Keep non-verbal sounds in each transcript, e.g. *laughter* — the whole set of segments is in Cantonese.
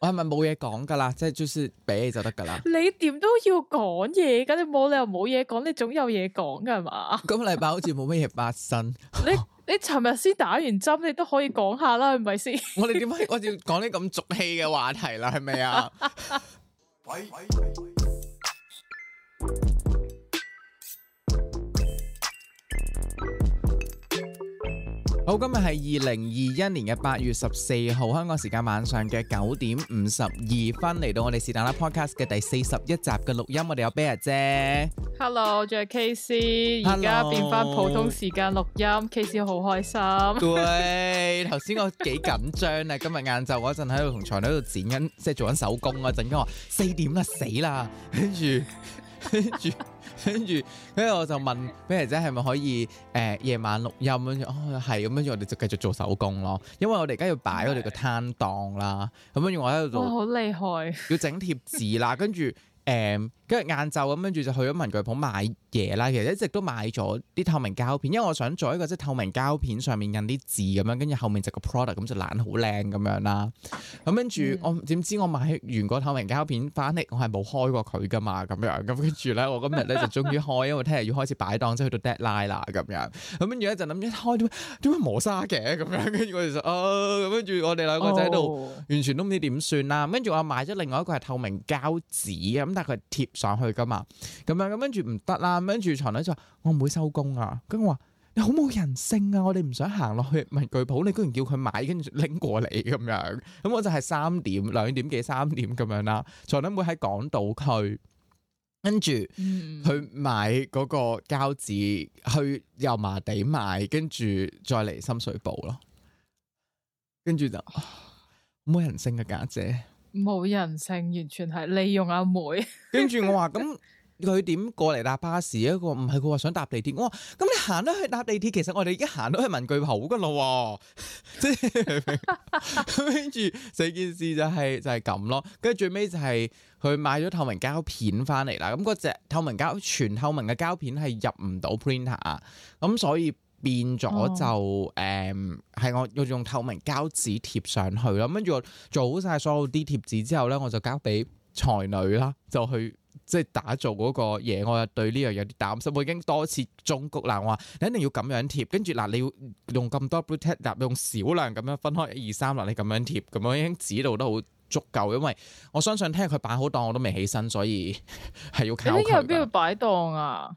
我係咪冇嘢講噶啦？即係、啊、就是俾你就得噶啦。你點都要講嘢噶，你冇理由冇嘢講，你總有嘢講噶係嘛？今個禮拜好似冇咩嘢發生。 *laughs* 你你尋日先打完針，你都可以講下啦，係咪先？ *laughs* 我哋點解我哋講啲咁俗氣嘅話題啦？係咪啊？喂！ *laughs* *music* 好，今日係二零二一年嘅八月十四號，香港時間晚上嘅九點五十二分，嚟到我哋是但啦 Podcast 嘅第四十一集嘅錄音，我哋有 bear 姐、啊、，hello，仲係 KC 而家變翻普通時間錄音 Hello. KC 好開心，對，頭先我幾緊張啊， *laughs* 今日晏晝嗰陣喺度同床女喺度剪緊，即係做緊手工嗰陣，我話四點啦，死啦，跟住跟住。 *laughs* 跟住，跟住 *laughs* 我就問咩姐，係咪可以誒、呃、夜晚錄音？跟住哦，係咁，跟住我哋就繼續做手工咯。因為我哋而家要擺我哋個攤檔啦，咁樣是我喺度做，哇，好厲害！要整貼紙啦，跟住誒。呃跟住晏晝咁跟住就去咗文具鋪買嘢啦，其實一直都買咗啲透明膠片，因為我想做一個即係、就是、透明膠片上面印啲字咁樣，跟住後，後面就個 product 咁就爛好靚咁樣啦。咁跟住我點知我買完個透明膠片翻嚟，我係冇開過佢噶嘛咁樣。咁跟住咧，我今日咧就終於開， *laughs* 因為聽日要開始擺檔，即去到 deadline 啦咁樣。咁跟住咧就諗一開點解磨砂嘅咁樣，跟住、呃、我其實啊咁跟住我哋兩個就喺度完全都唔知點算啦。跟住我買咗另外一個係透明膠紙啊，咁但係佢係貼。上去噶嘛，咁樣，咁跟住唔得啦，咁跟住床底就話我唔會收工啊，跟住我話你好冇人性啊，我哋唔想行落去文具鋪，你居然叫佢買，跟住拎過嚟咁樣，咁我就係三點兩點幾三點咁樣啦，床底會喺港島區，跟住去買嗰個膠紙，去油麻地買，跟住再嚟深水埗咯，跟住就冇人性嘅家姐。冇人性，完全係利用阿妹。跟 *laughs* 住我話咁，佢點過嚟搭巴士？佢話唔係佢話想搭地鐵。我話咁你行得去搭地鐵，其實我哋已經行到去文具鋪噶咯。即係跟住成件事就係、是、就係、是、咁咯。跟住最尾就係佢買咗透明膠片翻嚟啦。咁嗰隻透明膠全透明嘅膠，膠片係入唔到 printer 啊。咁所以。變咗就誒，係、哦嗯、我要用透明膠紙貼上去咯。跟住我做好晒所有啲貼紙之後咧，我就交俾才女啦，就去即係打造嗰個嘢。我又對呢樣有啲擔心，我已經多次忠告啦，我話你一定要咁樣貼。跟住嗱，你要用咁多用少量咁樣分開一二三啦，你咁樣貼咁樣已經指導得好足夠，因為我相信聽日佢擺好檔我都未起身，所以係 *laughs* 要靠佢。你喺邊度擺檔啊？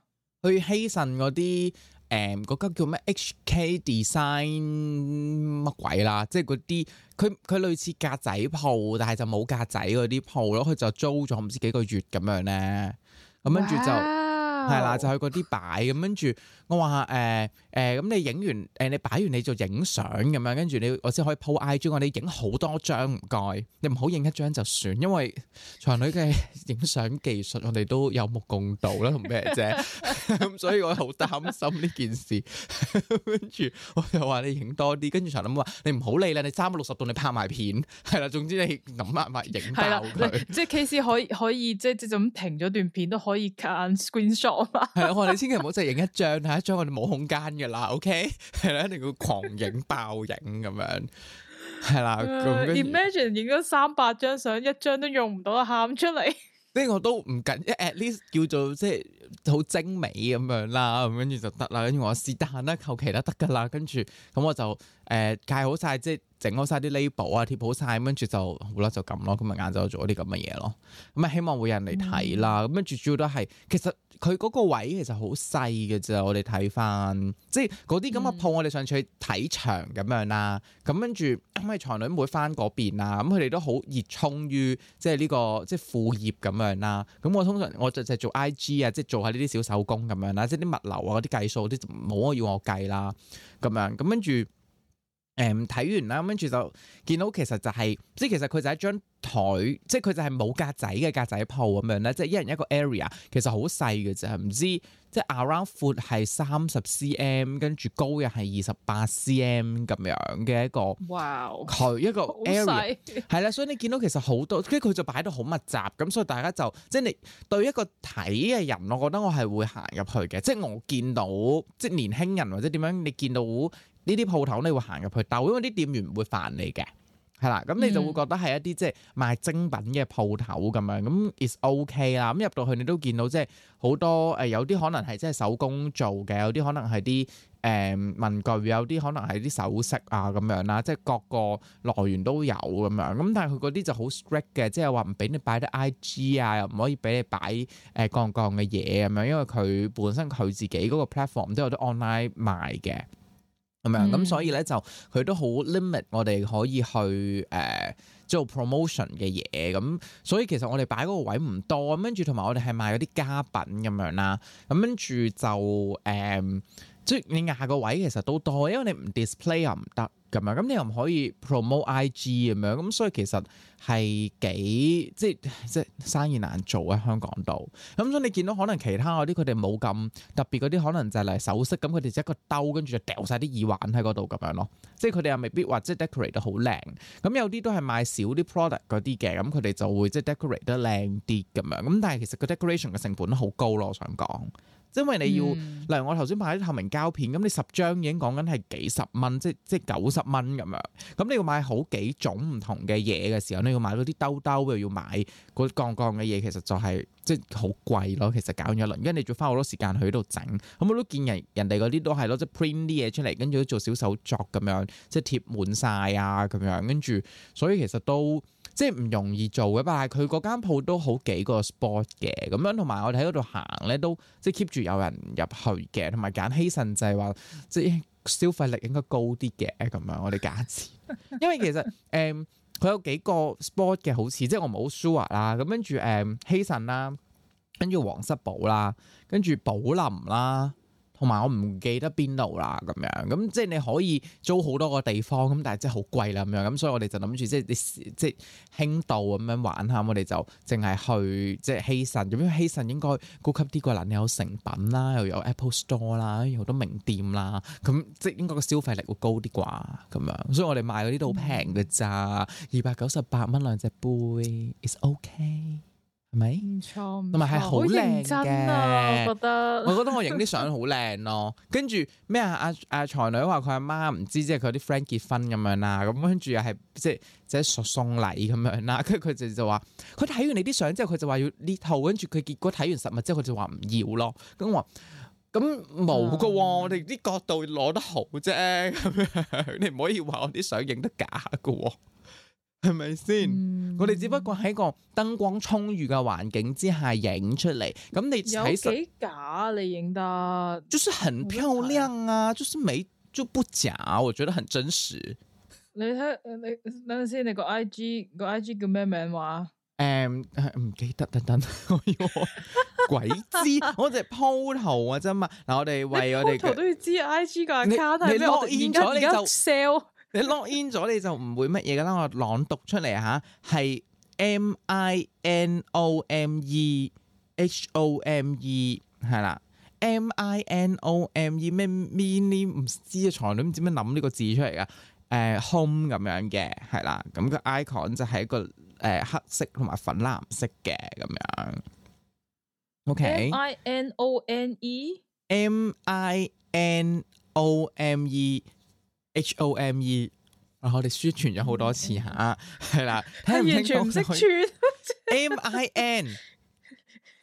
去希慎嗰啲。誒，嗰間叫咩 HK Design 乜鬼啦，即係嗰啲佢佢類似格仔鋪，但係就冇格仔嗰啲鋪咯，佢就租咗唔知幾個月咁樣咧，咁跟住就。.係啦、嗯，就去嗰啲擺咁跟住，我話誒誒，咁、呃嗯、你影完，誒、呃、你擺完你就影相咁樣，跟住你我先可以 po I G。我哋影好多張，唔該，你唔好影一張就算，因為長女嘅影相技術我哋都有目共睹啦，同咩啫， *laughs* *laughs* 所以我好擔心呢件事。跟住我又話你影多啲，跟住長女話你唔好理啦，你三六十度你拍埋片，係啦，總之你諗一埋影爆佢。即係開始可以可以即係即係咁停咗段片都可以。係啦，我哋千祈唔好就影一張一張，我哋冇空間噶啦，OK？係啦，一定要狂影爆影咁樣，係啦。Imagine 影咗三百張相，一張都用唔到，喊出嚟。呢個都唔緊，at least 叫做即係好精美咁樣啦，咁跟住就得啦。跟住我是但啦，求其都得噶啦。跟住咁我就誒，介好晒，即係整好晒啲 label 啊，貼好晒，跟住就好啦就咁咯。咁啊，晏晝做啲咁嘅嘢咯。咁啊，希望會有人嚟睇啦。咁跟住主要都係其實。佢嗰個位其實好細嘅咋，我哋睇翻，即係嗰啲咁嘅鋪，嗯、我哋上次去睇場咁樣啦，咁跟住因為財女妹翻嗰邊啊，咁佢哋都好熱衷於即係呢、呢個即係副業咁樣啦。咁我通常我就就係做 I G 啊，即係做下呢啲小手工咁樣啦，即係啲物流啊嗰啲計數啲冇要我計啦，咁樣咁跟住。誒，睇、嗯、完啦，跟住就見到其實就係、是，即係其實佢就係一張台，即係佢就係冇格仔嘅格仔鋪咁樣咧，即係一人一個 area，其實好細嘅啫，唔知即係 around 闊係三十 cm，跟住高又係二十八 cm 咁樣嘅一個，哇，佢一個 area，係 *laughs* 很小 啦，所以你見到其實好多，跟住佢就擺到好密集，咁所以大家就，即係你對一個睇嘅人我覺得我係會行入去嘅，即係我見到，即係年輕人或者點樣，你見到。呢啲鋪頭你會行入去，但因為啲店員唔會煩你嘅，係啦。咁你就會覺得係一啲、嗯、即係賣精品嘅鋪頭咁樣咁，is okay 啦。咁入到去你都見到即係好多誒，有啲可能係即係手工做嘅，有啲可能係啲誒文具，有啲可能係啲首飾啊咁樣啦，即係各個來源都有咁樣咁。但係佢嗰啲就好 strict 嘅，即係話唔俾你擺啲 IG 啊，又唔可以俾你擺誒各樣各樣嘅嘢咁樣，因為佢本身佢自己嗰個 platform 都有啲 online 賣嘅。咁樣，咁、嗯、所以咧就佢都好 limit 我哋可以去誒、呃、做 promotion 嘅嘢，咁、嗯、所以其實我哋擺嗰個位唔多，咁跟住同埋我哋係賣嗰啲家品咁樣啦，咁跟住就誒。呃即係你壓個位其實都多，因為你唔 display 又唔得咁樣，咁你又唔可以 promote IG 咁樣，咁所以其實係幾即係即係生意難做喺香港度。咁所以你見到可能其他嗰啲佢哋冇咁特別嗰啲，可能就係嚟首飾，咁佢哋一個兜跟住就掉晒啲耳環喺嗰度咁樣咯。即係佢哋又未必話即係 decorate 得好靚。咁有啲都係賣少啲 product 嗰啲嘅，咁佢哋就會即係 decorate 得靚啲咁樣。咁但係其實個 decoration 嘅成本好高咯，我想講。因為你要，嗯、例如我頭先買啲透明膠片，咁你十張已經講緊係幾十蚊，即即九十蚊咁樣。咁你要買好幾種唔同嘅嘢嘅時候，你要買嗰啲兜兜，又要買嗰啲槓槓嘅嘢，其實就係、是、即好貴咯。其實搞咗一輪，跟住你仲花好多時間去度整，咁、嗯、我都見人人哋嗰啲都係咯，即係 print 啲嘢出嚟，跟住都做小手作咁樣，即係貼滿晒啊咁樣，跟住所以其實都。即係唔容易做嘅，但係佢嗰間鋪都好幾個 sport 嘅，咁樣同埋我哋喺嗰度行咧，都即係 keep 住有人入去嘅，同埋揀希慎就係話即係消費力應該高啲嘅咁樣，我哋假設，因為其實誒佢、嗯、有幾個 sport 嘅，好似即係我唔好 sure 啦，咁跟住誒希慎啦，跟住皇、嗯、室堡啦，跟住寶林啦。同埋我唔記得邊度啦，咁樣咁即係你可以租好多個地方，咁但係真係好貴啦，咁樣咁所以我哋就諗住即係即係輕度咁樣玩下，我哋就淨係去即係希慎，因為希慎應該高級啲啩，嗱有成品啦，又有 Apple Store 啦，有好多名店啦，咁即係應該個消費力會高啲啩，咁樣所以我哋賣嗰啲都好平嘅咋，二百九十八蚊兩隻杯，is okay. 唔錯，同埋係好靚嘅，真啊、我覺得 *laughs* 我覺得我影啲相好靚咯。跟住咩啊？阿阿財女話佢阿媽唔知，即係佢有啲 friend 結婚咁樣啦。咁跟住又係即係即係送送禮咁樣啦。跟住佢就就話佢睇完你啲相之後，佢就話要呢套。跟住佢結果睇完實物之後，佢就話唔要咯。咁話咁冇噶，我哋啲角度攞得好啫。咁 *laughs* 樣你唔可以話我啲相影得假噶、哦。係咪先？是是嗯、我哋只不過喺個燈光充裕嘅環境之下影出嚟，咁你有幾假？你影得？就是很漂亮啊，就是美，就是、不假，我覺得很真實。你睇，你等陣先，你個 I G 個 I G 叫咩名話？誒、嗯，唔、呃、記得等等呵呵，鬼知， *laughs* 我隻鋪頭啊，咋嘛？嗱，我哋為我哋都要知 I G 個 account 係我，而家你，你，你就。你 login 咗，你就唔會乜嘢噶啦。我朗讀出嚟吓，係、啊、m i n o M e h o m e 係啦 m i n o M e 咩 mini 唔知啊，藏頭都唔知點諗呢個字出嚟噶，誒、呃、home 咁樣嘅，係啦，咁個 icon 就係一個誒、呃、黑色同埋粉藍色嘅咁樣。O.K. m i n o n e? M,、I、n o m e m i n o M e H O M E，我哋宣傳咗好多次吓，係啦，係完全唔識串。M I N，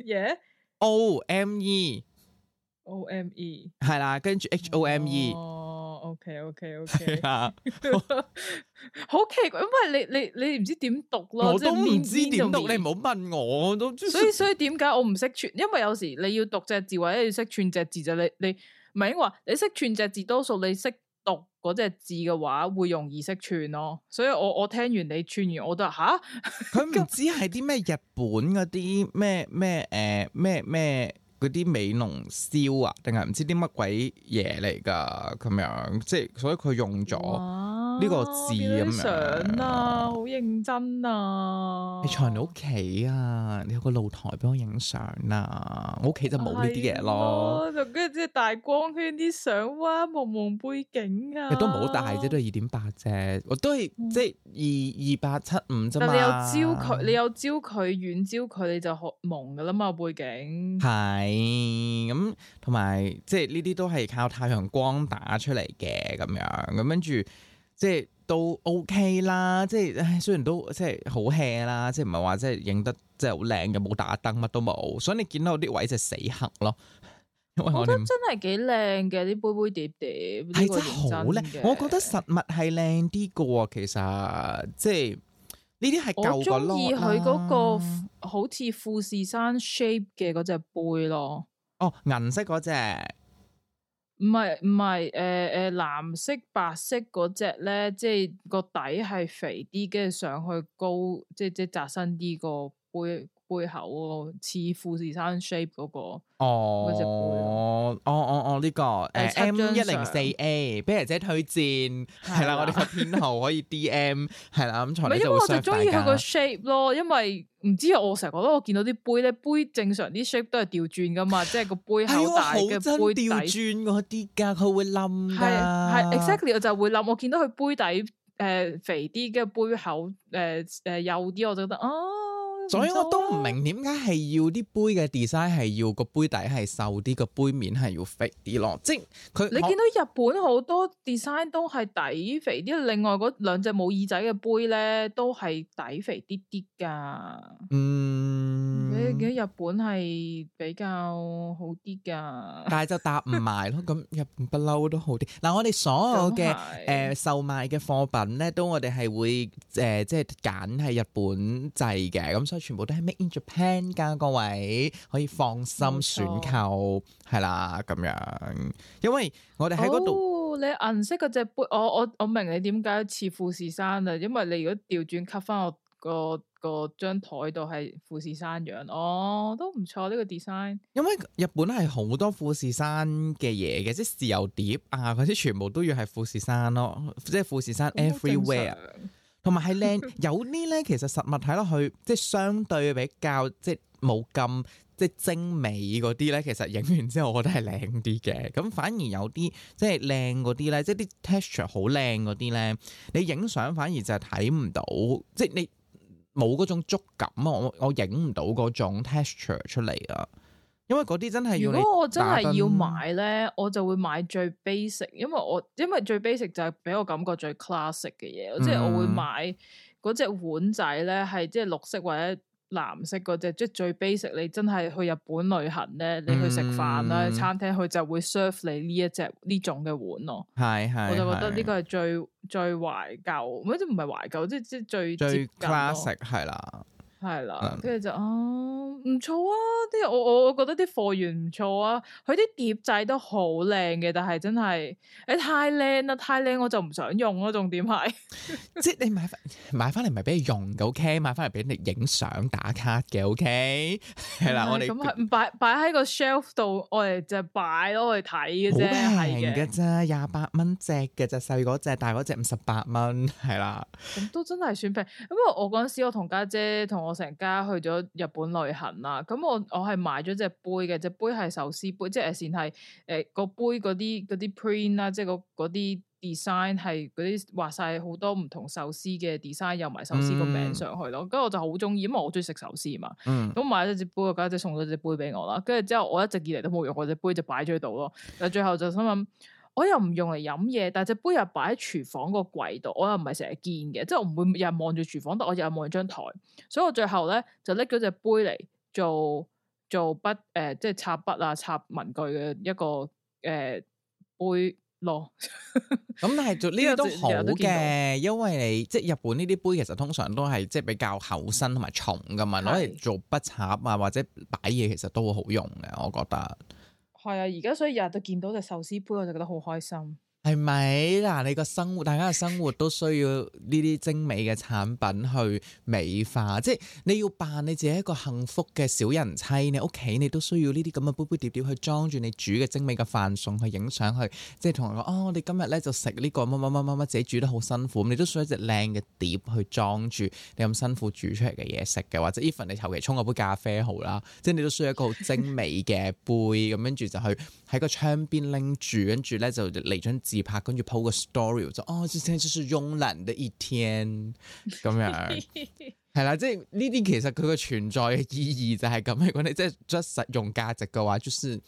耶，O M E，O M E，係啦，跟住 H O M E。哦，OK，OK，OK，好奇怪，因為你你你唔知點讀咯，我都唔知點讀，你唔好問我都。所以所以點解我唔識串？因為有時你要讀隻字，或者要識串隻字就你你唔係應該話你識串隻字，多數你識。嗰隻字嘅話會容易識串咯，所以我我聽完你串完，我就吓？佢唔 *laughs* 知係啲咩日本嗰啲咩咩誒咩咩。嗰啲美濃燒啊，定係唔知啲乜鬼嘢嚟㗎？咁樣即係所以佢用咗呢個字咁相啊，樣好認真啊！你喺你屋企啊？你有個露台俾我影相啊？我屋企就冇呢啲嘢咯。就跟住大光圈啲相啊，朦朦背景啊。亦都冇大啫，都係二點八啫。我都係、嗯、即係二二八七五啫嘛。但係你有焦佢，你有焦佢遠焦佢，你就好朦㗎啦嘛背景。係。咁同埋即係呢啲都係靠太陽光打出嚟嘅咁樣，咁跟住即係都 OK 啦。即係雖然都即係好輕啦，即係唔係話即係影得即係好靚嘅，冇打燈乜都冇，所以你見到啲位就死黑咯。我覺得真係幾靚嘅啲杯杯碟碟係真係好靚。我覺得實物係靚啲嘅，其實即係。呢啲係舊我中意佢嗰個好似富士山 shape 嘅嗰隻杯咯。哦，銀色嗰隻，唔係唔係，誒誒、呃呃，藍色白色嗰隻咧，即係個底係肥啲，跟住上去高，即係即係窄身啲個杯。背口哦，似富士山 shape 嗰個哦，嗰隻杯哦，哦哦哦呢、這個誒張 M 一零四 A，俾人姐推薦係啦，我哋發編號可以 D M 係啦、 *laughs* 啊，咁、嗯、材料就中意佢個 shape 咯，因為唔知我成日覺得我見到啲杯咧杯正常啲 shape 都係掉轉噶嘛， *laughs* 即係個杯口大嘅杯底調 *laughs* 轉嗰啲噶，佢會冧係係 exactly，我就會冧，我見到佢杯底誒、呃、肥啲嘅杯口誒誒幼啲，我就覺得啊。所以我都唔明點解係要啲杯嘅 design 係要個杯底係瘦啲，個杯面係要肥啲咯。即佢，你見到日本好多 design 都係底肥啲，另外嗰兩隻冇耳仔嘅杯咧都係底肥啲啲㗎。嗯。我覺得日本係比較好啲㗎，但係就搭唔埋咯。咁 *laughs* 日本不嬲都好啲。嗱、啊，我哋所有嘅誒是、呃、售賣嘅貨品咧，都我哋係會誒、呃、即係揀係日本製嘅，咁所以全部都係 Made in Japan 㗎。各位可以放心選購，係錯啦咁樣。因為我哋喺嗰度，你銀色嗰隻杯，我我我明你點解似富士山呀？因為你如果調轉吸翻我。個個張台度係富士山樣，哦，都唔錯呢個 design。因為日本係好多富士山嘅嘢嘅，即係豉油碟啊，嗰啲全部都要係富士山咯，即係富士山 everywhere。同埋係靚，有啲咧其實實物睇落去， *laughs* 即係相對比較即係冇咁即係精美嗰啲咧，其實影完之後我覺得係靚啲嘅。咁反而有啲即係靚嗰啲咧，即係啲 texture 好靚嗰啲咧，你影相反而就係睇唔到，即係你。冇嗰種觸感啊！我我影唔到嗰種 texture 出嚟啊！因為嗰啲真係要，如果我真係要買咧，我就會買最 basic，因為我因為最 basic 就係俾我感覺最 classic 嘅嘢，嗯、即係我會買嗰隻碗仔咧，係即係綠色或者。藍色嗰隻即係最 basic，你真係去日本旅行咧，你去食飯啦，嗯、去餐廳佢就會 serve 你呢一隻呢種嘅碗咯。係係，我就覺得呢個係最最，最懷舊，唔係即唔係懷舊，即係即係最最 classic 係啦。係啦，跟住、 *noise* *noise* 嗯、就哦，唔錯啊！啲、啊、我我我覺得啲貨源唔錯啊，佢啲碟仔都好靚嘅，但係真係誒太靚啦，太靚我就唔想用咯、啊，重點係？即係你買翻買翻嚟唔係俾佢用嘅，O K？買翻嚟俾你影相打卡嘅，O K？係啦，我哋咁係擺擺喺個 shelf 度，我哋就擺咯，我哋睇嘅啫，係嘅。平嘅咋，廿八蚊隻嘅就細嗰隻，大嗰隻五十八蚊，係啦、啊。咁 *laughs* 都真係算平，因為我嗰時我同家姐同我。我成家去咗日本旅行啦，咁我我係買咗隻杯嘅，隻杯係壽司杯，即係算係誒個杯嗰啲啲 print 啦，即係嗰啲 design 係嗰啲畫晒好多唔同壽司嘅 design，又埋壽司個名上去咯，咁、嗯、我就好中意，因為我中意食壽司嘛。咁、嗯、買咗隻杯，家姐送咗隻杯俾我啦，跟住之後我一直以嚟都冇用，我隻杯就擺咗喺度咯，但最後就心諗。我又唔用嚟飲嘢，但係隻杯又擺喺廚房個櫃度，我又唔係成日見嘅，即係我唔會日望住廚房，但我日望張台，所以我最後咧就拎咗隻杯嚟做做筆誒、呃，即係插筆啊、插文具嘅一個誒、呃、杯咯。咁 *laughs* 但係做呢個都好嘅，因為，因為你即係日本呢啲杯其實通常都係即係比較厚身同埋重噶嘛，攞嚟、嗯、做筆插啊或者擺嘢其實都會好用嘅，我覺得。係啊，而家所以日日都見到隻壽司杯，我就覺得好開心。係咪？嗱，你個生活，大家嘅生活都需要呢啲精美嘅產品去美化，即係你要扮你自己一個幸福嘅小人妻，你屋企你都需要呢啲咁嘅杯杯碟碟、碟、碟、碟去裝住你煮嘅精美嘅飯餸去影相去，即係同人講哦，我哋今日咧就食呢、這個乜乜乜乜乜，自己煮得好辛苦，你都需要一隻靚嘅碟去裝住你咁辛苦煮出嚟嘅嘢食嘅，或者 even 你求其沖一杯咖啡好啦，即係你都需要一個好精美嘅杯，咁跟住就去喺個窗邊拎住，跟住咧就嚟張。自拍跟住 po 個 story 就哦，即係就是慵懶的一天咁樣，係啦， *laughs* 即係呢啲其實佢個存在嘅意義就係咁樣講咧，即係即係實用價值嘅話，就是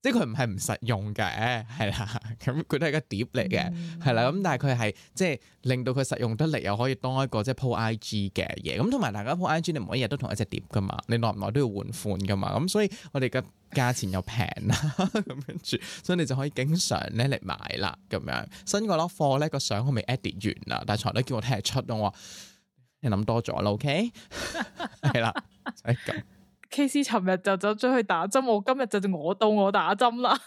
即係佢唔係唔實用嘅，係啦，咁佢都係個碟嚟嘅，係啦、嗯，咁但係佢係即係令到佢實用得嚟，又可以當一個即係 po IG 嘅嘢，咁同埋大家 po IG 你唔可以日日都同一隻碟噶嘛，你耐唔耐都要換款噶嘛，咁所以我哋嘅，價錢又平啦，咁 *laughs* 樣住，所以你就可以經常咧嚟買啦，咁樣。新嗰攞貨咧個相我未 edit 完啊，但係財務叫我聽日出，我話你諗多咗啦，OK？係啦 *laughs* *laughs* ，Case，就係咁。KC 尋日就走咗去打針，我今日就我到我打針啦。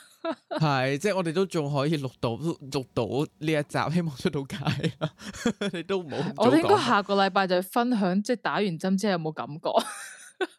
係， *laughs* 即係我哋都仲可以錄到錄到呢一集，希望出到街啦。 *laughs* 你都唔好。我應該下個禮拜就分享，即係打完針之後有冇感覺？ *laughs*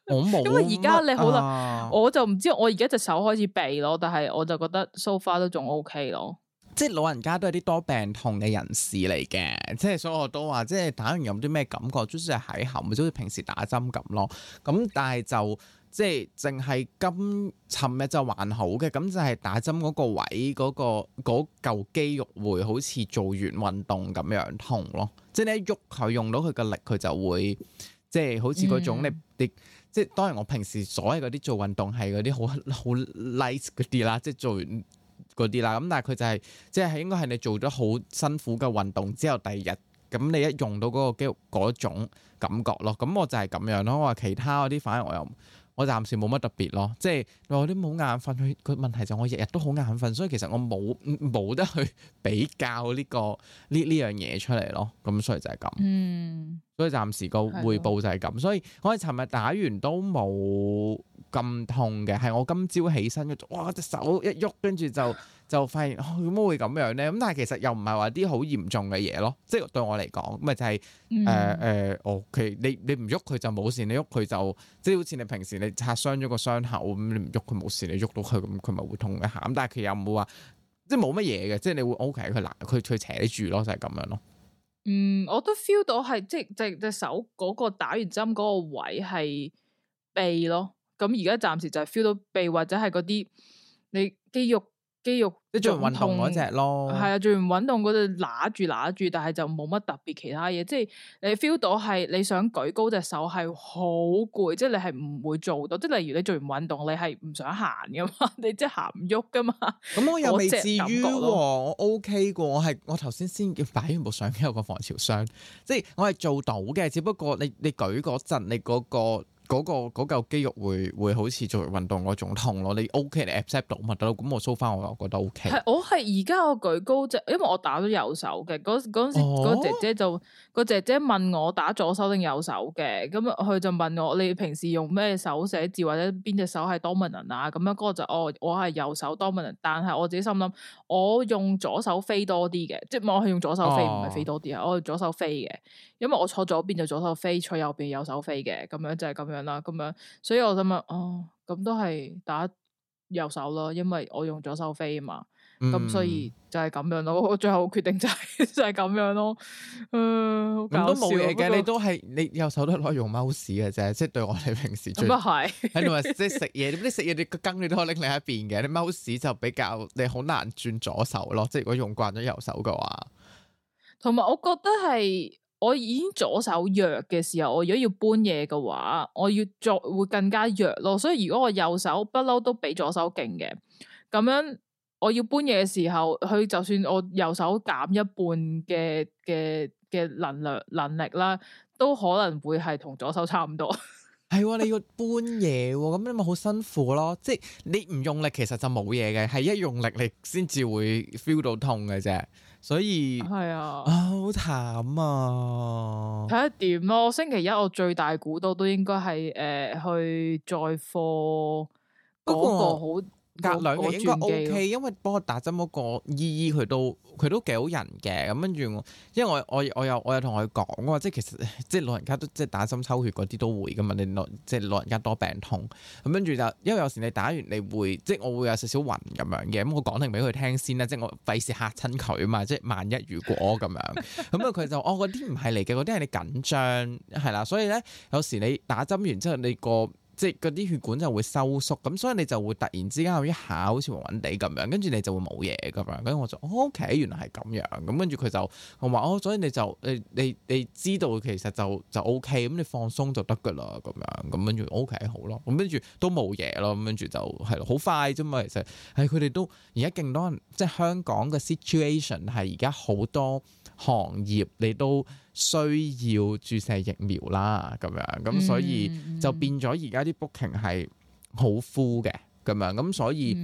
我冇， *laughs* 因為而家你好啦、啊，我就唔知我而家隻手開始痹咯，但係我就覺得 so far 都仲 OK 咯。即係老人家都係啲多病痛嘅人士嚟嘅，即係所以我都話，即係打完有啲咩感覺，即係喺咪，後，即係好似平時打針咁咯。咁但係就即係淨係今尋日就還好嘅，咁就係打針嗰個位嗰、嗰個嗰嚿肌肉會好似做完運動咁樣痛咯，即係你一喐佢用到佢嘅力，佢就會。即係好似嗰種你你、嗯、即係當然我平時所謂嗰啲做運動係嗰啲好好 nice 嗰啲啦，即係做完嗰啲啦。咁但係佢就係、是、即係係應該係你做咗好辛苦嘅運動之後，第二日咁你一用到嗰個肌肉嗰種感覺咯。咁我就係咁樣咯。我話其他嗰啲反而我又。我暫時冇乜特別咯，即係我都冇眼瞓，佢佢問題就我日日都好眼瞓，所以其實我冇冇得去比較呢個呢呢樣嘢出嚟咯，咁所以就係咁。嗯，所以暫時個匯報就係咁。的所以我哋尋日打完都冇咁痛嘅，係我今朝起身嗰陣，哇隻手一喐跟住就。就發現點解、哦、會咁樣咧，咁但係其實又唔係話啲好嚴重嘅嘢咯，即係對我嚟講，咪就係誒誒，OK，你你唔喐佢就冇事，你喐佢就即係好似你平時你擦傷咗個傷口咁、嗯，你唔喐佢冇事，你喐到佢咁，佢咪會痛一下。咁但係佢又唔會話即係冇乜嘢嘅？即係你會 OK，佢嗱，佢佢扯住咯，就係、是、咁樣咯。嗯，我都 feel 到係即係隻隻手嗰個打完針嗰個位係鼻咯。咁而家暫時就係 feel 到鼻，或者係嗰啲你肌肉肌肉。肌肉你做完運動嗰隻咯，係啊，做完運動嗰隻攋住攋住，但係就冇乜特別其他嘢，即係你 feel 到係你想舉高隻手係好攰，即係你係唔會做到。即係例如你做完運動你係唔想行噶嘛，你即係行唔喐噶嘛。咁、嗯、我又未至於喎 *laughs* OK，我 OK 嘅，我係我頭先先擺完部相機有個防潮箱，即係我係做到嘅，只不過你你舉嗰陣你嗰、那個。嗰、嗰個嗰嚿肌肉會會好似做運動嗰種痛咯，你 O、OK, K 你 accept 到咪得咯？咁我 show 翻我又覺得 O、OK、K。係我係而家我舉高隻，因為我打咗右手嘅嗰嗰陣時，個姐姐就、哦、個姐姐問我打左手定右手嘅，咁佢就問我你平時用咩手寫字或者邊隻手係 dominant 啊？咁樣嗰個就哦我係右手 dominant，但係我自己心諗我用左手飛多啲嘅，即係我係用左手飛唔係、哦、飛多啲啊，我用左手飛嘅，因為我坐左邊就左手飛，坐右邊右手飛嘅，咁樣就係、是、咁。咁樣啦，咁樣，所以我諗啊，哦，咁都係打右手咯，因為我用左手飛嘛，咁、嗯、所以就係咁樣咯。我最後決定就係就係咁樣咯。誒、嗯，咁、嗯、 *laughs* 都冇嘢嘅，過你都係你右手都可以用 mouse 嘅啫，即係對我哋平時最係。係咪即係食嘢？ *laughs* 你食嘢你個羹你都可以拎你喺一邊嘅，你 mouse 就比較你好難轉左手咯。即係如果用慣咗右手嘅話，同埋我覺得係。我已經左手弱嘅時候，我如果要搬嘢嘅話，我要作會更加弱咯。所以如果我右手不嬲都比左手勁嘅，咁樣我要搬嘢嘅時候，佢就算我右手減一半嘅嘅嘅能量能力啦，都可能會係同左手差唔多、 *laughs* 啊。係你要搬嘢喎，哦，咁你咪好辛苦咯。即係你唔用力其實就冇嘢嘅，係一用力力先至會 feel 到痛嘅啫。所以係是啊，啊，好慘啊看看！睇下點咯，星期一我最大估到都應該係誒去在貨，不過好。隔兩個應該 OK，因為幫我打針嗰個醫醫佢都佢都幾好人嘅，咁跟住我，因為我我我有我有同佢講話，即係其實即係老人家都即係打針抽血嗰啲都會噶嘛，你老即係老人家多病痛，咁跟住就因為有時你打完你會即係我會有少少暈咁樣嘅，咁我講定俾佢聽先啦，即係我費事嚇親佢啊嘛，即係萬一如果咁樣，咁佢 *laughs* 就我嗰啲唔係嚟嘅，嗰啲係你緊張係啦，所以咧有時你打針完之後你個。即係嗰啲血管就會收縮，咁所以你就會突然之間有一下好似暈暈地咁樣，跟住你就會冇嘢咁樣。跟住我就 O K，原來係咁樣。咁跟住佢就我話哦，所以你就你你，你知道其實就就 O K，咁你放鬆就得噶啦，咁樣咁跟住 O K 好咯。咁跟住都冇嘢咯，咁跟住就係好快啫嘛。其實係佢哋都而家勁多人，即係香港嘅 situation 係而家好多行業你都。需要注射疫苗啦，咁樣，咁所以、嗯、就變咗而家啲 booking 係好 full 嘅，咁樣，咁所以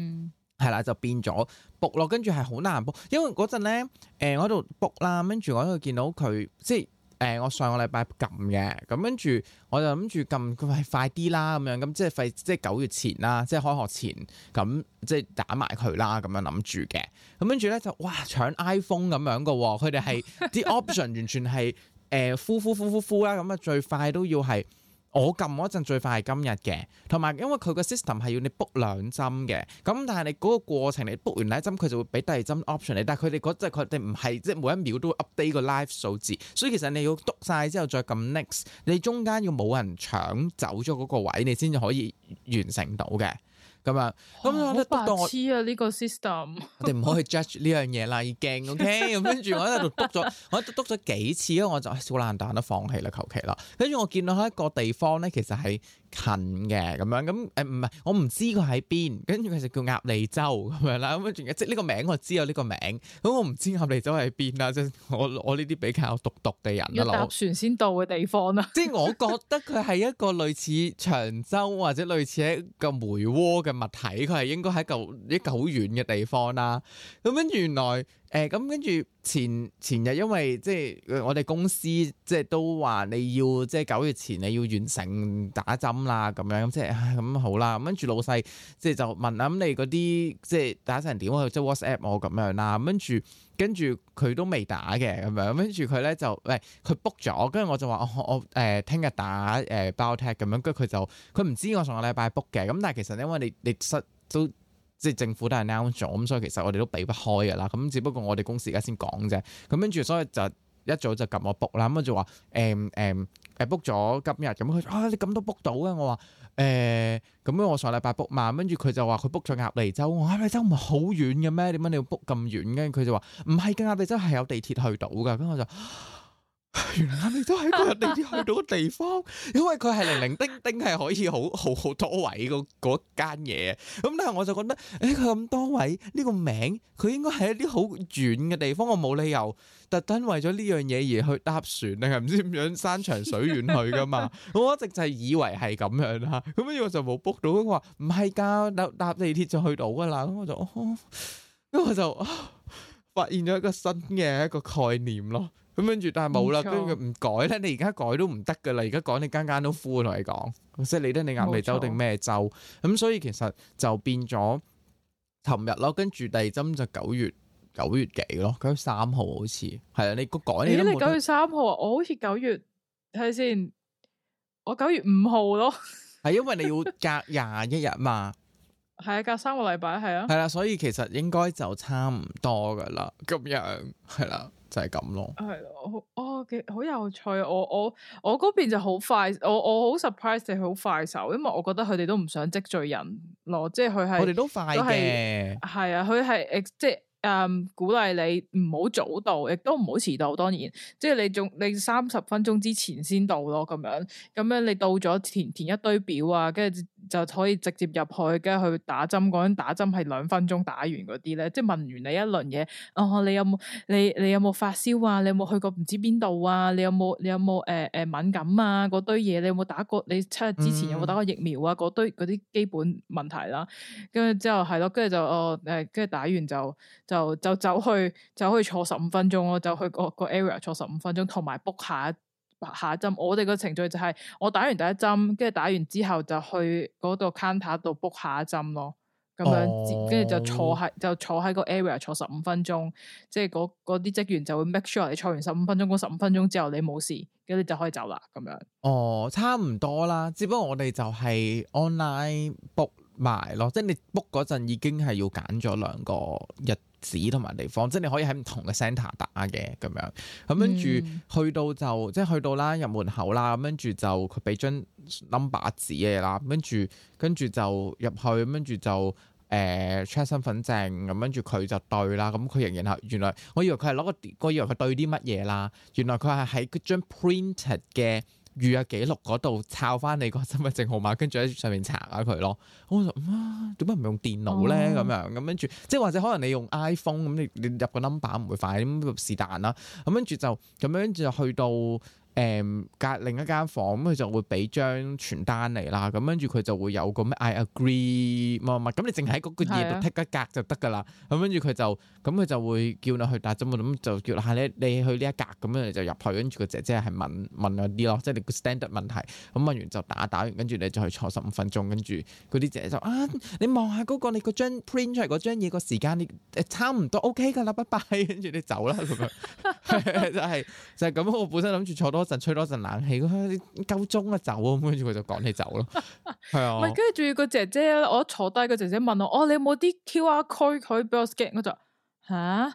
係啦、嗯，就變咗 book 咯，跟住係好難 book，因為嗰陣咧，誒、呃、我喺度 book 啦，跟住我喺度見到佢即係。誒、呃，我上個禮拜撳嘅，咁跟住我就諗住撳佢係快啲啦，咁樣，咁即係費，即係九月前啦，即係開學前，咁即係打埋佢啦，咁樣諗住嘅，咁跟住咧就哇搶 iPhone 咁樣個喎、哦，佢哋係啲 option 完全係誒、呃、呼呼呼呼呼啦，咁啊最快都要係。我撳嗰陣最快係今日嘅，同埋因為佢個 system 係要你 book 兩針嘅，咁但係你嗰個過程你 book 完第一針佢就會俾第二針 option 你，但係佢哋嗰陣佢哋唔係即係每一秒都會 update 個 live 數字，所以其實你要督晒之後再撳 next，你中間要冇人搶走咗嗰個位，你先至可以完成到嘅。咁、哦、啊，咁我喺度篤到我痴啊呢個 system，我哋唔可以 judge 呢樣嘢啦，已經 *laughs* ，OK，咁跟住我喺度篤咗，我喺度篤咗幾次因為，我就小爛蛋都放棄啦，求其啦，跟住我見到喺一個地方咧，其實係。近嘅，咁樣，咁誒，唔係，我唔知佢喺邊，跟住佢就叫鴨脷洲咁樣啦，咁樣仲，即係呢個名我知有呢個名，咁我唔知鴨脷洲喺邊啦，即係我我呢啲比較獨獨嘅人啦，一落船先到嘅地方啦， *laughs* 即係我覺得佢係一個類似長洲或者類似一個梅窩嘅物體，佢係應該喺一嚿一嚿好遠嘅地方啦，咁樣原來。誒咁、欸、跟住前前日，因為即係我哋公司即係都話你要即係九月前你要完成打針啦，咁樣咁即係咁好啦。跟住老細即係就問啊，咁、嗯、你嗰啲即係打成點啊？即係 WhatsApp 我咁樣啦。跟住跟住佢都未打嘅咁樣。跟住佢咧就喂，佢 book 咗，跟住我就話我我誒聽日打誒 BioNTech 咁樣。跟住佢就佢唔、呃呃、知我上個禮拜 book 嘅。咁但係其實因為你你失都。都即係政府都係 out 咗，咁所以其實我哋都避唔開㗎喇。咁只不過我哋公司而家先講啫。咁跟住，所以就一早就撳我 book 啦。咁就話誒誒誒 book 咗今日咁。佢啊你咁都 book 到嘅。我話誒咁樣我上禮拜 book 嘛。跟住佢就話佢 book 咗鴨脷洲。我鴨脷洲唔係好遠嘅咩？點解你要 book 咁遠？跟住佢就話唔係嘅，鴨脷洲係有地鐵去到嘅。咁我就。啊原來你都喺個地鐵去到嘅地方，因為佢係零零丁丁係可以好好好多位嗰嗰間嘢，咁但係我就覺得誒佢咁多位呢個名，佢應該係一啲好遠嘅地方，我冇理由特登為咗呢樣嘢而去搭船定係，唔知點樣山長水遠去噶嘛， *laughs* 我一直就以為係咁樣啦，咁所以我就冇 book 到，佢話唔係噶，搭搭地鐵就去到噶啦，咁我就哦，咁我就哦，我就哦，發現咗一個新嘅一個概念咯。咁跟住但係冇啦，跟住唔改咧。你而家改都唔得噶啦，而家講你間間都呼同你講，即係理得你眼眉周定咩周。咁所以其實就變咗尋日咯，跟住第二針就九月九月幾咯，九月三號好似係啊。你改嘢九月三號，我好似九月睇下先，我九月五號咯。係因為你要隔廿一日嘛？係啊，隔三個禮拜係啊。係啦，所以其實應該就差唔多噶啦，咁樣係啦。就係咁咯。係，我我幾好有趣。我我我嗰邊就好快，我我好 surprise 佢好快手，因為我覺得佢哋都唔想積聚人咯。即係佢係，我哋都快都係。係啊，佢係誒，即係誒、嗯、鼓勵你唔好早到，亦都唔好遲到。當然，即係你仲你三十分鐘之前先到咯，咁樣咁樣你到咗填填一堆表啊，跟住，就可以直接入去，跟住去打針。嗰陣打針係兩分鐘打完嗰啲咧，即係問完你一輪嘢。哦，你有冇你你有冇發燒啊？你有冇去過唔知邊度啊？你有冇你有冇誒誒敏感啊？嗰堆嘢你有冇打過？你七日之前有冇打過疫苗啊？嗰堆嗰啲基本問題啦。跟住之後係咯，跟住就誒，跟住打完就就就走去走去坐十五分鐘咯，就去，就去，就去、個個 area 坐十五分鐘，同埋 book 下一。下一針，我哋個程序就係、是、我打完第一針，跟住打完之後就去嗰個 counter 度 book 下一針咯，咁樣跟住、哦、就坐喺就坐喺個 area 坐十五分鐘，即係嗰啲職員就會 make sure 你坐完十五分鐘嗰十五分鐘之後你冇事，跟住就可以走啦咁樣。哦，差唔多啦，只不過我哋就係 online book 埋咯，即係你 book 嗰陣已經係要揀咗兩個日紙同埋地方，即係你可以喺唔同嘅 centre 打嘅咁樣，咁跟住去到就、嗯、即係去到啦，入門口啦，咁跟住就佢俾張 number 紙嘅啦，跟住跟住就入去，跟住就誒 check、呃、身份證，咁跟住佢就對啦，咁佢仍然係原來，我以為佢係攞個碟，我以為佢對啲乜嘢啦，原來佢係喺嗰張 print 嘅。預約記錄嗰度抄翻你個身份證號碼，跟住喺上面查下佢咯。我話啊，做咩唔用電腦咧？咁樣，哦、咁跟住，即係或者可能你用 iPhone，咁你你入個 number 唔會快，咁是但啦。咁跟住就咁樣就去到。誒隔、嗯、另一間房咁佢就會俾張傳單嚟啦，咁跟住佢就會有個咩 I agree，唔唔唔，咁你淨喺嗰個嘢度剔一格就得噶啦，咁跟住佢就咁佢就會叫你去，打針咁就叫你你去呢一格，咁樣你就入去，跟住個姐姐係問問嗰啲咯，即、就、係、是、你個 standard 問題，咁問完就打打完，跟住你就去坐十五分鐘，跟住嗰啲姐姐就啊，你望下嗰個你個張 print 出嚟嗰張嘢個時間啲、欸、差唔多 OK 㗎啦，拜拜，跟住你走啦，咁樣就係就係咁我本身諗住坐多，陣吹多陣冷氣，佢夠鐘啊走咁、啊，跟住佢就趕你走咯，係 *laughs* 啊。係，跟住仲要個姐姐，我坐低個姐姐問我，哦，你有冇啲 Q 啊區可以俾我 scan？ *laughs* 我就吓。啊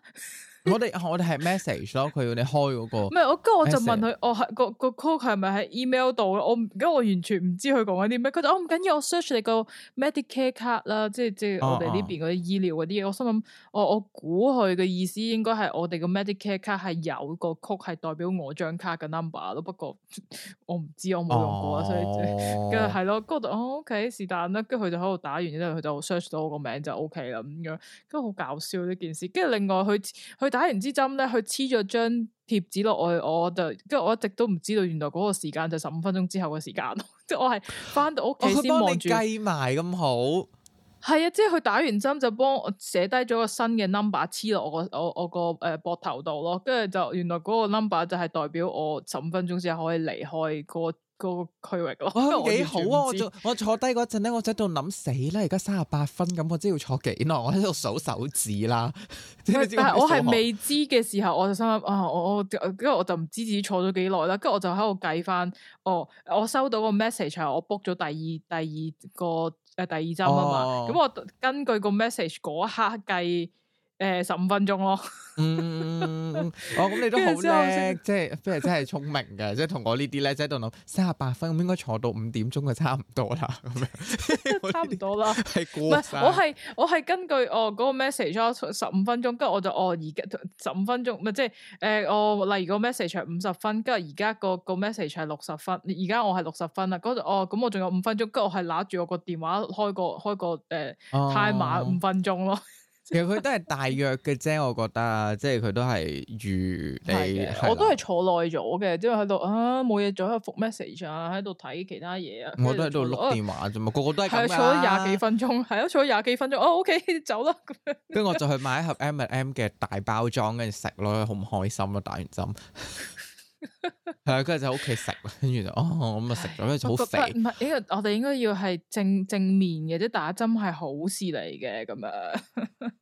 *laughs* 我哋我哋係 message 咯，佢要你開嗰個。唔係我，跟住我就問佢，我係個個 code 係咪喺 email 度咧？我跟住我完全唔知佢講緊啲咩。佢就，我唔緊要，我 search 你個 medicare 卡啦，即係即係我哋呢邊嗰啲醫療嗰啲嘢。我心諗，我我估佢嘅意思應該係我哋個 medicare 卡係有個 code 係代表我張卡嘅 number 咯。不過我唔知，我冇用過啊，所以跟住係咯，覺得我 OK 是但啦。跟住佢就喺度打完之後，佢就 search 到我個名就 OK 啦咁樣。跟住好搞笑呢件事。跟住另外佢佢。打完支針咧，佢黐咗張貼紙落去。我就跟住我一直都唔知道，原來嗰個時間就十五分鐘之後嘅時間咯、 *laughs* 哦，即係我係翻到屋企先望住。計埋咁好，係啊，即係佢打完針就幫我寫低咗個新嘅 number 黐落我個我我個誒膊頭度咯，跟住就原來嗰個 number 就係代表我十五分鐘之後可以離開、嗰個。個區域咯，幾、哦、好啊！ *laughs* 我坐我坐低嗰陣咧，我喺度諗死啦！而家三十八分咁，我知要坐幾耐？ *laughs* *laughs* 是我喺度數手指啦。但係我係未知嘅時候，我就心諗啊、哦，我跟住我就唔知自己坐咗幾耐啦。跟住我就喺度計翻，哦，我收到個 message 係我 book 咗第二第二個誒、呃、第二針啊嘛。咁、哦、我根據個 message 嗰一刻計。誒，十五、呃、分鐘咯。 *laughs* 嗯，哦，咁你都好叻，即係，聰明 *laughs* 即係聰明嘅，即係同我呢啲咧，即喺度諗三十八分，咁應該坐到五點鐘就差唔多啦，咁樣 *laughs* 這些 差唔多啦。係，唔係我係我係根據我嗰個 message 十五分鐘，跟住我就哦而家十五分鐘，唔係即係誒，我、呃、例如個 message 五十分，跟住而家個個 message 係六十分，而家我係六十分啦。嗰度哦，咁我仲有五分鐘，跟住我係攞住我個電話開個開個誒，timer 五分鐘咯。 *laughs* 其實佢都係大約嘅啫，我覺得，即係佢都係如你，我都係坐耐咗嘅，之後喺度啊冇嘢做，喺度覆 message 啊，喺度睇其他嘢啊，我都喺度碌電話啫嘛，個個都係咁坐咗廿幾分鐘，係咯，坐咗廿幾分鐘，哦，OK，走啦，跟住我就去買一盒 M and M 嘅大包裝，跟住食咯，好唔開心咯，打完針。係啊，跟住 *laughs* *laughs* *laughs* 就喺屋企食，跟住就哦，咁啊食咗，咩好肥？唔係呢個，我哋應該要係正正面嘅， *laughs* 即打針係好事嚟嘅，咁樣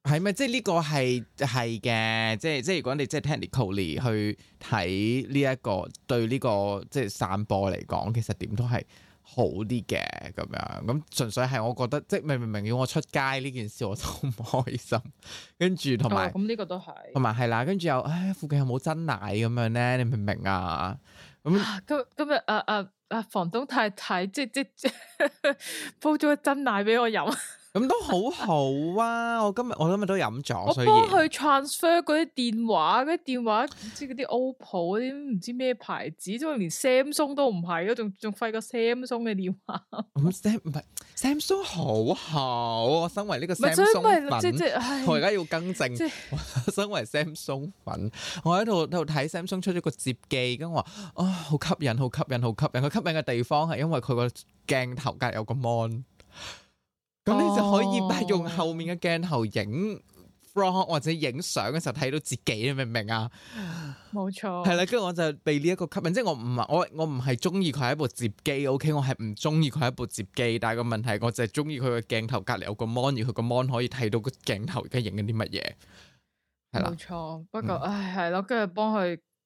係咪？即係呢個係係嘅，即係即係如果你即係 technically 去睇呢一個對呢個即係散播嚟講，其實點都係。好啲嘅咁樣，咁純粹係我覺得，即係明唔明？要我出街呢件事，我都唔開心。跟住同埋，咁呢、哦嗯、後個都係，同埋係啦。跟住又，唉、哎，附近有冇珍奶咁樣咧？你明唔明啊？咁咁、啊、今日啊啊啊，房東太太即即即 *laughs* 煲咗個珍奶俾我飲。咁 *laughs* 都好好啊！我今日我今日都飲咗，我幫佢 transfer 嗰啲電話，嗰啲電話唔知嗰啲 OPPO 啲唔知咩牌子，即係連 Samsung 都唔係咯，仲仲廢過 Samsung 嘅電話。Sam 唔係 Samsung 好好，啊！我身為呢個 Samsung 粉，即即我而家要更正，即 *laughs* 身為 Samsung 粉，我喺度度睇 Samsung 出咗個摺機，咁我話啊好吸引，好吸引，好吸引。佢吸引嘅地方係因為佢個鏡頭隔有個 mon。咁你就可以用後面嘅鏡頭影 front 或者影相嘅時候睇到自己，你明唔明啊？冇錯，係啦，跟住我就被呢一個吸引，即係我唔係我我唔係中意佢係一部摺機，OK，我係唔中意佢係一部摺機，但係個問題我就係中意佢個鏡頭隔籬有個 mon，而佢個 mon 可以睇到個鏡頭而家影緊啲乜嘢，係啦，冇錯，不過，嗯，唉，係咯，跟住幫佢。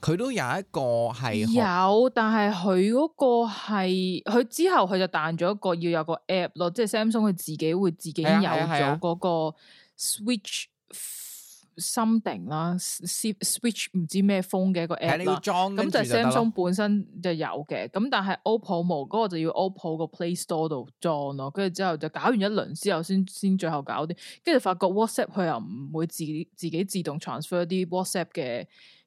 佢都有一個係有，但係佢嗰個係佢之後佢就彈咗一個要有個 app 咯，即係 Samsung 佢自己會自己的有咗嗰個 Switch 心定啦的，Switch 唔知咩風嘅一個 app 啦。咁就係 Samsung 本身就有嘅，咁但係 OPPO 冇，嗰個就要 OPPO 個 Play Store 度裝咯。跟住之後就搞完一輪之後先先最後搞啲，跟住發覺 WhatsApp 佢又唔會自自己自動 transfer 啲 WhatsApp 嘅。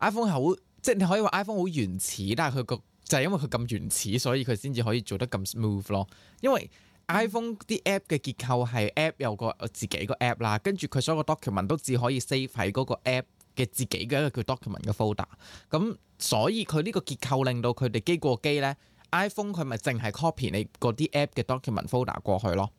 iPhone 係好，即係你可以話 iPhone 好原始，但係佢個就係、是、因為佢咁原始，所以佢先至可以做得咁 smooth 咯。因為 iPhone 啲 app 嘅結構係 app 有個自己個 app 啦，跟住佢所有個 document 都只可以 save 喺嗰個 app 嘅自己嘅一個叫 document 嘅 folder、嗯。咁所以佢呢個結構令到佢哋機過機咧，iPhone 佢咪淨係 copy 你嗰啲 app 嘅 document folder 過去咯，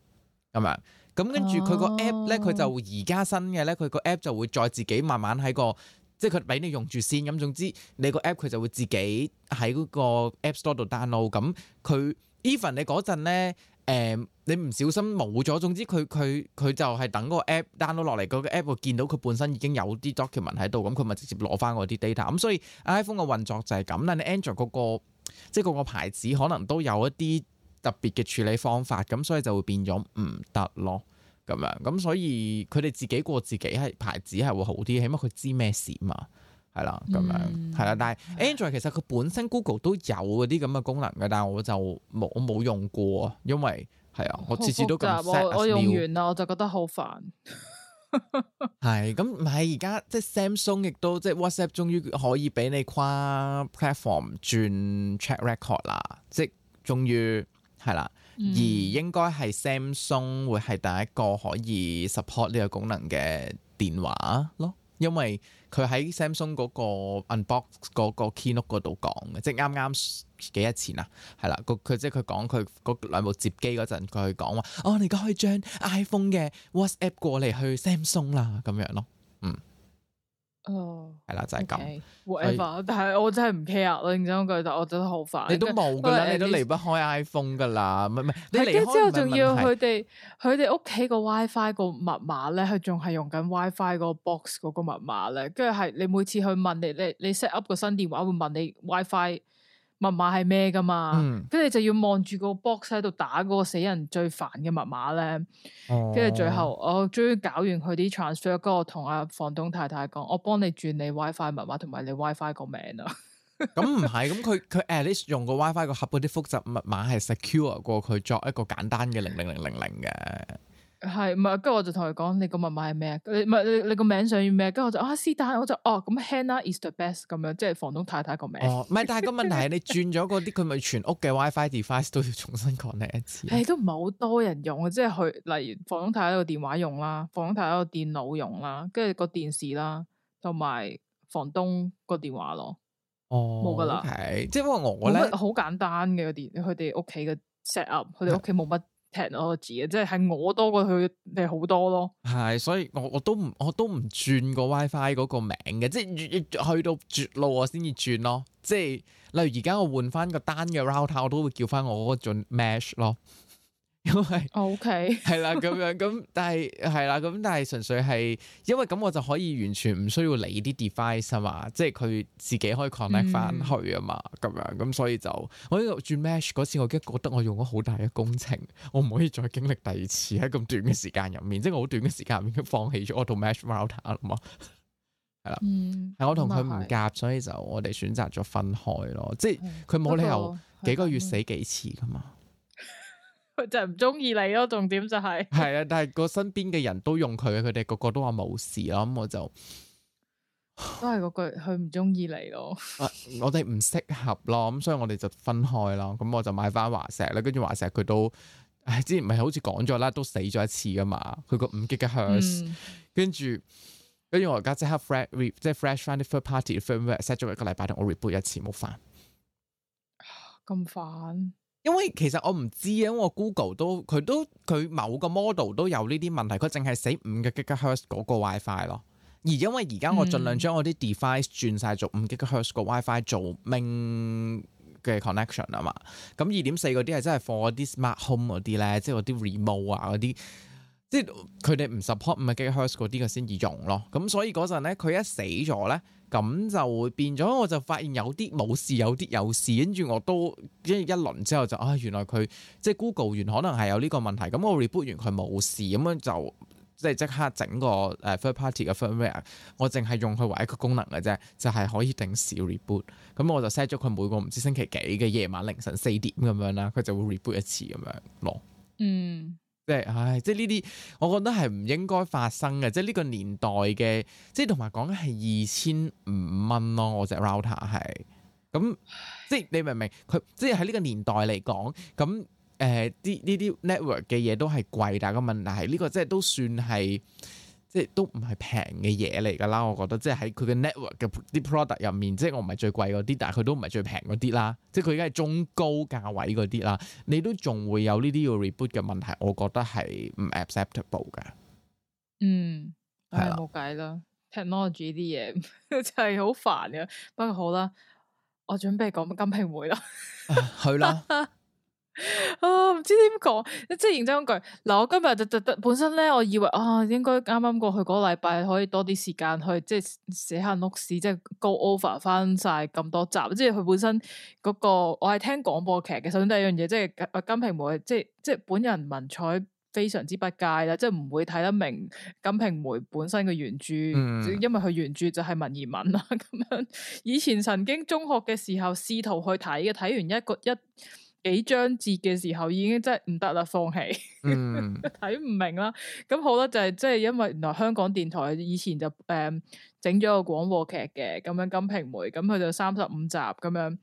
咁、嗯、啊，咁跟住佢個 app 咧，佢就而家新嘅咧，佢個 app 就會再自己慢慢喺個。即係佢俾你用住先，咁總之你個 app 佢就會自己喺嗰個 app store 度 download，咁佢 even 你嗰陣咧，誒、呃、你唔小心冇咗，總之佢佢佢就係等個 app download 落嚟，嗰、嗰個 app 會見到佢本身已經有啲 document 喺度，咁佢咪直接攞翻嗰啲 data，咁、嗯、所以 iPhone 嘅運作就係咁啦，你 Android 嗰、嗰個即係嗰個牌子可能都有一啲特別嘅處理方法，咁所以就會變咗唔得咯。咁樣，咁所以佢哋自己過自己係牌子係會好啲，起碼佢知咩事嘛，係啦，咁樣係啦、嗯。但係 Android 其實佢本身 Google 都有嗰啲咁嘅功能嘅，的但係我就冇我冇用過，因為係啊，我次次都咁 set, S, S, as 我，我用完啦，feel. 我就覺得好煩。係咁唔係而家即係 Samsung 亦都即係 WhatsApp 終於可以俾你跨 platform 轉 chat record 啦，即係終於係啦。嗯、而應該係 Samsung 會係第一個可以 support 呢個功能嘅電話咯，因為佢喺 Samsung 嗰個 Unbox 嗰個 Keynote 嗰度講嘅，即係啱啱幾日前啊？係啦，佢即係佢講佢嗰兩部接機嗰陣，佢講話，我哋而家可以將 iPhone 嘅 WhatsApp 過嚟去 Samsung 啦，咁樣咯，嗯。哦，係啦、okay, 是，就係咁。Whatever，但係我真係唔 care 咯，認真講句，但我真係好煩。你都冇噶啦，為你都離不開 iPhone 噶啦，係係你，你跟住之後仲要佢哋佢哋屋企個 WiFi 個密碼咧，佢仲係用緊 WiFi 個 box 嗰個密碼咧，跟住係你每次去問你你你 set up 個新電話會問你 WiFi。密碼係咩㗎嘛？跟住、嗯、就要望住個 box 喺、er、度打嗰個死人最煩嘅密碼咧。跟住、哦、最後，我終於搞完佢啲 transfer，跟住我同阿房東太太講：我幫你轉你 WiFi 密碼同埋你 WiFi 個名啊。嗯，咁唔係，咁佢，佢誒你用個 WiFi 個盒嗰啲複雜密碼係 secure 過佢作一個簡單嘅零零零零零嘅。係，唔係，跟住我就同佢講，你個密碼係咩？你唔係你你個名想要咩？跟住我就啊，是但我就哦，咁 Hannah is the best 咁樣，即係房東太太個名。哦，唔係，但係個問題係 *laughs* 你轉咗嗰啲，佢咪全屋嘅 WiFi device 都要重新 connect 一次。誒、哎，都唔係好多人用啊，即係去例如房東太太個電話用啦，房東太太個電腦用啦，跟住個電視啦，同埋房東個電話咯。哦，冇噶啦，okay. 即係不過我咧呢，好簡單嘅嗰啲，佢哋屋企嘅 set up，佢哋屋企冇乜。聽我多啲嘅，即係係我多過佢哋好多咯。係，所以我我都唔我都唔轉個 WiFi 嗰個名嘅，即係去到絕路我先至轉咯。即係例如而家我換翻個單嘅 router，我都會叫翻我嗰種 Mesh 咯。 *laughs* 因為 O K 係啦咁樣咁，但係，係啦咁，但係純粹係因為咁，我就可以完全唔需要理啲 device 啊嘛，即係佢自己可以 connect 翻去啊嘛，咁、mm. 樣咁所以就我喺度轉 Mesh 嗰次，我驚覺得我用咗好大嘅工程，我唔可以再經歷第二次喺咁短嘅時間入面，即係我好短嘅時間入面，已經放棄咗我同 Mesh Router 啊嘛，係啦，係我同佢唔夾，所以就我哋選擇咗分開咯，即係佢冇理由幾個月死幾次噶嘛。嗯佢就係唔中意你咯，重點就係係啊，但係個身邊嘅人都用佢，佢哋個個都話冇事啦，咁我就都係嗰句，佢唔中意你咯。我哋唔適合咯，咁所以我哋就分開啦。咁我就買翻華碩咧，跟住華碩佢都，之前唔係好似講咗啦，都死咗一次噶嘛。佢個 5GHz，跟住跟住我而家即刻即係 fresh third party firmware set 咗一個禮拜，同我 reboot 一次，冇煩。咁煩。因為其實我唔知啊，因為 Google 都佢都佢某個 model 都有呢啲問題，佢淨係使五個 GHz 嗰個 WiFi 咯。Fi，而因為而家我盡量將我啲 device 轉晒做五 GHz 個 WiFi 做 main 嘅 connection 啊嘛。咁二點四嗰啲係真係放我啲 smart home 嗰啲咧，即係我啲 remote 啊嗰啲，即係佢哋唔 support 五 GHz 嗰啲，佢先至用咯。咁所以嗰陣咧，佢一死咗咧。咁就會變咗，我就發現有啲冇事，有啲有，有事。跟住我都一,一輪之後就啊，原來佢即係 Google 完可能係有呢個問題。咁我 reboot 完佢冇事，咁樣就即係即刻整個誒 third party 嘅 framework。我淨係用佢唯一個功能嘅啫，就係、是、可以定時 reboot。咁我就 set 咗佢每個唔知星期幾嘅夜晚凌晨四點咁樣啦，佢就會 reboot 一次咁樣咯。嗯。 *noise* 即係，唉、哎，即係呢啲，我覺得係唔應該發生嘅。即係呢個年代嘅，即係同埋講係二千五蚊咯。我隻 router 係，咁、嗯、即係你明唔明？佢即係喺呢個年代嚟講，咁、嗯、誒啲呢啲 network 嘅嘢都係貴㗎。個問題係呢個，即係都算係。即係都唔係平嘅嘢嚟㗎啦，我覺得即係喺佢嘅 network 嘅啲 product 入面，即係我唔係最貴嗰啲，但係佢都唔係最平嗰啲啦。即係佢而家係中高價位嗰啲啦，你都仲會有呢啲要 reboot 嘅問題，我覺得係唔 acceptable 嘅。嗯，係啊啦，冇計啦，technology 啲嘢就係好煩啊。不過好啦，我準備講金瓶梅、 *laughs* 啊、啦，去啦。啊，唔知點講，即係認真講句，嗱，我今日就覺得本身咧，我以為啊，應該啱啱過去嗰個禮拜可以多啲時間去即係寫下 notes，即係 go over 翻晒咁多集，即係佢本身嗰、嗰個我係聽廣播劇嘅，首先第一樣嘢即係金金瓶梅，即係即係本人文采非常之不佳啦，即係唔會睇得明金瓶梅本身嘅原著，嗯、因為佢原著就係文言文啦。咁樣以前曾經中學嘅時候試圖去睇嘅，睇完一個一。幾張節嘅時候已經真係唔得啦，放棄，睇唔明啦。咁好啦，就係即係因為原來香港電台以前就誒整咗個廣播劇嘅，咁樣《金瓶梅》，咁佢就三十五集咁樣，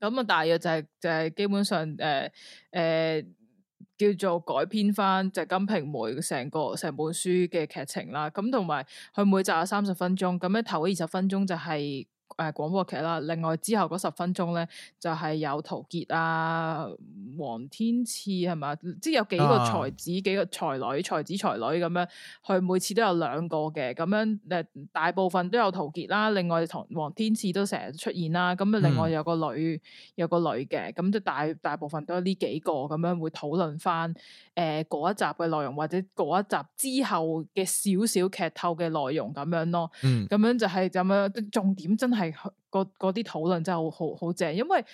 咁啊大約就係、是、就係、是、基本上誒誒、呃呃、叫做改編返就《金瓶梅》成個成本書嘅劇情啦。咁同埋佢每集有三十分鐘，咁樣頭二十分鐘就係、是。誒，廣播劇啦，另外之後嗰十分鐘咧，就係、是、有陶傑啊、黃天賜係嘛，即係有幾個才子、啊、幾個才女、才子才女咁樣，佢每次都有兩個嘅，咁樣誒、嗯，大部分都有陶傑啦，另外同黃天賜都成日出現啦，咁啊，另外有個女，有個女嘅，咁即大大部分都係呢幾個咁樣會討論翻，誒、呃，嗰一集嘅內容或者嗰一集之後嘅少少劇透嘅內容咁樣咯，嗯，咁樣就係咁樣，重點真係。係嗰啲討論真係好好好正，因為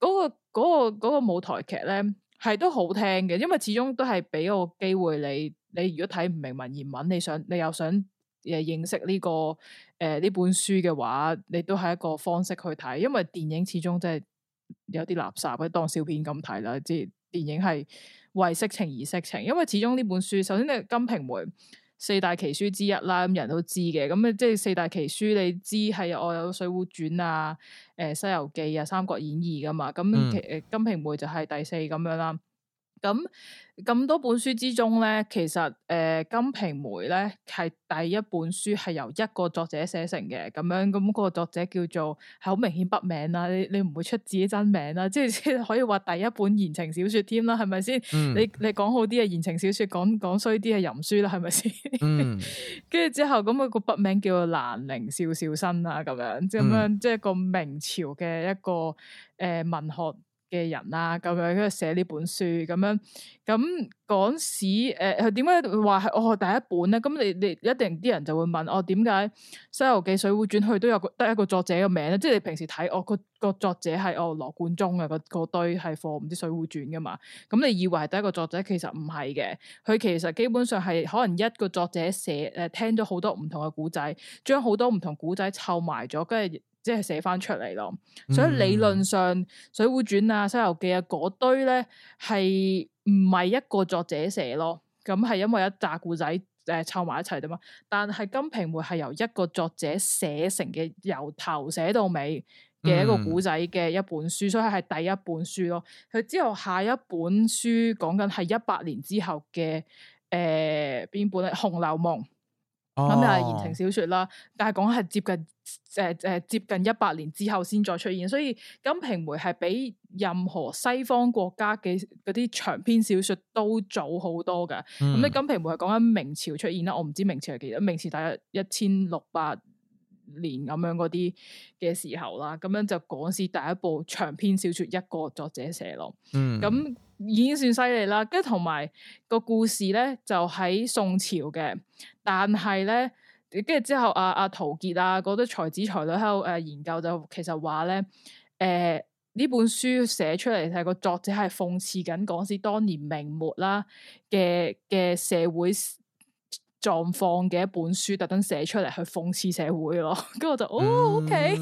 嗰個嗰個嗰個舞台劇咧係都好聽嘅，因為始終都係俾個機會你，你如果睇唔明文言文，你想你又想誒認識呢個誒呢本書嘅話，你都係一個方式去睇，因為電影始終真係有啲垃圾，當笑片咁睇啦。即係電影係為色情而色情，因為始終呢本書，首先你《金瓶梅》。四大奇書之一啦，咁人都知嘅。咁即係四大奇書，你知係我有《水滸傳》啊、誒、呃《西遊記》啊、《三國演義》噶嘛。咁誒，嗯，《金瓶梅》就係第四咁樣啦。咁咁多本書之中咧，其實誒、呃《金瓶梅》呢咧係第一本書係由一個作者寫成嘅，咁樣咁，那個作者叫做係好明顯筆名啦，你你唔會出自己真名啦，啊，即、就、係、是、可以話第一本言情小說添啦，係咪先？你你講好啲係言情小說，講講衰啲係淫書啦，係咪先？跟住、嗯、 *laughs* 之後咁啊，那個筆名叫做蘭陵笑笑生啦，啊，咁樣咁樣、嗯、即係一個明朝嘅一個誒、呃、文學嘅人啦、啊，咁樣喺度寫呢本書咁樣，咁講史誒，係點解話係哦第一本咧？咁你你一定啲人就會問哦，點解《西遊記》《水滸傳》佢都有得一個作者嘅名咧？即係你平時睇哦、嗰個嗰個作者係哦羅貫中嘅個堆係放唔知《水滸傳》噶嘛，咁你以為係得一個作者，其實唔係嘅。佢其實基本上係可能一個作者寫誒，聽咗好多唔同嘅古仔，將好多唔同古仔湊埋咗，跟住。即係寫翻出嚟咯，所以理論上嗯、《水滸傳》啊《西遊記》啊嗰堆咧係唔係一個作者寫咯，咁係因為一扎故仔誒湊埋一齊啫嘛。但係《金瓶梅》係由一個作者寫成嘅，由頭寫到尾嘅一個故仔嘅一本書，嗯、所以係第一本書咯。佢之後下一本書講緊係一百年之後嘅誒邊本咧《紅樓夢》。咁又係言情小說啦，但係講係接近誒誒、呃呃、接近一百年之後先再出現，所以《金瓶梅》係比任何西方國家嘅嗰啲長篇小說都早好多噶。咁咧、嗯，嗯《金瓶梅》係講緊明朝出現啦，我唔知明朝係幾多，明朝大約一千六百。年咁樣嗰啲嘅時候啦，咁樣就《講史》第一部長篇小說，一個作者寫咯，咁、嗯、已經算犀利啦。跟住同埋個故事咧就喺宋朝嘅，但係咧跟住之後阿、啊、阿陶傑啊嗰啲才子才女喺度誒研究，就其實話咧誒呢、呃、本書寫出嚟係個作者係諷刺緊講史當年明末啦嘅嘅社會狀況嘅一本書，特登寫出嚟，去諷刺社會咯，跟 *laughs* 住我就哦 OK，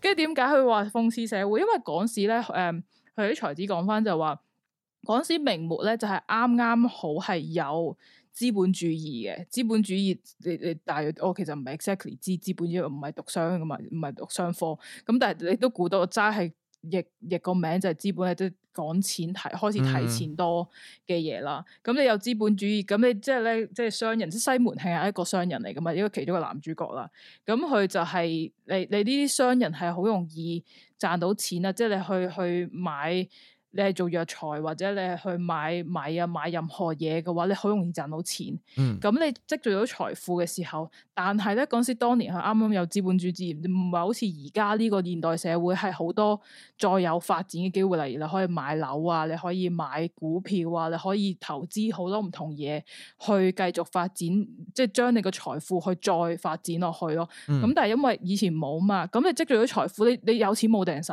跟住點解佢話諷刺社會？因為陣時咧，誒、嗯，佢啲才子講翻就話陣時明末咧，就係啱啱好係有資本主義嘅資本主義，你你大約我其實唔係 exactly 知資本主義，唔係讀商噶嘛，唔係讀商科，咁但係你都估到齋係。亦亦個名就係資本咧，即係講錢提開始睇錢多嘅嘢啦。咁、嗯、你有資本主義，咁你即係咧，即係商人。即西門慶係一個商人嚟噶嘛，一個其中嘅男主角啦。咁佢就係你你呢啲商人係好容易賺到錢啦，即係你去去買。你係做藥材或者你係去買買啊買，買任何嘢嘅話，你好容易賺到錢。咁、嗯、你積聚咗財富嘅時候，但係咧嗰時當年係啱啱有資本主義，唔係好似而家呢個現代社會係好多再有發展嘅機會，例如你可以買樓啊，你可以買股票啊，你可以投資好多唔同嘢去繼續發展，即係將你個財富去再發展落去咯。咁、嗯、但係因為以前冇啊嘛，咁你積聚咗財富，你你有錢冇定使。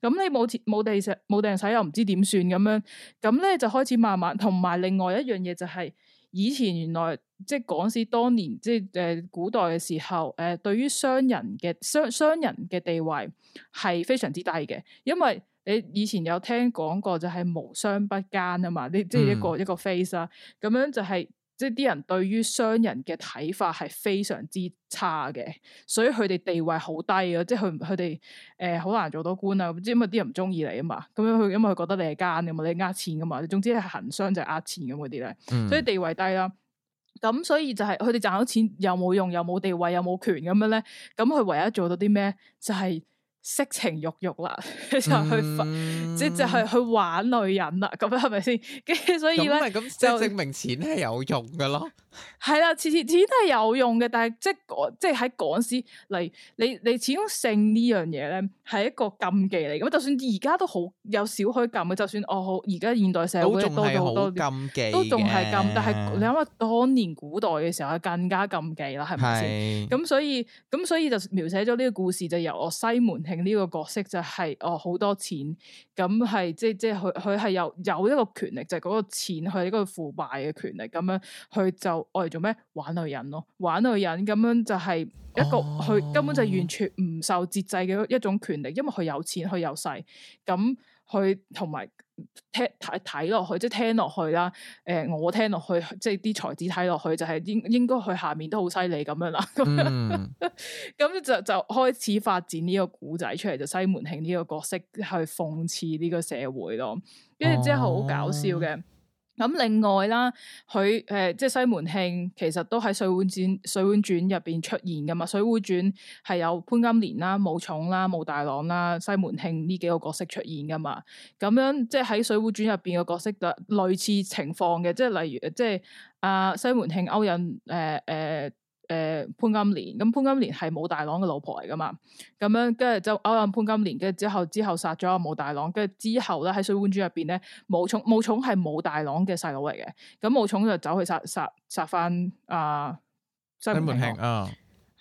咁你冇冇地使冇地使又唔知點算咁樣，咁呢就開始慢慢同埋另外一樣嘢就係以前原來即係嗰時當年即係誒古代嘅時候誒、呃，對於商人嘅商商人嘅地位係非常之低嘅，因為你以前有聽講過就係無商不奸啊嘛，你、嗯、即係一個一個 face 啦、啊，咁樣就係、是。即係啲人對於商人嘅睇法係非常之差嘅，所以佢哋地位好低啊。即係佢佢哋誒好難做到官啊。咁之因為啲人唔中意你啊嘛。咁樣佢因為佢覺得你係奸噶嘛，你係呃錢噶嘛。總之係行商就係呃錢咁嗰啲咧，所以地位低啦。咁、嗯、所以就係佢哋賺到錢又冇用，又冇地位，又冇權咁樣咧。咁佢唯一做到啲咩就係、是。色情慾欲啦， *laughs* 就去，嗯、即就係去玩女人啦，咁樣係咪先？跟 *laughs* 所以咧，就證明錢係有用噶咯。 *laughs* 係啦，次次都係有用嘅，但係即係即係喺講史嚟，你你始終性呢樣嘢咧係一個禁忌嚟，咁就算而家都好有少許禁嘅，就算，就算哦好而家現代社會都好多，多禁忌都仲係禁，但係你諗下當年古代嘅時候係更加禁忌啦，係咪先？咁是所以咁所以就描寫咗呢個故事，就是、由我西門慶呢個角色就係、是、哦好多錢，咁係即係即係佢佢係有有一個權力，就係、是、嗰個錢佢係一個腐敗嘅權力，咁樣佢就。我哋做咩？玩女人咯，玩女人咁樣就係一個佢、哦、根本就完全唔受節制嘅一種權力，因為佢有錢，佢有勢，咁佢同埋聽睇睇落去，即係聽落去啦。誒、呃，我聽落去，即係啲才子睇落去，就係、是、應應該佢下面都好犀利咁樣啦。咁、嗯、 *laughs* 就就開始發展呢個古仔出嚟，就西門慶呢個角色去諷刺呢個社會咯，跟住之後好搞笑嘅。哦咁另外啦，佢誒、呃、即係西門慶其實都喺《水滸傳》《水滸傳》入邊出現㗎嘛，《水滸傳》係有潘金蓮啦、武松啦、武大郎啦、西門慶呢幾個角色出現㗎嘛。咁樣即係喺《水滸傳》入邊個角色類似情況嘅，即係例如即係阿、呃、西門慶勾引誒誒。呃呃誒、呃，潘金蓮，咁潘金蓮係武大郎嘅老婆嚟噶嘛？咁樣，跟住就勾引潘金蓮，跟住之後之後殺咗阿武大郎，跟住之後咧喺水滸傳入邊咧，武松武松係武大郎嘅細佬嚟嘅，咁武松就走去殺殺殺翻啊，西，西門慶啊。哦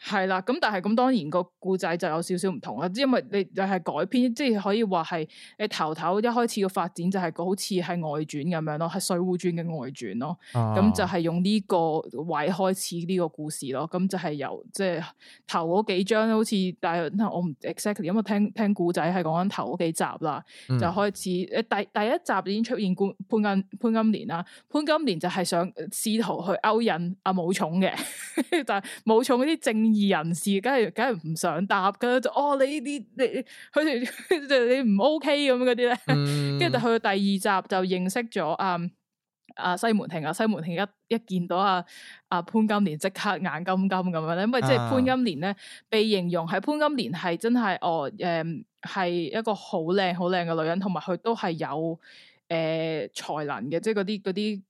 係啦，咁但係咁當然個故仔就有少少唔同啦，因為你你係改編，即、就、係、是、可以話係你頭頭一開始嘅發展就係好似係外傳咁樣咯，係水滸傳嘅外傳咯，咁、啊、就係用呢、這個位開始呢個故事咯，咁就係由即係、就是、頭嗰幾章好似但係我唔 exactly，因為聽聽故仔係講緊頭嗰幾集啦，就開始誒第、嗯、第一集已經出現官潘金潘金蓮啦，潘金蓮就係想試圖去勾引阿、啊、武松嘅， *laughs* 但係武松嗰啲正意人士，梗係梗係唔想答噶，就哦你，你，你，你、OK、呢啲你佢哋就你唔 OK 咁嗰啲咧，跟住、嗯、就去到第二集就認識咗阿阿西門慶啊，西門慶一一見到阿、啊、阿、啊、潘金蓮，即刻眼金金咁樣咧，因為即係潘金蓮咧、啊、被形容係潘金蓮係真係哦誒係、嗯、一個好靚好靚嘅女人，同埋佢都係有誒、呃、才能嘅，即係嗰啲啲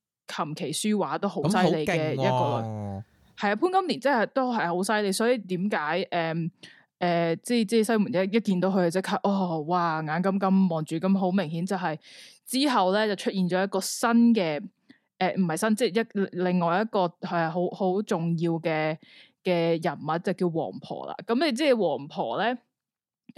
琴棋書畫都好犀利嘅一個。係啊，潘金蓮真係都係好犀利，所以點解誒誒，即係即係西門一一見到佢即刻哦，哇，眼金金望住，咁好明顯就係、是、之後咧就出現咗一個新嘅誒，唔、呃、係新即係一另外一個係好好重要嘅嘅人物就叫王婆啦。咁你知王婆咧？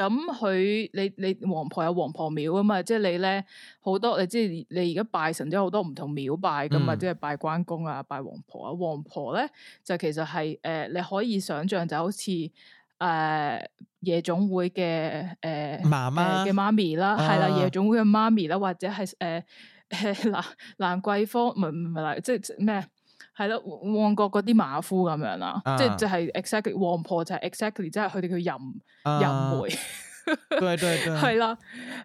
咁佢你你王婆有王婆廟啊嘛，即係你咧好多，你即係你而家拜神都有好多唔同廟拜噶嘛，嗯、即係拜關公啊，拜王婆啊，王婆咧就其實係誒、呃，你可以想象就好似誒、呃、夜總會嘅誒媽媽嘅媽咪啦，係媽啦，夜總會嘅媽咪啦，或者係誒誒蘭蘭桂坊唔係唔係，即係咩？係咯，旺角嗰啲馬夫咁樣啦，uh. 即係就係 exactly，王婆就係 exactly，即係佢哋叫淫淫媒。Uh. *laughs* 對對 *laughs* 對，係啦，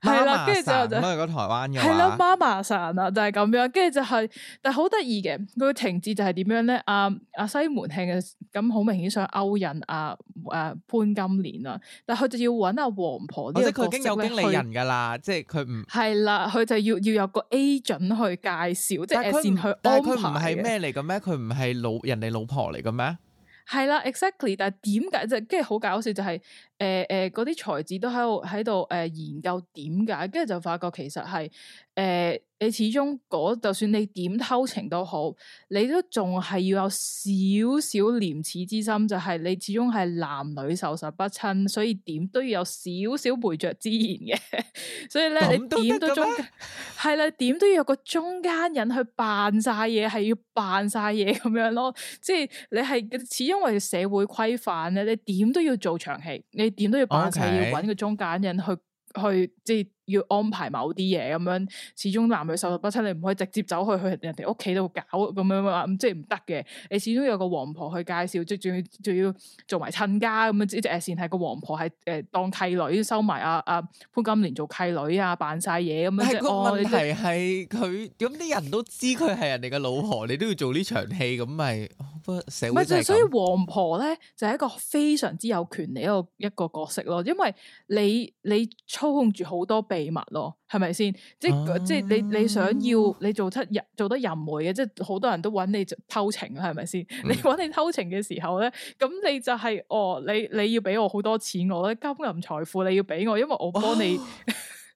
係啦，跟住就就係講台灣嘅，係咯，媽媽神啦，就係、是、咁樣，跟住就係、是，但係好得意嘅，佢情節就係點樣咧？阿、啊、阿、啊、西門慶嘅咁好明顯想勾引阿、啊、誒、啊、潘金蓮啊，但係佢就要搵阿、啊、王婆個呢個角色，佢已經有經理人噶啦，去即係佢唔係啦，佢就要要有個 agent 去介紹，即係先去安排，佢唔係咩嚟嘅咩？佢唔係老人哋老婆嚟嘅咩？係啦 *noise* ，exactly，但係點解即係跟住好搞笑就係誒誒嗰啲才子都喺度喺度誒研究點解，跟住就發覺其實，係。誒、呃，你始終嗰，就算你點偷情都好，你都仲係要有少少廉恥之心，就係、是、你始終係男女授受不親，所以點都要有少少背着之嫌嘅。 *laughs* 所以咧呢，以 *laughs* 你點都中係啦，點都要有個中間人去扮晒嘢，係要扮晒嘢咁樣咯。即係你係始終為社會規範咧，你點都要做場戲，你點都要扮晒，要揾 Okay. 個中間人去去，去即係。要安排某啲嘢咁樣，始終男女授受不親，你唔可以直接走去去人哋屋企度搞咁樣啊，咁即係唔得嘅。你始終有個王婆去介紹，即仲要仲要做埋親家咁啊！即係誒，先係個王婆係誒當契女收埋阿阿潘金蓮做契女啊，扮晒嘢咁樣即但係個問題係佢，咁、哦、啲人都知佢係人哋嘅老婆，你都要做呢場戲，咁咪、就是。唔係就所以，王婆咧就係、是、一個非常之有權利一個一個角色咯，因為你你操控住好多秘密咯，係咪先？即、啊、即你你想要你做出人做得人媒嘅，即好多人都揾你偷情，係咪先？嗯、你揾你偷情嘅時候咧，咁你就係、是、哦，你你要俾我好多錢，我啲金銀財富你要俾我，因為我幫你。哦 *laughs*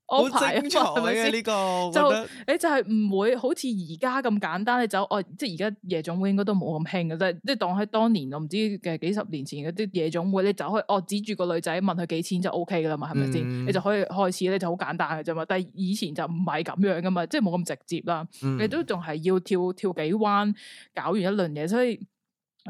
好正常嘅呢個 *laughs* 就 *laughs* 你就係唔會好似而家咁簡單你走哦，即係而家夜總會應該都冇咁興嘅啫，即係當喺當年我唔知嘅幾十年前嗰啲夜總會你走開哦指住個女仔問佢幾錢就 OK 噶啦嘛，係咪先？你就可以開始，你就好簡單嘅啫嘛，但係以前就唔係咁樣噶嘛，即係冇咁直接啦，嗯、你都仲係要跳跳幾彎搞完一輪嘢，所以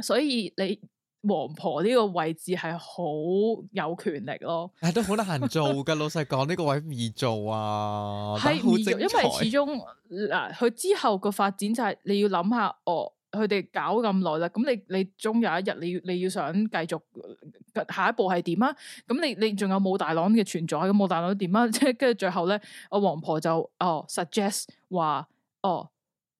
所以，所以你。王婆呢個位置係好有權力咯，係 *laughs* 都好難做噶。老實講呢個位唔易做啊，係 *laughs* 是因為始終嗱，佢之後個發展就係你要諗下，哦，佢哋搞咁耐啦，咁你你終有一日你要你要想繼續下一步係點啊？咁你你仲有冇大郎嘅存在？咁冇大郎點啊？即係跟住最後咧，我王婆就哦 suggest 話哦，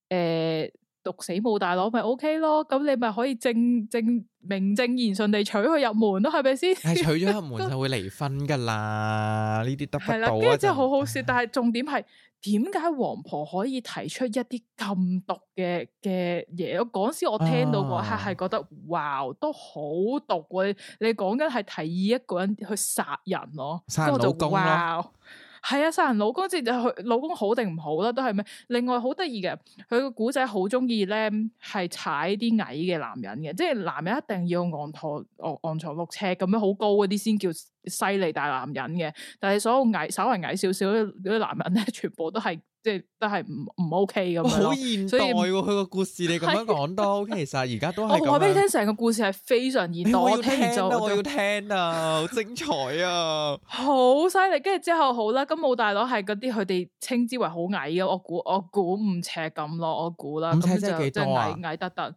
誒。哦欸毒死武大佬咪 OK 咯，咁你咪可以正正名正言順地娶佢入門咯，係咪先？係娶咗入門就會離婚噶啦，呢啲 *laughs* 得不到啊！真係好好笑， *laughs* 但係重點係點解王婆可以提出一啲咁毒嘅嘅嘢？我嗰時我聽到嗰一刻，係係覺得、哦、哇都好毒嘅、啊，你講緊係提議一個人去殺人咯，殺老公咯。係啊，殺人老公即係佢老公好定唔好啦，都係咩？另外好得意嘅，佢個古仔好中意咧，係踩啲矮嘅男人嘅，即係男人一定要昂牀昂昂牀六尺咁樣好高嗰啲先叫犀利大男人嘅，但係所有矮、稍微矮少少嗰啲男人咧，全部都係。即係都係唔唔 OK 咁咯，好現代喎、啊、所以佢個故事你咁樣講都，其實而家都係我話俾你聽，成個故事係非常現代、欸。我要聽真，我，聽我要聽啊，好精彩啊，好犀利！跟住之後好啦，咁武大佬係嗰啲佢哋稱之為好矮嘅，我估我估五尺咁咯，我估啦，五尺真係幾多啊？矮矮得得，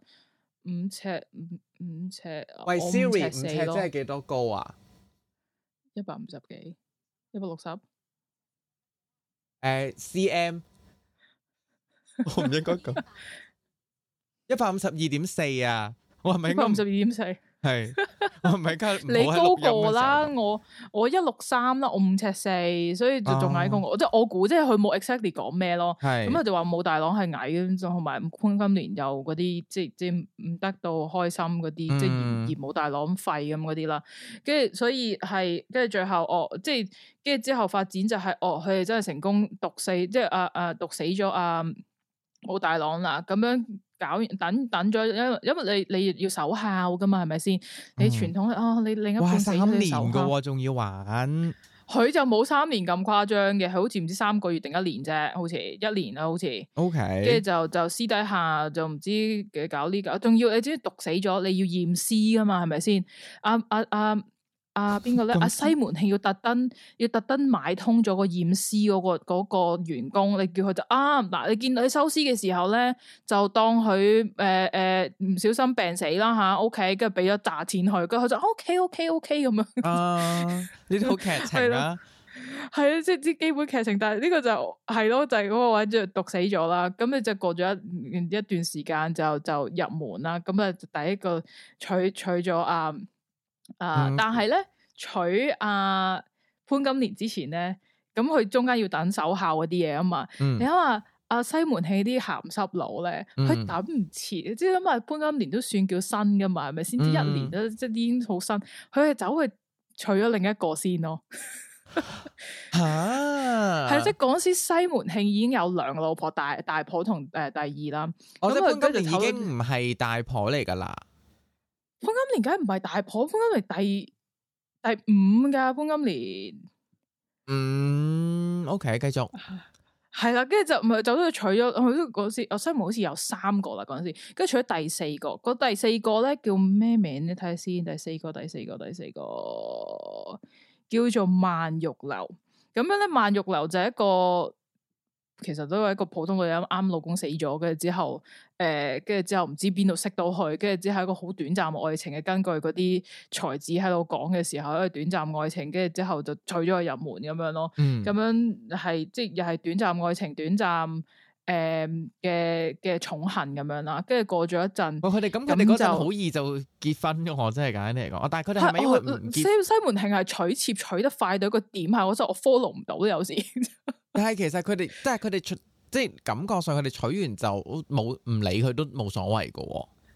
五尺五喂五尺。喂，Siri，五尺即係幾多高啊？一百五十幾，一百六十。誒、uh，CM，我唔應該咁，一百五十二點四啊，我係咪應該一百五十二點四？2 *laughs* 係，唔係 *laughs* 你高過啦，我我一六三啦，我五尺四，所以就仲矮過、哦、我，即係我估，即係佢冇 exactly 講咩咯，咁佢就話冇大郎係矮咁，同埋潘金蓮又嗰啲即係即係唔得到開心嗰啲，即係、嗯、而冇大郎廢咁嗰啲啦，跟住所以係跟住最後哦，即係跟住之後發展就係、是、哦，佢哋真係成功毒死，即係阿阿毒死咗阿冇大郎啦，咁樣。搞等等咗，因因為你你要守孝噶嘛，係咪先？你傳統啊，哦，你另一半死咗，三年噶，仲要玩？佢就冇三年咁誇張嘅，佢好似唔知三個月定一年啫，好似一年啊，好似 Okay.。O K，即係就就私底下就唔知幾搞呢個，仲要你知要毒死咗，你要驗屍噶嘛，係咪先？阿阿阿。啊啊啊，邊個咧？阿、啊、西門慶要特登要特登買通咗個驗屍嗰個嗰、嗰個員工，你叫佢就啊，嗱，你見到你收屍嘅時候咧，就當佢誒誒唔小心病死啦吓、啊、OK，跟住俾咗炸錢佢，跟、啊、佢就 OK OK OK 咁樣。啊，呢啲好劇情啊，係啊，即係啲基本劇情，但係呢個就係咯，就係嗰個位就毒死咗啦。咁你就過咗一一段時間就就入門啦。咁啊，第一個取取咗啊。嗯、但呢啊！但係咧娶，阿潘金蓮之前咧，咁佢中間要等守孝嗰啲嘢啊嘛。嗯、你諗下，阿西門慶啲鹹濕佬咧，佢、嗯、等唔切，即係諗下潘金蓮都算叫新噶嘛，係咪先？即一年都、嗯、即係已經好新。佢係走去娶咗另一個先咯。吓、啊，係即係嗰時西門慶已經有兩個老婆大，大婆、大婆同誒第二啦。我諗佢今蓮已經唔係大婆嚟噶啦。潘金蓮梗唔係大婆，潘金蓮第第五噶潘金蓮。嗯，OK，繼續。係啦， *laughs* 跟住就唔係，就咁去取咗。我嗰時，我西門好似有三個啦，嗰陣時，跟住娶咗第四個，嗰第四個咧叫咩名咧？睇下先，第四個，第四個，第四個，叫做萬玉樓。咁樣咧，萬玉樓就係一個。其實都係一個普通女人，啱老公死咗跟住之後，誒、呃，跟住之後唔知邊度識到佢，跟住只係一個好短暫嘅愛情嘅根據，嗰啲才子喺度講嘅時候，因為短暫愛情，跟住之後就娶咗佢入門咁樣咯，咁、嗯、樣係即係又係短暫愛情，短暫。誒嘅嘅重恨咁樣啦，跟住過咗一陣，佢哋咁佢哋嗰陣好易就結婚噶喎，就我真係簡單啲嚟講，但係佢哋係咪唔結？西西門慶係取妾取得快到一個點啊！我真係我 follow 唔到有時。 *laughs* 但係其實佢哋即係佢哋取，即係感覺上佢哋取完就冇唔理佢都冇所謂噶。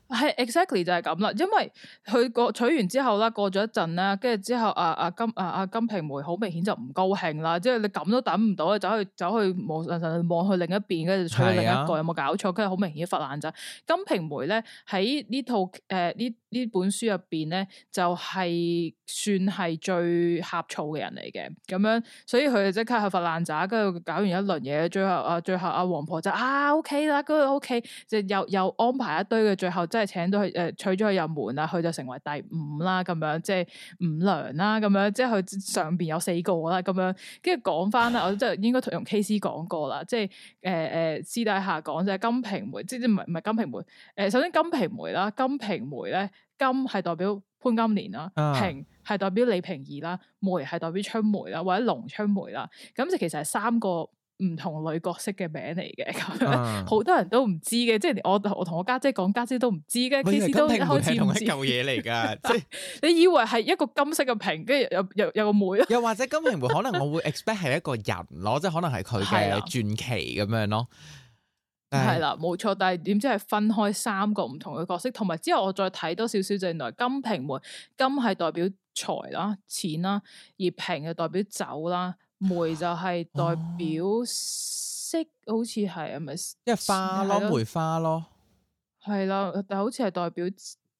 係 exactly 就係咁啦，因為佢過娶完之後啦，過咗一陣啦，跟住之後啊阿金啊阿金瓶梅好明顯就唔高興啦，即係你咁都等唔到，走去走去望望去，去另一邊跟住娶咗另一個是、啊、有冇搞錯？跟住好明顯發爛渣。金瓶梅咧喺呢套誒呢呢本書入邊咧，就係、是、算係最呷醋嘅人嚟嘅，咁樣，所以佢即刻去發爛渣，跟住搞完一輪嘢，最後啊最後阿、啊、王婆就啊 OK 啦，跟住 OK，就又又安排一堆嘅，最後。即係請到佢，誒、呃，娶咗佢入門啦，佢就成為第五啦，咁樣即係五娘啦，咁樣即係佢上邊有四個啦，咁樣，跟住講翻啦，我即係應該同用 KC 講過啦，即係誒誒，私底下講就係金瓶梅，即係唔係唔係金瓶梅，誒、呃，首先金瓶梅啦，金瓶梅咧，金係代表潘金蓮啦，瓶係、uh huh. 代表李瓶兒啦，梅係代表春梅啦，或者龍春梅啦，咁就其實係三個。唔同女角色嘅名嚟嘅，咁好、嗯、 *laughs* 多人都唔知嘅，即係我我同我家姐講，家姐都唔知嘅。金瓶梅係同一舊嘢嚟噶即係你以為係一個金色嘅瓶，跟住有有有個梅， *laughs* 又或者《金瓶梅》可能我會 expect 係一個人咯， *laughs* 即係可能係佢嘅傳奇咁樣咯。係啦、啊，冇錯、嗯啊，但係點知係分開三個唔同嘅角色，同埋之後我再睇多少少，就原來《金瓶梅》金係代表財啦、錢啦，而瓶就代表酒啦。梅就係代表色，好似係咪？因為花咯，梅花咯，係啦，但好似係代表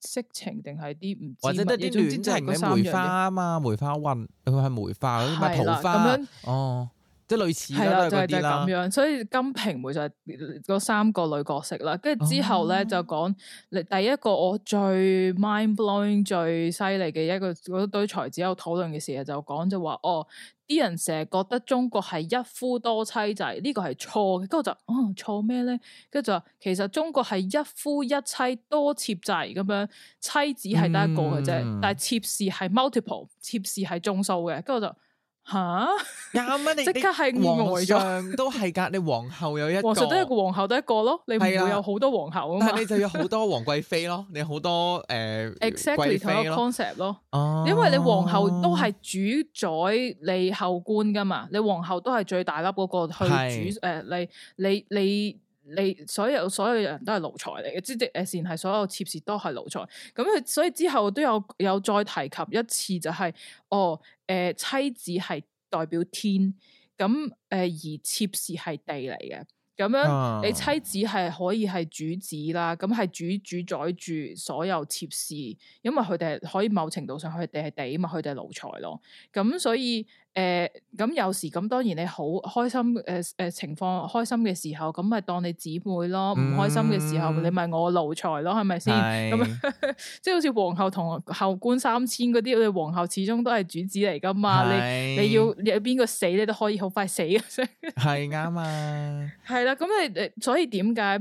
色情定係啲唔？或者得啲暖情嘅梅花啊嘛？梅花運，佢係梅花嗰啲桃花樣哦。即係類似啦，有、啊、就啦。咁樣，所以金瓶梅就係嗰三個女角色啦。跟住之後咧，哦、就講第一個我最 mind blowing、最犀利嘅一個嗰堆才子有討論嘅時候，就講就話哦，啲人成日覺得中國係一夫多妻制，呢個係錯嘅。跟住我就，哦錯咩咧？跟住就話其實中國係一夫一妻多妾制咁樣，妻子係得一個嘅啫，嗯、但係妾侍係 multiple，妾侍係眾數嘅。跟住我就。吓啱啊！你即哈 *laughs* 刻係 *laughs* 皇上都係噶，你皇后有一個皇上得一個皇后得一個咯，你唔會有好多皇后啊嘛？你就要好多皇貴妃咯， *laughs* 你好多誒，exactly 同一 concept 咯，oh. 因為你皇后都係主宰你後宮噶嘛，你皇后都係最大粒嗰個去主誒的、呃，你你你。你你你所有所有人都係奴才嚟嘅，即係誒，善係所有妾侍都係奴才。咁佢所以之後都有有再提及一次、就是，就係哦，誒、呃、妻子係代表天，咁、呃、誒而妾侍係地嚟嘅。咁樣你妻子係可以係主子啦，咁係主主宰住所有妾侍，因為佢哋係可以某程度上佢哋係地嘛，佢哋係奴才咯。咁所以。誒，咁、呃、有時咁，當然你好開心誒誒、呃呃、情況開心嘅時候，咁咪當你姊妹咯；唔、嗯、開心嘅時候，嗯、你咪我奴才咯，係咪先？咁是 *laughs* 即係好似皇后同後宮三千嗰啲，你皇后始終都係主子嚟噶嘛？是你你要有邊個死，你都可以好快死啫，係啱啊！係啦， *laughs* 咁、嗯、你所以點解？呃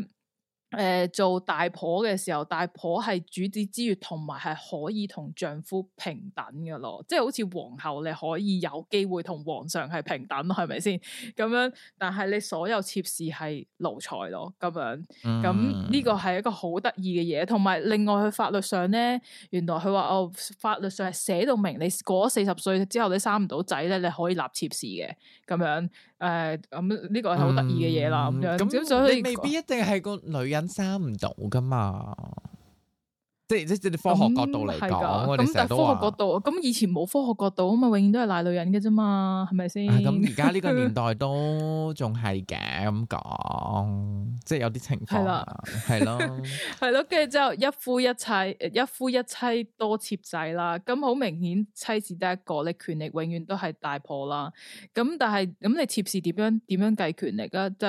誒、呃，做大婆嘅時候，大婆係主子之餘，同埋係可以同丈夫平等噶咯，即係好似皇后你可以有機會同皇上係平等，係咪先咁樣？但係你所有妾侍係奴才咯，咁樣咁呢、嗯，這個係一個好得意嘅嘢。同埋另外，佢法律上咧，原來佢話哦，法律上係寫到明，你過咗四十歲之後你生唔到仔咧，你可以立妾侍嘅。咁樣誒，咁、呃、呢個係好得意嘅嘢啦，咁、嗯、樣咁、嗯、所以、這個、你未必一定係個女人生唔到噶嘛。即係即係科學角度嚟講，咁、嗯、但係科學角度，咁以前冇科學角度啊嘛，永遠都係賴女人嘅啫嘛，係咪先？咁而家呢個年代都仲係嘅咁講，即係有啲情況係啦，係咯的，係咯的，跟住之後一夫一妻，一夫一妻多妾制啦，咁好明顯妻子得一個，你權力永遠都係大婆啦。咁但係咁你妾侍點樣點樣計權力啊？就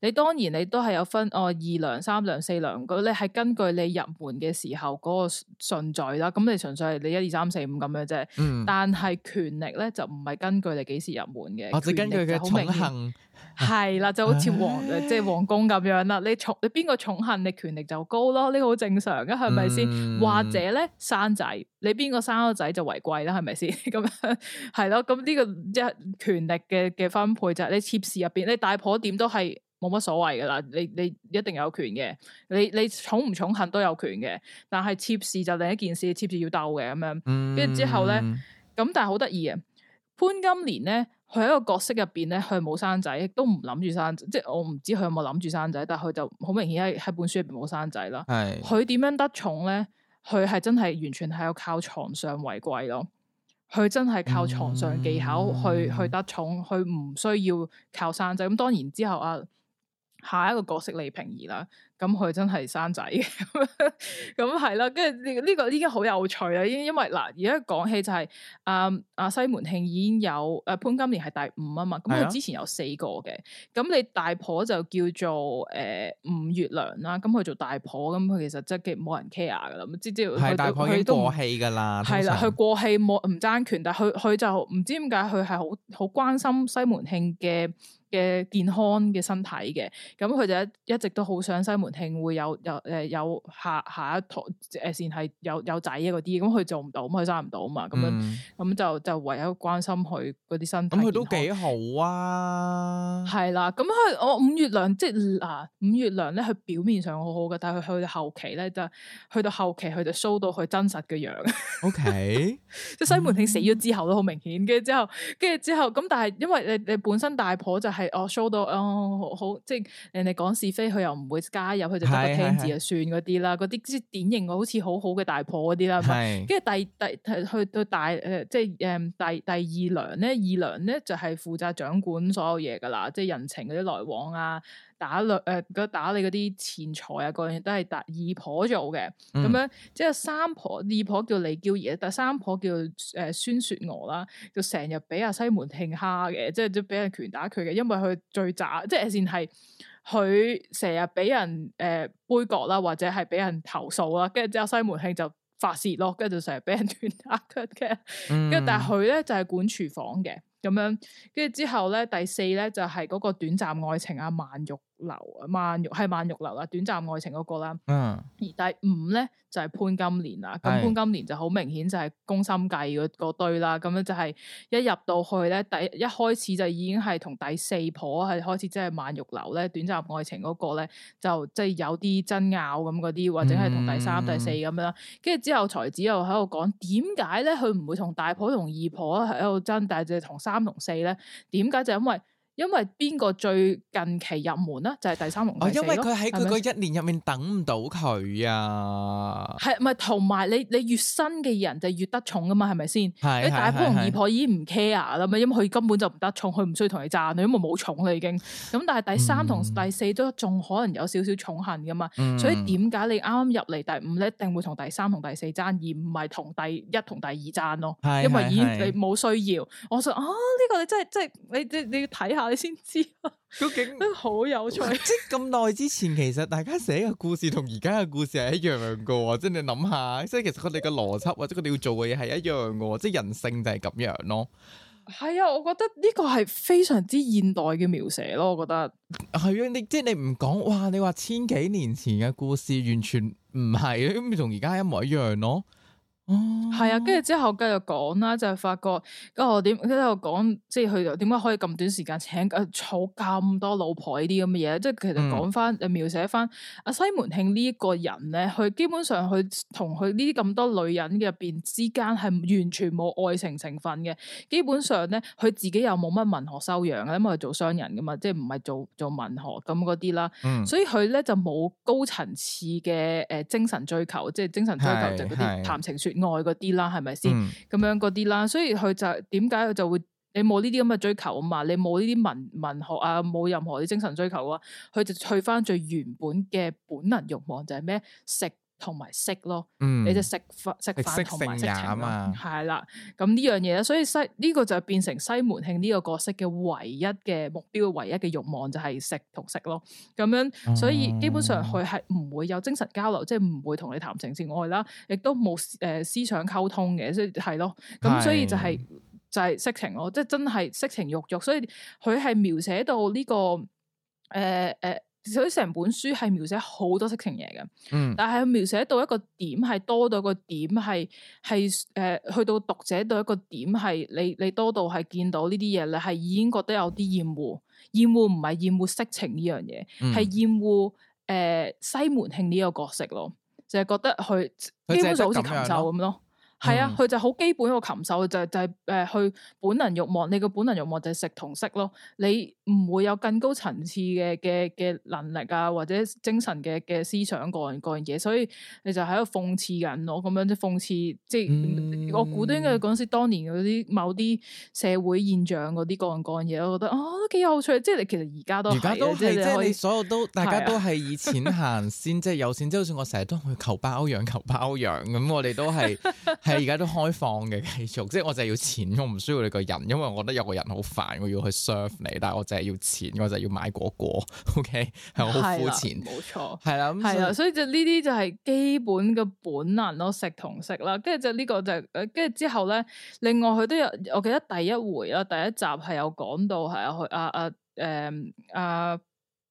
你當然你都係有分哦二娘、三娘、四娘。咁你係根據你入門嘅時候。嗰個順序啦，咁你純粹係你一二三四五咁樣啫。嗯、但係權力咧就唔係根據你幾時入門嘅，或者根據佢寵幸係啦，就好似皇 *laughs* 即係皇宮咁樣啦。你寵你邊個寵幸，你權力就高咯。呢個好正常嘅係咪先？嗯、或者咧生仔，你邊個生個仔就為貴啦，係咪先？咁係咯，咁呢、 *laughs* *laughs* 個即係權力嘅嘅分配就係你妾侍入邊，你大婆點都係。冇乜所謂噶啦，你你一定有權嘅，你你寵唔寵幸都有權嘅，但係妾侍就另一件事，妾侍要鬥嘅咁樣。跟住之後咧，咁但係好得意嘅潘金蓮咧，佢喺一個角色入邊咧，佢冇生仔，亦都唔諗住生，即係我唔知佢有冇諗住生仔，但係佢就好明顯係喺本書入邊冇生仔啦。係佢點樣得寵咧？佢係真係完全係有靠床上為貴咯，佢真係靠床上技巧去去、嗯嗯、得寵，佢唔需要靠生仔。咁當然之後啊。下一個角色李瓶兒啦，咁佢真係生仔，嘅、 *laughs* 啊。咁係咯，跟住呢呢個已經好有趣啦，因因為嗱，而家講起就係阿阿西門慶已經有誒、呃、潘金蓮係第五啊嘛，咁佢之前有四個嘅，咁你大婆就叫做誒吳、呃、月娘啦，咁佢做大婆，咁佢其實即係冇人 care 噶啦，咁直接係大婆已經過氣噶啦，係啦，佢過氣冇唔通常 爭權，但係佢佢就唔知點解佢係好好關心西門慶嘅。嘅健康嘅身體嘅，咁佢就一直都好想西門慶會有有誒有下下一代誒先係有有仔嗰啲，咁佢做唔到，咁佢生唔到啊嘛，咁、嗯、樣咁就就唯有關心佢嗰啲身體。咁佢都幾好啊！係啦，咁佢我吳月娘即係嗱吳月娘咧，佢表面上好好嘅，但係佢去到後期咧就去到後期，佢就 show 到佢真實嘅樣。O K，即係西門慶死咗之後都好明顯，跟住之後跟住之後，咁、嗯、但係因為你誒本身大婆就係我、哦、show 到哦，好，好，好即係人哋講是非，佢又唔會加入，佢就得個聽字就算嗰啲啦。嗰啲即係典型嘅、好似好好嘅大婆嗰啲啦。係，跟住是 第第去到大誒、呃，即係誒、嗯、第第二娘咧，二娘咧就係、是、負責掌管所有嘢噶啦，即係人情嗰啲來往啊。打律誒打你嗰啲錢財啊，嗰樣都係第二婆做嘅，咁、嗯、樣即係三婆二婆叫李嬌兒，第三婆叫誒孫雪娥啦，就成日俾阿西門慶蝦嘅，即係都俾人拳打佢嘅，因為佢最渣，即係先係佢成日俾人誒杯葛啦，或者係俾人投訴啦，跟住之後西門慶就發泄咯，跟住就成日俾人拳打佢嘅，跟住、嗯、但係佢咧就係管廚房嘅，咁樣跟住之後咧第四咧就係嗰個短暫愛情阿曼玉。樓啊，孟玉係孟玉樓啦，短暫愛情嗰、那個啦。嗯、啊。而第五咧就係、是、潘金蓮啦，咁潘金蓮就好明顯就係宮心計嗰堆啦。咁樣就係一入到去咧，第一,一開始就已經係同第四婆係開始即係孟玉樓咧，短暫愛情嗰個咧就即係、就是、有啲爭拗咁嗰啲，或者係同第三、嗯、第四咁樣。跟住之後才子又喺度講，點解咧佢唔會同大婆同二婆喺度爭，但係就係同三同四咧？點解就因為？因為邊個最近期入門咧，就係、是、第三同第四、哦、因為佢喺佢一年入面等唔到佢啊。係咪同埋你你越新嘅人就越得寵噶嘛？係咪先？大婆同二婆已經唔 care 啦，因為佢根本就唔得寵，佢唔需要同你爭，因為冇寵，啦已經。咁但係第三同第四都仲可能有少少寵恨噶嘛。所以點解你啱啱入嚟第五你一定會同第三同第四爭，而唔係同第一同第二爭咯。因為已經你冇需要。我想啊，呢、這個你真係真係你你你要睇下。你先知，究竟都 *laughs* 好有趣。即係咁耐之前，其實大家寫嘅故事同而家嘅故事係一樣噶， *laughs* 即係你諗下，即係其實佢哋嘅邏輯或者佢哋要做嘅嘢係一樣噶，即係人性就係咁樣咯。係啊，我覺得呢個係非常之現代嘅描寫咯。我覺得。係啊，你即係你唔講哇，你話千幾年前嘅故事完全唔係，咁同而家一模一樣咯。係啊，跟住之後繼續講啦，就係、是、發覺，咁我點？跟住又講，即係佢點解可以咁短時間請誒儲咁多老婆呢啲咁嘅嘢？即、就、係、是、其實講翻，嗯、描寫翻阿西門慶呢一個人咧，佢基本上佢同佢呢啲咁多女人入邊之間係完全冇愛情成分嘅。基本上咧，佢自己又冇乜文學修養啊，因為做商人噶嘛，即係唔係做做文學咁嗰啲啦。嗯、所以佢咧就冇高層次嘅誒精神追求，即、就、係、是、精神追求就嗰啲談情說、嗯。嗯愛嗰啲啦，係咪先？咁樣嗰啲啦，所以佢就點解佢就會你冇呢啲咁嘅追求啊嘛？你冇呢啲文文學啊，冇任何啲精神追求啊，佢就去翻最原本嘅本能欲望，就係、是、咩食，同埋色咯，你就食飯食飯同埋色情嘛，係啦、嗯，咁呢樣嘢咧，所以西呢、呢個就變成西門慶呢個角色嘅唯一嘅目標，唯一嘅欲望就係食同色咯，咁樣，所以基本上佢係唔會有精神交流，即係唔會同你談情說愛啦，亦都冇誒思想溝通嘅，所以係咯，咁所以就係、是、是就係色情咯，即、就、係、是、真係色情欲欲，所以佢係描寫到呢、呢個誒誒。呃呃所以成本書係描寫好多色情嘢嘅，嗯、但係佢描寫到一個點係多到一個點係係誒，去到讀者到一個點係你你多到係見到呢啲嘢，你係已經覺得有啲厭惡，厭惡唔係厭惡色情呢樣嘢，係厭惡誒西門慶呢個角色咯，就係、是、覺得佢基本上好似禽獸咁咯。係啊，佢就好基本一個禽獸，就就係誒去本能欲望。你個本能欲望就係食同色咯。你唔會有更高層次嘅嘅嘅能力啊，或者精神嘅嘅思想各樣各樣嘢。所以你就喺度諷刺人咯，咁樣即係諷刺。即係、嗯、我估端嘅嗰時，當年嗰啲某啲社會現象嗰啲各樣各樣嘢，我覺得啊都幾有趣。即係你其實而家都而家都係即係所有都，大家都係以錢行、啊、先， *laughs* 即係有錢。即係好似我成日都去求包養，求包養咁，我哋都係。 *laughs* 係而家都開放嘅繼續，即係我就係要錢，我唔需要你個人，因為我覺得有個人好煩，我要去 serve 你，但係我就係要錢，我就要買果果，OK，係 *laughs* 我好膚淺，冇、啊、錯，係啦，係啦，所以，啊、所以就呢啲就係基本嘅本能咯，食同食啦，跟住就呢個就是，跟住之後咧，另外佢都有，我記得第一回啦，第一集係有講到係阿阿阿誒阿。啊啊呃啊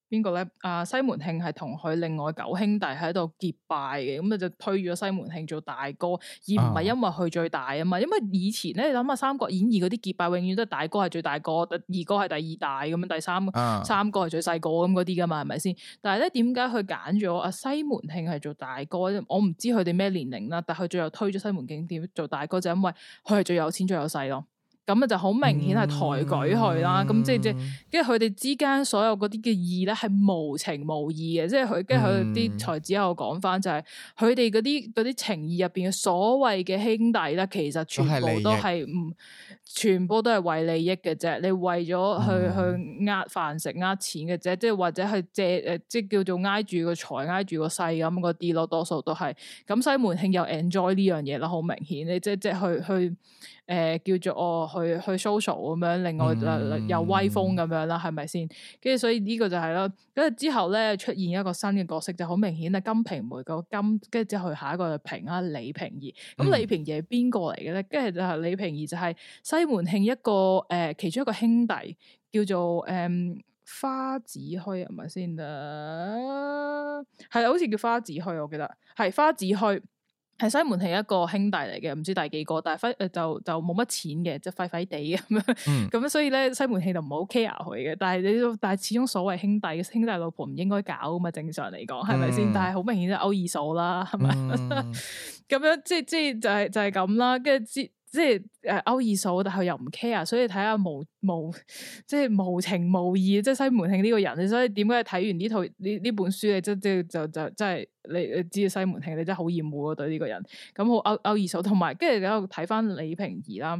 邊個咧？阿、啊、西門慶係同佢另外九兄弟喺度結拜嘅，咁咪就推咗西門慶做大哥，而唔係因為佢最大啊嘛。啊因為以前咧，你諗下三國演義嗰啲結拜，永遠都係大哥係最大哥，二哥係第二大，咁樣第三，啊、三哥係最細個咁嗰啲噶嘛，係咪先？但係咧，點解佢揀咗阿西門慶係做大哥咧？我唔知佢哋咩年齡啦，但係佢最後推咗西門慶點做大哥，就因為佢係最有錢、最有勢咯。咁啊就好明顯係抬舉佢啦，咁、嗯、即係即係佢哋之間所有嗰啲嘅義咧，係無情無義嘅，嗯、即係佢跟佢啲才子又講翻，就係佢哋嗰啲啲情義入邊嘅所謂嘅兄弟咧，其實全部都係唔全部都係為利益嘅啫，你為咗去去呃飯食呃錢嘅啫，即係或者去借誒即係叫做挨住個財挨住個勢咁個啲咯，那些那些多數都係咁。西門慶又 enjoy 呢樣嘢啦，好明顯你即係即係去去。去去誒、呃、叫做我、哦、去去 social 咁樣，另外又、嗯、威風咁樣啦，係咪先？跟住所以呢個就係、是、咯。跟住之後咧，出現一個新嘅角色，就好明顯啦，《金瓶梅》個金，跟住之後去下一個就瓶啊，李瓶兒。咁、嗯、李瓶兒係邊個嚟嘅咧？跟住就係李瓶兒就係西門慶一個誒、呃，其中一個兄弟叫做誒、嗯、花子虛，係咪先啦？係好似叫花子虛，我記得係花子虛。係西門慶一個兄弟嚟嘅，唔知第幾個，但係分誒就就冇乜錢嘅，就係廢廢地咁樣，咁所以咧西門慶就唔好 care 佢嘅。但係你都，但係始終所謂兄弟，嘅，兄弟老婆唔應該搞啊嘛。正常嚟講係咪先？嗯、但係好明顯都係勾二嫂啦，係咪？咁、嗯、 *laughs* 樣即係即係就係、係、就係、係、咁啦，跟住之。即係誒，勾、呃、二嫂，但係又唔 care，所以睇下無無即係無情無義，即係西門慶呢個人，你所以點解睇完呢套呢呢本書，你真真就就真係你你知道西門慶，你真係好厭惡對呢個人。咁好勾勾二嫂，同埋跟住之度睇翻李瓶兒啦，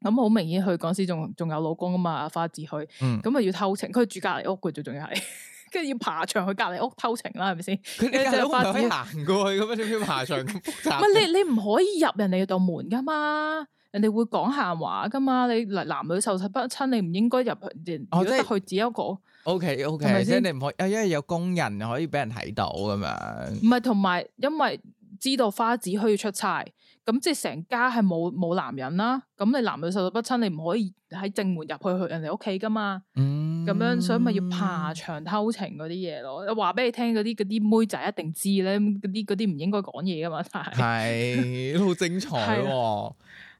咁好明顯佢嗰時仲仲有老公噶嘛，阿花子虛，咁啊要偷情，佢住隔籬屋佢最重要係。 *laughs* 跟住要爬牆去隔籬屋偷情啦，係咪先？佢隔籬屋可以行過去，咁點解要爬牆咁複雜？唔係 *laughs* 你你唔可以入人哋嘅道門噶嘛？人哋會講閒話噶嘛？你男男女授受不親，你唔應該入去。哦、如果得是去自己屋個，O K O K，即係你唔可以，因為有工人可以俾人睇到咁樣。唔係同埋，因為知道花子可以出差。咁即係成家係冇冇男人啦，咁你男女授受不親，你唔可以喺正門入去去人哋屋企噶嘛，咁、嗯、樣所以咪要爬牆偷情嗰啲嘢咯。話俾你聽嗰啲啲妹仔一定知咧，嗰啲啲唔應該講嘢噶嘛，係。係都好精彩喎、啊。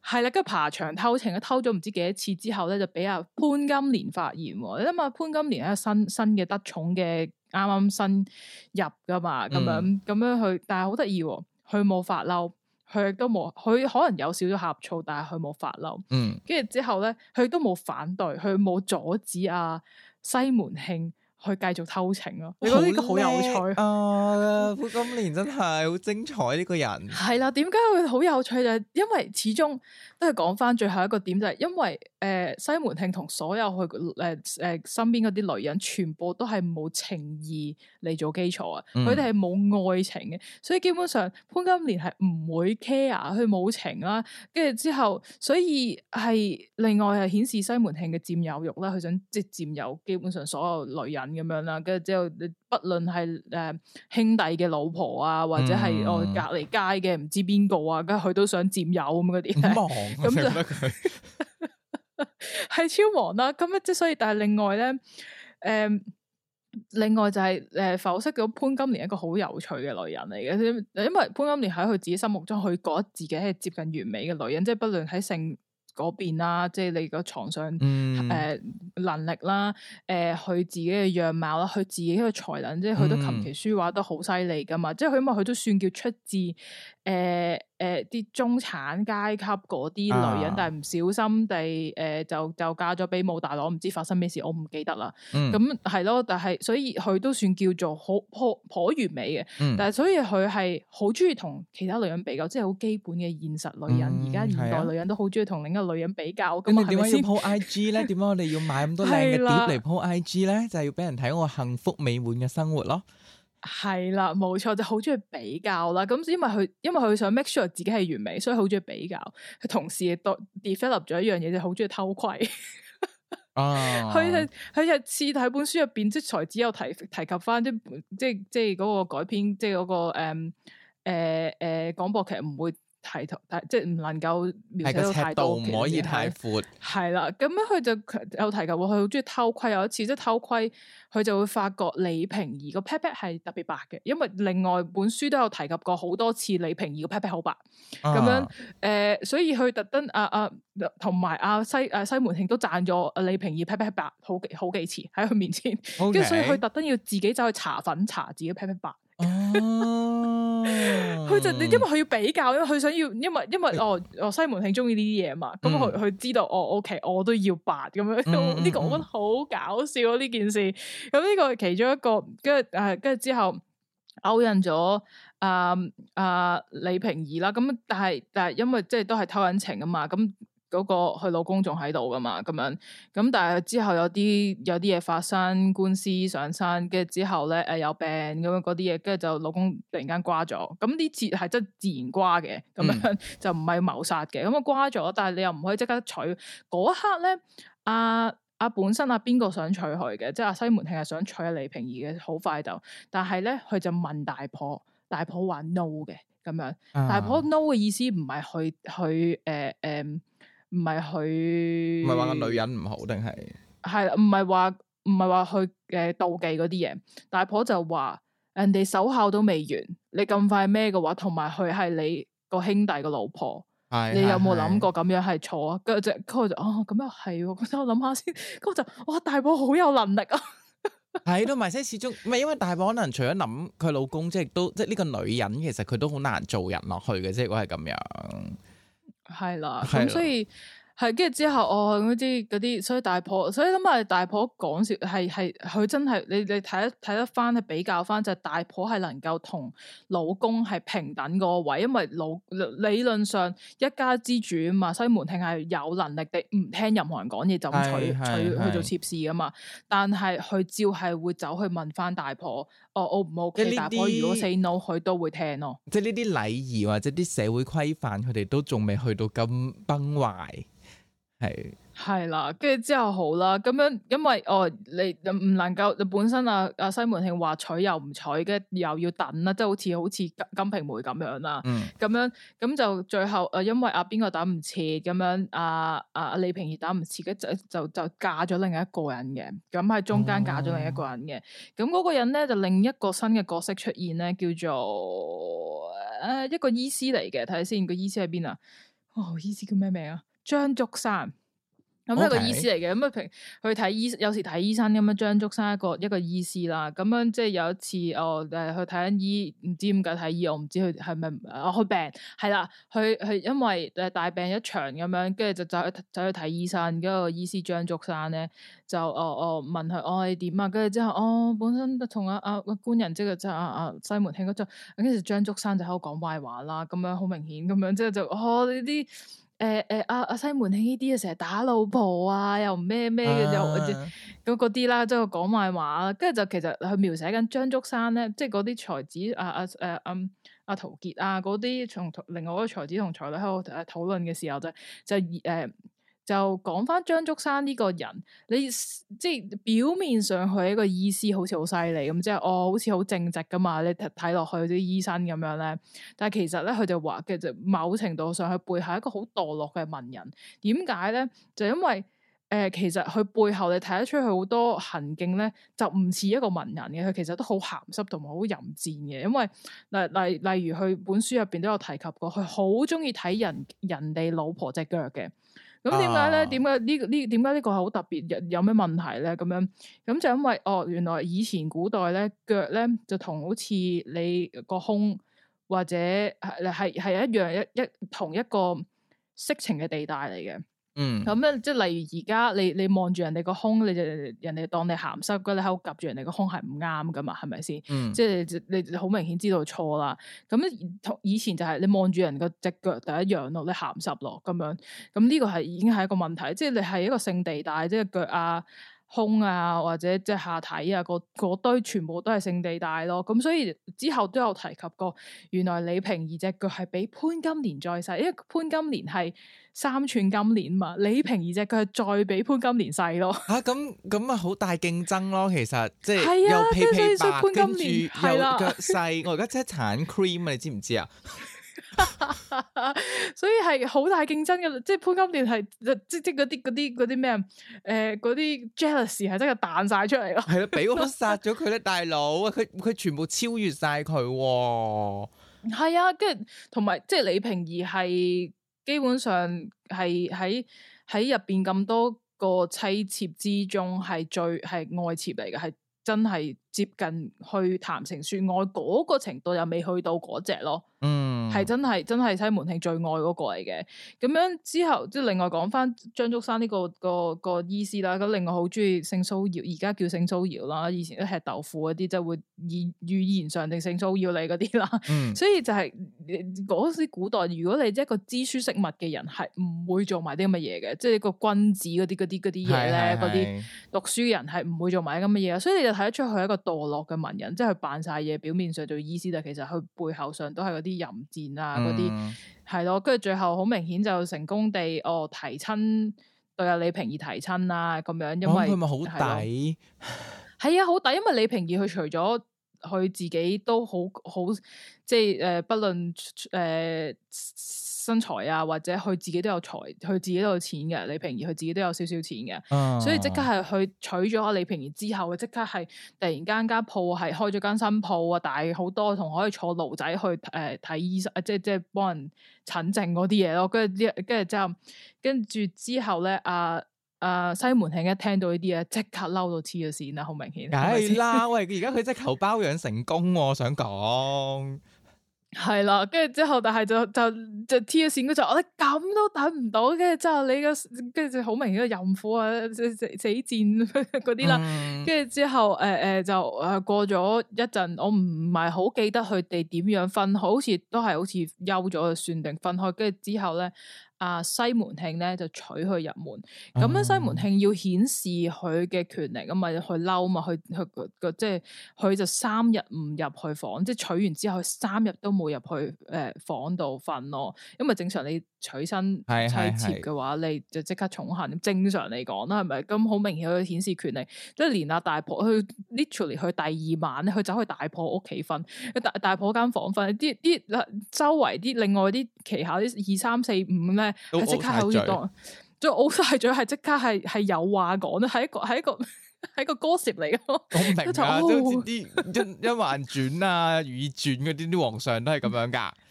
係啦，跟住爬牆偷情，偷咗唔知幾多次之後咧，就俾阿潘金蓮發現。你諗下潘金蓮喺新新嘅得寵嘅，啱啱新入噶嘛，咁樣咁、嗯、樣去，但係好得意，佢冇發嬲。佢都冇，佢可能有少少呷醋，但係佢冇發嬲。嗯，跟住之後咧，佢都冇反對，佢冇阻止啊。西門慶去繼續偷情咯。你覺得好有趣？哦、 *laughs* 啊，金蓮真係好精彩呢、這個人。係啦、 *laughs* 啊，點解佢好有趣就係，因為始終都係講翻最後一個點就係、是，因為。誒，西門慶同所有佢誒誒身邊嗰啲女人，全部都係冇情意嚟做基礎啊！佢哋係冇愛情嘅，所以基本上潘金蓮係唔會 care，佢冇情啦。跟住之後，所以係另外係顯示西門慶嘅佔有欲啦，佢想即係佔有，基本上所有女人咁樣啦。跟住之後，不論係誒兄弟嘅老婆啊，或者係我隔籬街嘅唔知邊個啊，跟住佢都想佔有咁啲，咁 *laughs* 係 *laughs* 超忙啦，咁啊，即所以，但係另外咧，誒、呃，另外就係、是、誒、呃，否識咗潘金蓮一個好有趣嘅女人嚟嘅，因為潘金蓮喺佢自己心目中，佢覺得自己係接近完美嘅女人，即係不論喺性嗰邊啦，即係你個床上誒、呃、能力啦，誒、呃、佢自己嘅樣貌啦，佢自己嘅才能，即係佢都琴棋書畫都好犀利噶嘛，即係因為佢都算叫出自誒。呃誒，啲、呃、中產階級嗰啲女人，啊、但係唔小心地，誒、呃，就就嫁咗俾武大郎，唔知發生咩事，我唔記得啦。咁係、嗯、咯，但係所以佢都算叫做好頗頗完美嘅。嗯、但係所以佢係好中意同其他女人比較，即係好基本嘅現實女人。而家現代女人都好中意同另一個女人比較。咁、嗯啊、你點解要 po I G 咧？點解 *laughs* 我哋要買咁多靚嘅碟嚟 po I G 咧？ *laughs* 是的 就係要俾人睇我幸福美滿嘅生活咯。係啦，冇錯，就好中意比較啦。咁因為佢，因為佢想 make sure 自己係完美，所以好中意比較。佢同時亦都 develop 咗一樣嘢，就好中意偷窺。 *laughs* 啊！佢係佢就次睇本書入邊，即才只有提提及翻啲，即即嗰個改編，即嗰、嗰個誒誒誒廣播劇唔會。提頭，即係唔能夠描寫到太多，尺度唔可以太闊。係啦，咁樣佢就有提及過，佢好中意偷窺。有一次即係、就是、偷窺，佢就會發覺李瓶兒個 pat pat 係特別白嘅。因為另外本書都有提及過好多次李瓶兒個 pat pat 好白。咁、啊、樣誒、呃，所以佢特登阿阿同埋阿西阿、啊、西門慶都讚咗李瓶兒 pat pat 白好幾好幾次喺佢面前。跟住 Okay. 所以佢特登要自己走去搽粉搽自己 pat pat 白。哦，佢 *laughs* 就你，因為佢要比較，因為佢想要，因為因為哦哦，西門慶中意呢啲嘢嘛，咁佢佢知道哦，okay，我都要八咁樣，呢個我覺得好搞笑啊，呢件事，咁呢個係其中一個，跟住誒，跟、呃、住之後勾引咗阿阿李瓶兒啦，咁但係但係因為即係都係偷緊情啊嘛，咁。嗰個佢老公仲喺度噶嘛？咁樣咁，但係之後有啲有啲嘢發生，官司上身，跟住之後咧誒、呃、有病咁樣嗰啲嘢，跟住就老公突然間瓜咗。咁啲節係真自然瓜嘅，咁樣、嗯、就唔係謀殺嘅。咁啊瓜咗，但係你又唔可以即刻取嗰一刻咧。阿、啊、阿、啊、本身阿邊個想娶佢嘅，即係阿西門慶係想娶李瓶兒嘅，好快就。但係咧，佢就問大婆，大婆話 no 嘅咁樣。啊、大婆 no 嘅意思唔係去去誒誒。唔係佢，唔係話個女人唔好定係，係唔係話唔係話去誒妒忌嗰啲嘢。大婆就話人哋守孝都未完，你咁快咩嘅話，同埋佢係你個兄弟嘅老婆，係你有冇諗過咁樣係錯啊？跟住就，跟住哦，咁又係。咁我諗下先，跟住就哇，大婆好有能力啊。係咯，埋先始終，唔係因為大婆可能除咗諗佢老公，即係都即係呢個女人，其實佢都好難做人落去嘅，即係如果係咁樣。係啦，咁了、嗯、所以。係，跟住之後，我嗰啲嗰啲，所以大婆，所以咁啊，大婆講笑，係係佢真係你你睇一睇得翻，比較翻就係、是、大婆係能夠同老公係平等個位，因為老理論上一家之主啊嘛，西門慶係有能力地唔聽任何人講嘢就咁取取去做妾侍啊嘛，但係佢照係會走去問翻大婆，哦，我唔好 OK？大婆如果 say no，佢都會聽咯。即係呢啲禮儀或者啲社會規範，佢哋都仲未去到咁崩壞。係係啦，跟住之後好啦，咁樣，因為哦，你唔能夠，本身阿、啊、阿西門慶話娶又唔娶，跟又要等啦，即係好似好似金瓶梅咁樣啦，咁、嗯、樣咁就最後誒，因為阿、啊、邊個打唔切，咁樣、啊，阿、啊、阿李瓶兒打唔切，跟就就就嫁咗另外一個人嘅，咁喺中間嫁咗另外一個人嘅，咁嗰、哦、個人咧就另一個新嘅角色出現咧，叫做誒、呃、一個醫師嚟嘅，睇下先，個醫師喺邊啊？哦，醫師叫咩名啊？張竹山咁一個醫師嚟嘅，咁啊平去睇醫，有時睇醫生咁啊，張竹山一個一個醫師啦，咁樣即係有一次，我誒去睇緊醫，唔知點解睇醫，我唔知佢係咪，哦佢病係啦，佢係因為誒大病一場咁樣，跟住就走去走去睇醫生，跟住個醫師張竹山咧就哦哦問佢我係點啊，跟住之後哦，本身同阿阿官人即係即係阿阿西門慶嗰陣，跟住張竹山就喺度講壞話啦，咁樣好明顯咁樣，即係就、是、就哦呢啲。誒誒，阿阿、呃啊、西門慶呢啲啊，成日打老婆啊，又咩咩嘅，就嗰啲啦，即係講壞話啦，跟住就其實佢描寫緊張竹山咧，即係嗰啲才子，阿阿誒嗯陶傑啊，嗰啲從另外嗰個才子同才女喺度誒討論嘅時候就就誒。就講返張竹山呢個人，你即係表面上佢一個醫師好似好犀利咁，即係哦，好似好正直噶嘛。你睇落去啲醫生咁樣咧，但係其實咧佢就話嘅就某程度上佢背後一個好墮落嘅文人。點解咧？就因為誒、呃，其實佢背後你睇得出佢好多行徑咧，就唔似一個文人嘅。佢其實都好鹹濕同埋好淫賤嘅。因為例例例如佢本書入邊都有提及過，佢好中意睇人人哋老婆隻腳嘅。咁點解咧？點解呢？呢點解呢個係好特別，有有咩問題咧？咁樣咁就因為哦，原來以前古代咧腳咧，就同好似你個胸或者係係係一樣一一同一個色情嘅地帶嚟嘅。嗯，咁咧即係例如而家你你望住人哋個胸，你就人哋當你鹹濕噶，你喺度夾住人哋個胸係唔啱噶嘛，係咪先？嗯，即係你好明顯知道錯啦。咁咧同以前就係、是、你望住人個隻腳第一樣咯，你鹹濕咯咁樣。咁呢個係已經係一個問題，即係你係一個聖地，但係即係腳啊。胸啊，或者即係下體啊，嗰堆全部都係聖地帶咯。咁所以之後都有提及過，原來李瓶兒隻腳係比潘金蓮再細，因為潘金蓮係三寸金蓮嘛，李瓶兒隻腳係再比潘金蓮細咯。吓咁咁啊，好大競爭咯，其實即係、啊、又皮皮白，跟住又腳細。我而家即係產 cream 啊， *laughs* cream, 你知唔知啊？ *laughs* *laughs* 所以係好大競爭嘅，即係潘金蓮係即即嗰啲嗰啲啲咩？誒，嗰啲、呃、jealous 係真係彈晒出嚟咯。係 *laughs* 咯、啊，俾我殺咗佢咧，大佬，佢佢全部超越晒佢，哦。係 *laughs* 啊，跟住同埋即係李瓶兒係基本上係喺喺入邊咁多個妻妾之中係最係愛妾嚟嘅，係真係。接近去談情說愛嗰，那個程度又未去到嗰隻咯，嗯，係真係真係西門慶最愛嗰個嚟嘅。咁樣之後即係另外講翻張竹山呢，這個，這個，這個醫師啦。咁另外好中意性騷擾，而家叫性騷擾啦，以前都吃豆腐嗰啲，就會語語言上定性騷擾你嗰啲啦。嗯、 *laughs* 所以就係嗰時古代，如果你一個知書識物嘅人，係唔會做埋啲咁嘅嘢嘅，即係個君子嗰啲嗰啲啲嘢咧，嗰啲是讀書人係唔會做埋啲咁嘅嘢。所以你就睇得出佢一個。墮落嘅文人，即係佢扮晒嘢，表面上做醫師，但其實佢背後上都係嗰啲淫賤啊，嗰啲係咯，跟住最後好明顯就成功地哦提親，對阿李瓶兒提親啊。咁樣，因為佢咪好抵係啊，好抵，因為李瓶兒佢除咗佢自己都好好，即係誒、呃，不論誒。呃身材啊，或者佢自己都有財，佢自己都有錢嘅。李瓶兒佢自己都有少少錢嘅，啊、所以即刻係去娶咗李瓶兒之後，即刻係突然間間鋪係開咗間新鋪啊！大好多，同可以坐奴仔去誒睇、呃、醫生，即係即係幫人診症嗰啲嘢咯。跟住啲，跟住之後，跟住之後咧，阿、啊、阿西門慶一聽到呢啲嘢，即刻嬲到黐咗線啦，好明顯。梗係啦， *laughs* 喂！而家佢即求包養成功喎、啊，我想講。係啦，跟住之後，但係就就就貼咗線，佢就我哋咁都等唔到。跟住之後你個跟住就好明顯個孕婦啊，死死戰嗰啲啦。跟住之後，誒誒就誒過咗一陣，我唔係好記得佢哋點樣瞓，好似都係好似休咗就算定分開。跟住之後咧。啊，西門慶咧就娶佢入門，咁樣、嗯、西門慶要顯示佢嘅權力，咁咪去嬲嘛？去去個即係，佢就三日唔入去房，即係娶完之後，佢三日都冇入去誒、呃、房度瞓咯，因為正常你。娶身妻妾嘅話，是是是你就即刻重行正常嚟講啦，係咪咁好明顯嘅顯示權力？即係連阿大婆，佢 literally 去第二晚咧，佢走去大婆屋企瞓，大大婆間房瞓。啲啲周圍啲另外啲旗下啲二三四五咧，係即刻好嚴重。最惡太將係即刻係係有話講啦，係一個係一個係一個 gossip 嚟嘅。咁 *laughs* 明啊， *laughs* 都接啲 *laughs* 甄嬛傳啊，如懿傳嗰啲啲皇上都係咁樣噶。嗯嗯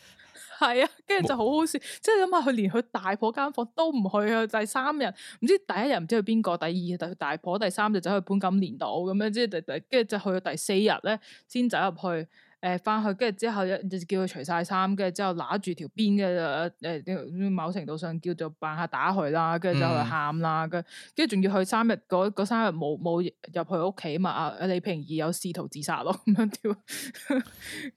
係啊，跟住就好好笑，即係諗下佢連佢大婆間房都唔去啊！第三日唔知第一日唔知去邊個，第二日去大婆，第三日就走去潘金蓮度咁樣，即係第第跟住就去到第四日咧，先走入去。誒，翻去，跟住之後一就叫佢除晒衫，跟住之後拿住條鞭嘅，誒、呃，某程度上叫做扮下打佢啦，跟住之後喊啦，跟跟住仲要佢三日，嗰三日冇冇入去屋企嘛？阿李瓶兒有試圖自殺咯，咁樣跳，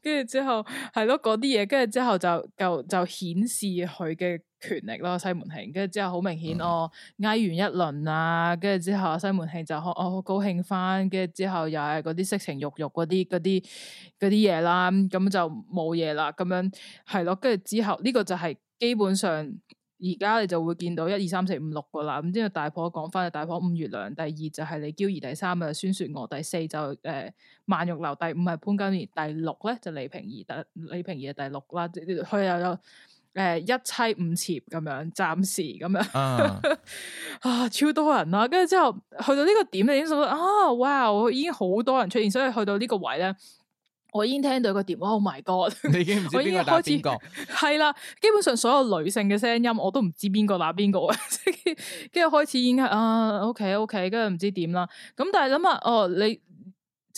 跟住之後係咯嗰啲嘢，跟住之後就就就顯示佢嘅。權力咯，西門慶。跟住之後好明顯，uh、我嗌叭、哦、完一輪啊，跟住之後西門慶就哦，好高興翻，跟住之後又係嗰啲色情肉肉嗰啲嗰啲啲嘢啦，咁就冇嘢啦，咁樣係咯。跟住之後呢、這個就係基本上而家你就會見到一二三四五六個啦。咁之後大婆講翻，大婆吳月娘，第二就係李嬌兒，第三就孫雪娥，第四就誒、是呃、萬玉樓，第五係潘金蓮，第六咧就李瓶兒，第李瓶兒係第六啦。佢又有。 *laughs* 誒，一妻五妾咁樣，暫時咁樣，啊，超多人啦，啊！跟住之後去到呢個點你已經覺得啊，哇，我已經好多人出現，所以去到呢個位咧，我已經聽到個電話，Oh my God！你已經唔知邊個 *laughs* 打邊個，係啦， *laughs* 基本上所有女性嘅聲音我都唔知邊個打邊個，跟 *laughs* 住開始已經係啊，OK OK，跟住唔知點啦，咁但係諗下，哦、啊、你。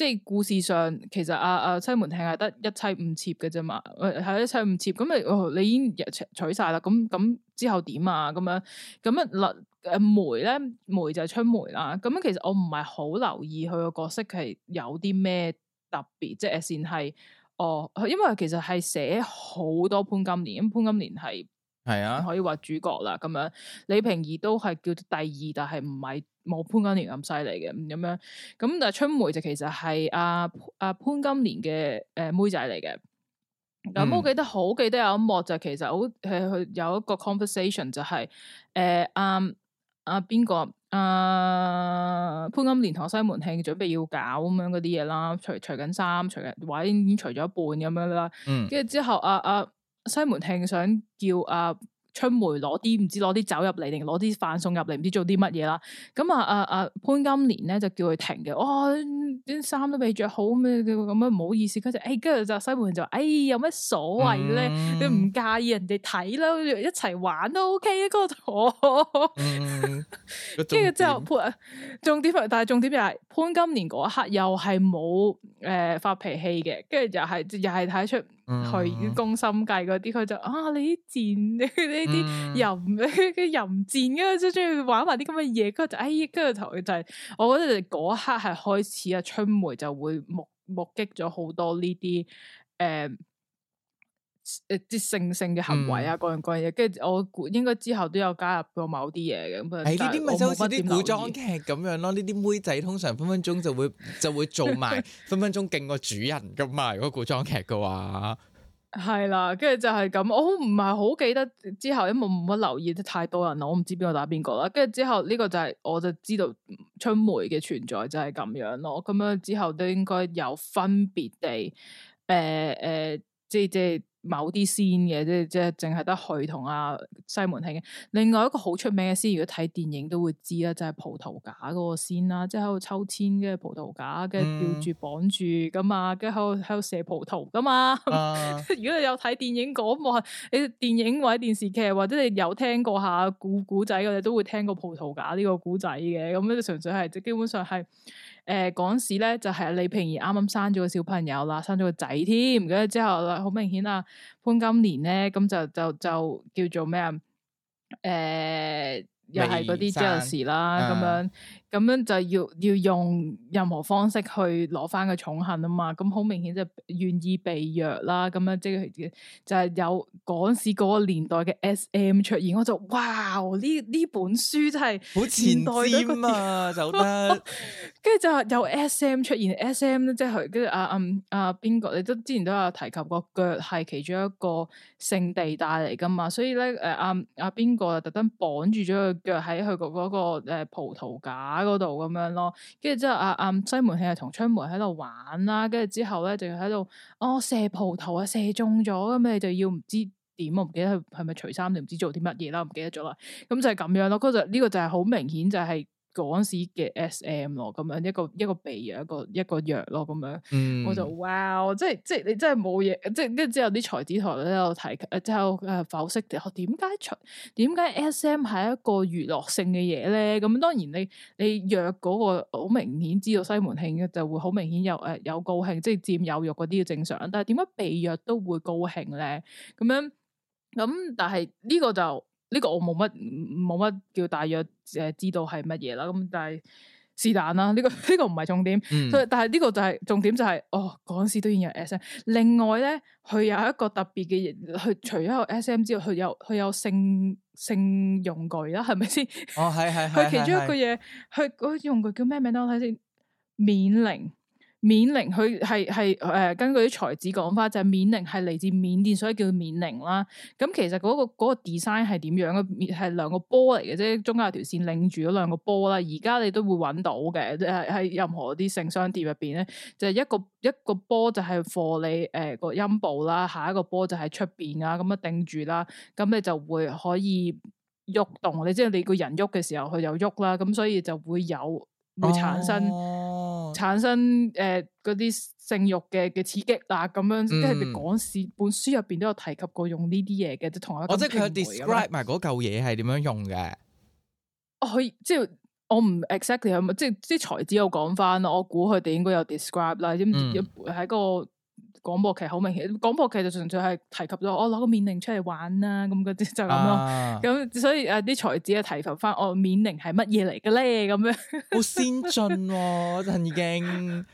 即係故事上，其實阿阿西門慶係得一妻五妾嘅啫嘛，係一妻五妾咁咪，你已經娶晒曬啦。咁咁之後點啊？咁樣咁啊，嗱誒梅咧，梅就係春梅啦。咁其實我唔係好留意佢個角色係有啲咩特別，即係先係哦，因為其實係寫好多潘金蓮，咁潘金蓮係。係啊，可以話主角啦咁樣，李瓶兒都係叫做第二，但係唔係冇潘金蓮咁犀利嘅咁樣。咁但係春梅就其實係阿阿潘金蓮嘅誒妹仔嚟嘅。咁我記得好、嗯、記、記得有一幕就是、其實好係去有一個 conversation 就係誒阿阿邊個阿潘金蓮同西門慶準備要搞咁樣嗰啲嘢啦，除除緊衫，除緊話已經除咗一半咁樣啦。跟住、嗯、之後阿阿。啊啊西門慶想叫阿春梅攞啲唔知攞啲酒入嚟，定攞啲飯送入嚟，唔知做啲乜嘢啦。咁啊啊啊潘金蓮咧就叫佢停嘅。哇、哦，啲衫都未着好咩咁樣，唔好意思。跟住誒，跟住就西門慶就誒、哎，有乜所謂咧？嗯、你唔介意人哋睇啦，一齊玩都 O K。嗰、那個跟住之後，潘重點，但係重點又係潘金蓮嗰刻又係冇誒發脾氣嘅，跟住又係又係睇出。佢攻心計嗰啲，佢就啊，你啲賤呢啲淫，佢、嗯、 *laughs* 淫賤，咁啊最中意玩埋啲咁嘅嘢，跟住就哎，跟住就頭就係，我覺得嗰一刻係開始啊，春梅就會目目擊咗好多呢啲誒。呃誒，即性性嘅行為啊，嗯、各樣各樣嘢，跟住我應該之後都有加入過某啲嘢嘅。誒，呢啲咪就係啲古裝劇咁樣咯，啊。呢啲妹仔通常分分鐘就會 *laughs* 就會做埋，分分鐘勁過主人噶嘛，如果古裝劇嘅話，係啦，跟住就係咁。我唔係好記得之後，因為冇乜留意得太多人啦，我唔知邊個打邊個啦。跟住之後呢個就係、是、我就知道春梅嘅存在就係咁樣咯。咁樣之後都應該有分別地，誒、呃、誒，即係即係。某啲 scene 嘅，即即淨係得佢同阿西門慶嘅。另外一個好出名嘅 scene，如果睇電影都會知啦，就係、是、葡萄架嗰個 scene 啦，即喺度抽籤嘅葡萄架，跟住、嗯、吊住綁住噶嘛，跟住喺度喺度射葡萄噶嘛。啊、 *laughs* 如果你有睇電影過，咁你電影或者電視劇或者你有聽過下古古仔嘅，你都會聽過葡萄架呢個古仔嘅。咁咧純粹係即基本上係。誒，嗰、呃、時咧就係李瓶兒啱啱生咗個小朋友啦，生咗個仔添，跟住之後啦，好明顯啊潘金蓮咧，咁就就就叫做咩啊？誒、呃，又係嗰啲 jealousy 啦，咁、嗯、樣。咁樣就要要用任何方式去攞翻個重恨啊嘛！咁好明顯就願意被虐啦，咁樣即係就係、是就是、有嗰陣時嗰個年代嘅 S M 出現，我就哇！呢呢本書真係好前瞻、那個、啊，得 *laughs* 就啦，跟住就係有 S M 出現，S M 咧即係佢跟住阿嗯阿邊個，你都之前都有提及過腳係其中一個性地帶嚟噶嘛，所以咧誒阿阿邊個就特登綁住咗個腳喺佢個嗰個葡萄架。喺嗰度咁樣咯，跟住、就是啊嗯、之後阿阿西門慶係同春梅喺度玩啦，跟住之後咧就喺度哦射葡萄啊射中咗，咁你就要唔知點，我唔記得佢係咪除衫定唔知做啲乜嘢啦，唔記得咗啦，咁就係咁樣咯。嗰就呢個就係好明顯就係、是。嗰陣時嘅 S.M. 咯，咁樣一個一個被虐，一個一個虐咯，咁樣，嗯、我就哇！即係即係你真係冇嘢，即係之後啲財子台都有提及，之後誒、呃、否釋嘅，點解出？點解 S.M. 係一個娛樂性嘅嘢咧？咁、嗯、當然你你虐嗰個好明顯知道西門慶就會好明顯有誒有高興，即係佔有欲嗰啲正常。但係點解被虐都會高興咧？咁樣咁、嗯，但係呢個就。呢個我冇乜冇乜叫大約誒、知道係乜嘢啦，咁但係是但啦。呢個呢個唔係重點，嗯、所但係呢個就係重點就係哦嗰時都已經有 SM。另外咧，佢有一個特別嘅嘢，佢除咗有 SM 之外，佢有佢有性性用具啦，係咪先？哦係係係，佢其中一個嘢，佢嗰個用具叫咩名啊？我睇先，緬鈴。緬甸佢係係誒，跟嗰啲才子講翻就係緬甸係嚟自緬甸，所以叫緬甸啦。咁、嗯、其實嗰、那個、那個 design 係點樣咧？係、嗯、兩個波嚟嘅啫，中間有條線擰住嗰兩個波啦。而家你都會搵到嘅，就係係任何啲性商店入邊咧，就係、是、一個一個波就係課你誒個音部啦，下一個波就喺出邊啊，咁樣頂住啦，咁、嗯、你就會可以喐動，動。你即係你個人喐嘅時候，佢就喐啦，咁、嗯、所以就會有。會產生、oh。產生誒嗰啲性慾嘅嘅刺激啊，咁樣、mm。即係你講書本書入邊都有提及過用呢啲嘢嘅，即同一個。我即係佢 describe 埋嗰嚿嘢係點樣用嘅。哦，可即係我唔 exactly 啊，即係啲才子有講翻，我估佢哋應該有 describe 啦，咁喺個。廣播劇好明顯，廣播劇就純粹係提及咗我攞個面齡出嚟玩啦、啊，咁嗰啲就咁、是、咯。咁、啊嗯、所以誒啲、啊、才子啊提及翻，我、哦、面齡係乜嘢嚟嘅咧？咁樣好先進喎、啊，陳已經。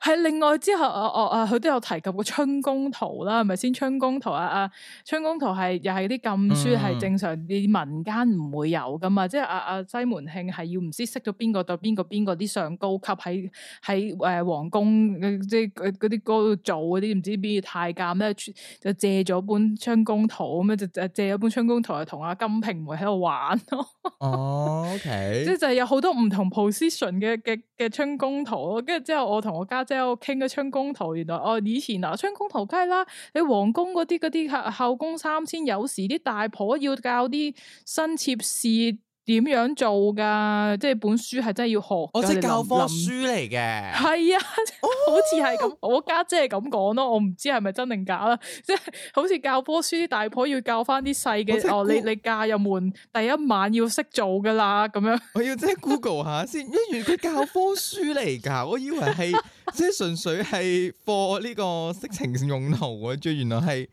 係另外之後，我我啊，佢、啊、都有提及過春宮圖啦，係咪先春宮圖啊啊？春宮圖係又係啲禁書，係、嗯、正常啲民間唔會有噶嘛。即係啊啊，西門慶係要唔知識咗邊個到邊個邊個啲上高級喺喺誒皇宮、啊、即係嗰啲嗰度做嗰啲，唔知邊啲太監咩、啊，就借咗本春宮圖咁樣、啊，就借咗本春宮圖，就同阿金瓶梅喺度玩咯。 *laughs* 哦，OK，即係就係有好多唔同 position 嘅嘅嘅春宮圖咯。跟住之後，我同我家姐，姐。我傾嗰春宮圖，原來哦以前啊，春宮圖梗係啦，你皇宮嗰啲嗰啲後後宮三千，有時啲大婆要教啲新妾侍。點樣做噶？即係本書係真係要學，我即係教科書嚟嘅。係啊，好似係咁，我家姐係咁講咯。我唔知係咪真定假啦。即係好似教科書，大婆要教翻啲細嘅哦。你你嫁入門第一晚要識做噶啦，咁樣。我要即係 Google 下先， *laughs* 因為佢教科書嚟噶，我以為係即係純粹係課呢個色情用途啊，最原來係。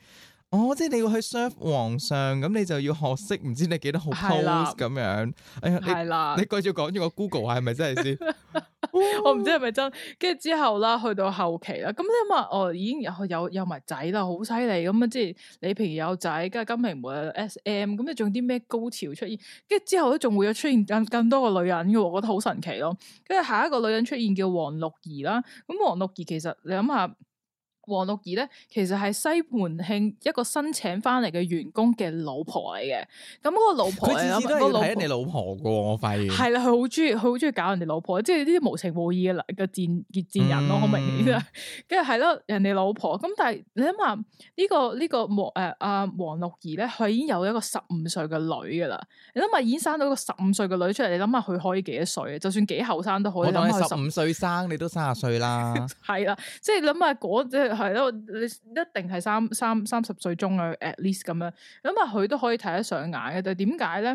哦，即係你要去 serve 皇上，咁你就要學識唔知你幾多號 pose 咁樣。哎呀，你的你繼續講住個 Google 係咪真係先？ *laughs* 哦、我唔知係咪真。跟住之後啦，去到後期啦，咁你諗下，哦，已經有又埋仔啦，好犀利。咁即係李平 SM，有仔，跟住金瓶梅有 S M，咁你仲有啲咩高潮出現？跟住之後咧，仲會有出現更更多個女人嘅，我覺得好神奇咯。跟住下一個女人出現叫王六兒啦，咁王六兒其實你諗下。王六兒咧，其實係西門慶一個新請翻嚟嘅員工嘅老婆嚟嘅。咁、嗯、嗰、那個老婆，佢次次都係睇你老婆噶，我懷發疑。係啦，佢好中意，佢好中意搞人哋老婆，即係呢啲無情無義嘅男個賤、賤人咯，嗯、我明。咁啊，跟住係咯，人哋老婆。咁但係你諗下、這個這個呃啊、呢個呢個誒阿王六兒咧，佢已經有一個十五歲嘅女噶啦。你諗下，已經生到一個十五歲嘅女出嚟，你諗下佢可以幾多歲啊？就算幾後生都可以，我當十五歲生，你都三十歲啦。係啦， *laughs* 即係諗下嗰即係咯，你一定係三三三十歲中嘅 at least 咁樣，咁啊佢都可以睇得上眼嘅，但係點解咧？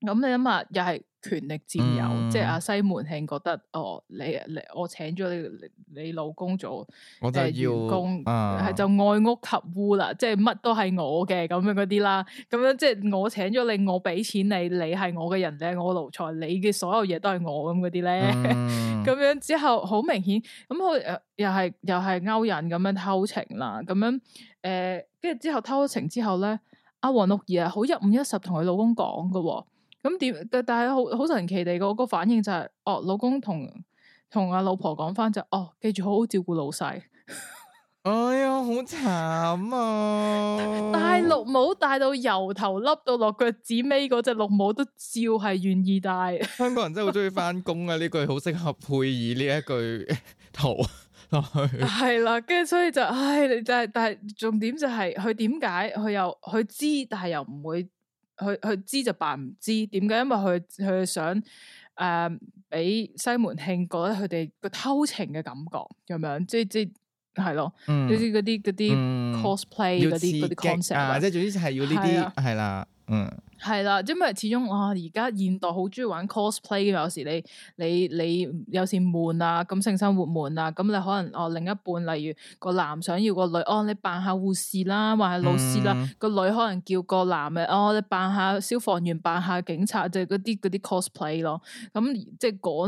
咁你諗下，又係。權力佔有，嗯、即係阿西門慶覺得哦，你你我請咗你你，你老公做，我就係員工，係、呃呃、就愛屋及烏啦，即係乜都係我嘅咁樣嗰啲啦。咁樣即係我請咗你，我俾錢你，你係我嘅人咧，你係我奴才，你嘅所有嘢都係我咁嗰啲咧。咁樣、嗯、 *laughs* 咁樣之後好明顯，咁、嗯、好、呃、又係又係勾引咁樣偷情啦。咁樣誒，跟、呃、住之後偷情之後咧，阿王六兒啊，好一五一十同佢老公講噶、哦。咁點？但係好好神奇地，個反應就係、是，哦，老公同同阿老婆講返就，哦，記住好好照顧老細。 *laughs* 哎呀，好慘啊！戴綠帽戴到由頭笠到落腳趾尾，嗰隻綠帽都照係願意戴。 *laughs* 香港人真係好中意返工啊！呢句好適合配以呢一句圖落去。係 *laughs* 啦、 *laughs* *laughs* 啊，跟住所以就，唉，你就係但係重點就係、是，佢點解佢又佢知，但係又唔會。佢佢知就扮唔知，點解？因為佢佢想誒，俾、呃、西門慶覺得佢哋個偷情嘅感覺咁樣，即係即係係咯，嗰啲啲啲 cosplay 嗰啲啲 concept，或者、啊、總之就係要呢啲係啦。嗯，係啦，因為始終我而家現代好中意玩 cosplay 嘅。有時你你你有時悶啊，性生活悶啊，咁你可能哦另一半，例如個男想要個女，哦你扮下護士啦，或係老師啦，嗯、個女可能叫個男嘅，哦你扮下消防員，扮下警察，就係、是、嗰啲啲 cosplay 咯，咁、嗯、即係講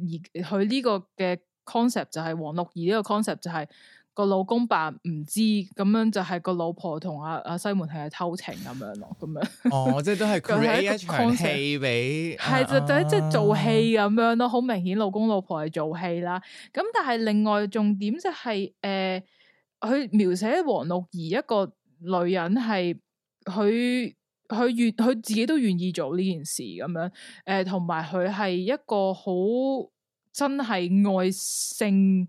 而佢呢個嘅 concept 就係、是、王六兒呢個 concept 就係、是。個老公扮唔知咁樣就係個老婆同阿阿西門係偷情咁樣咯，咁樣哦，即係都係佢 r e a t 一個戲俾，係就就即係做戲咁樣咯，好明顯老公老婆係做戲啦。咁但係另外重點就係、是、誒，佢、呃、描寫黃六儀一個女人係佢佢願佢自己都願意做呢件事咁樣，誒、呃，同埋佢係一個好真係外性。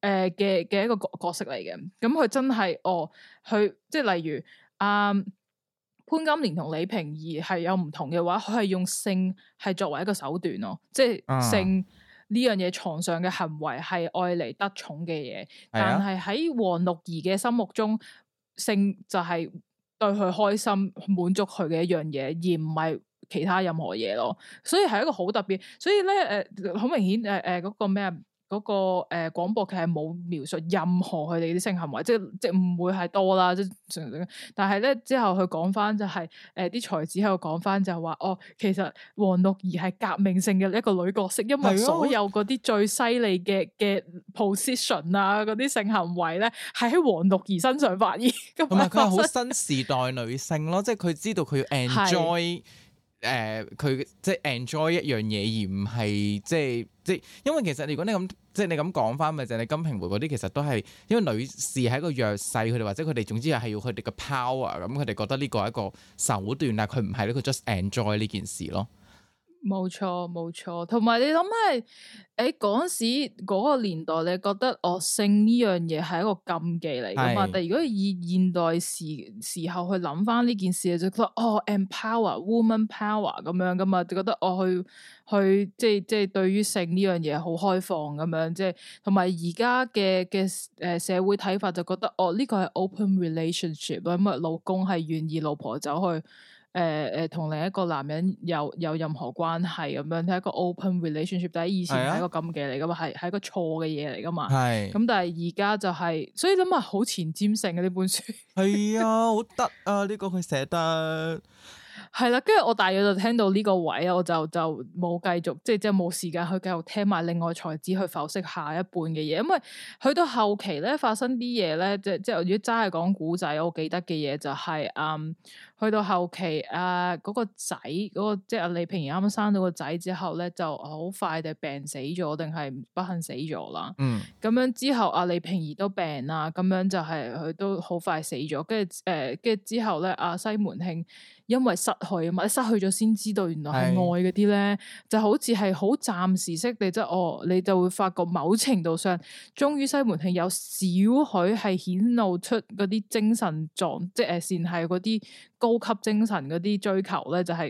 誒嘅嘅一個角角色嚟嘅，咁、嗯、佢真係哦，佢即係例如啊、嗯、潘金蓮同李瓶兒係有唔同嘅話，佢係用性係作為一個手段咯，即係性呢、啊、樣嘢床上嘅行為係愛嚟得寵嘅嘢，但係喺王六兒嘅心目中，是啊、性就係對佢開心滿足佢嘅一樣嘢，而唔係其他任何嘢咯，所以係一個好特別，所以咧誒好明顯誒誒嗰個咩啊？嗰、那個誒、呃、廣播劇係冇描述任何佢哋啲性行為，即係即係唔會係多啦。但係咧之後佢講翻就係誒啲才子喺度講翻就係、是、話哦，其實王六兒係革命性嘅一個女角色，因為所有嗰啲最犀利嘅嘅 position 啊，嗰啲性行為咧係喺王六兒身上發現。咁佢好新時代女性咯， *laughs* 即係佢知道佢要 enjoy。誒佢、呃、即係 enjoy 一樣嘢，而唔係即係即係，因為其實如果你咁即係你咁講翻咪就係金瓶梅嗰啲，其實都係因為女士係一個弱勢，佢哋或者佢哋總之係要佢哋嘅 power，咁佢哋覺得呢個係一個手段，但佢唔係咧，佢 just enjoy 呢件事咯。冇錯冇錯，同埋你諗下，喺、欸、嗰時嗰、嗰個年代，你覺得我性呢樣嘢係一個禁忌嚟噶嘛？是但如果以現代時時候去諗翻呢件事，就覺得哦，empower woman power 咁樣噶嘛，就覺得我去去即係即係對於性呢樣嘢好開放咁樣，即係同埋而家嘅嘅誒社會睇法就覺得哦，呢、這個係 open relationship 啊，咁啊老公係願意老婆走去。誒誒，同、呃、另一個男人有有任何關係咁樣，係一個 open relationship，但以前係一個禁忌嚟噶嘛，係係是、啊、一個錯嘅嘢嚟噶嘛。係。咁但係而家就係、是，所以諗下好前瞻性嘅呢本書。係啊，好得啊，呢 *laughs* 個佢寫得係啦。跟住 *laughs* 我大約就聽到呢個位，我就就冇繼續，即係即係冇時間去繼續聽埋另外才子去剖析下一半嘅嘢，因為去到後期咧發生啲嘢咧，即即係如果齋係講古仔，我記得嘅嘢就係、是、嗯。去到後期啊，嗰、嗰個仔，嗰個即係阿李瓶兒啱啱生咗個仔之後咧，就好快就病死咗，定係不幸死咗啦。嗯。咁樣之後阿李瓶兒都病啦，咁樣就係佢都好快死咗。跟住誒，跟、呃、住之後咧，阿、啊、西門慶因為失去物，失去咗先知道原來係愛嗰啲咧，是就好似係好暫時識地，即係哦，你就會發覺某程度上，終於西門慶有少許係顯露出嗰啲精神狀，即係誒，善係嗰啲。高級精神嗰啲追求咧，就係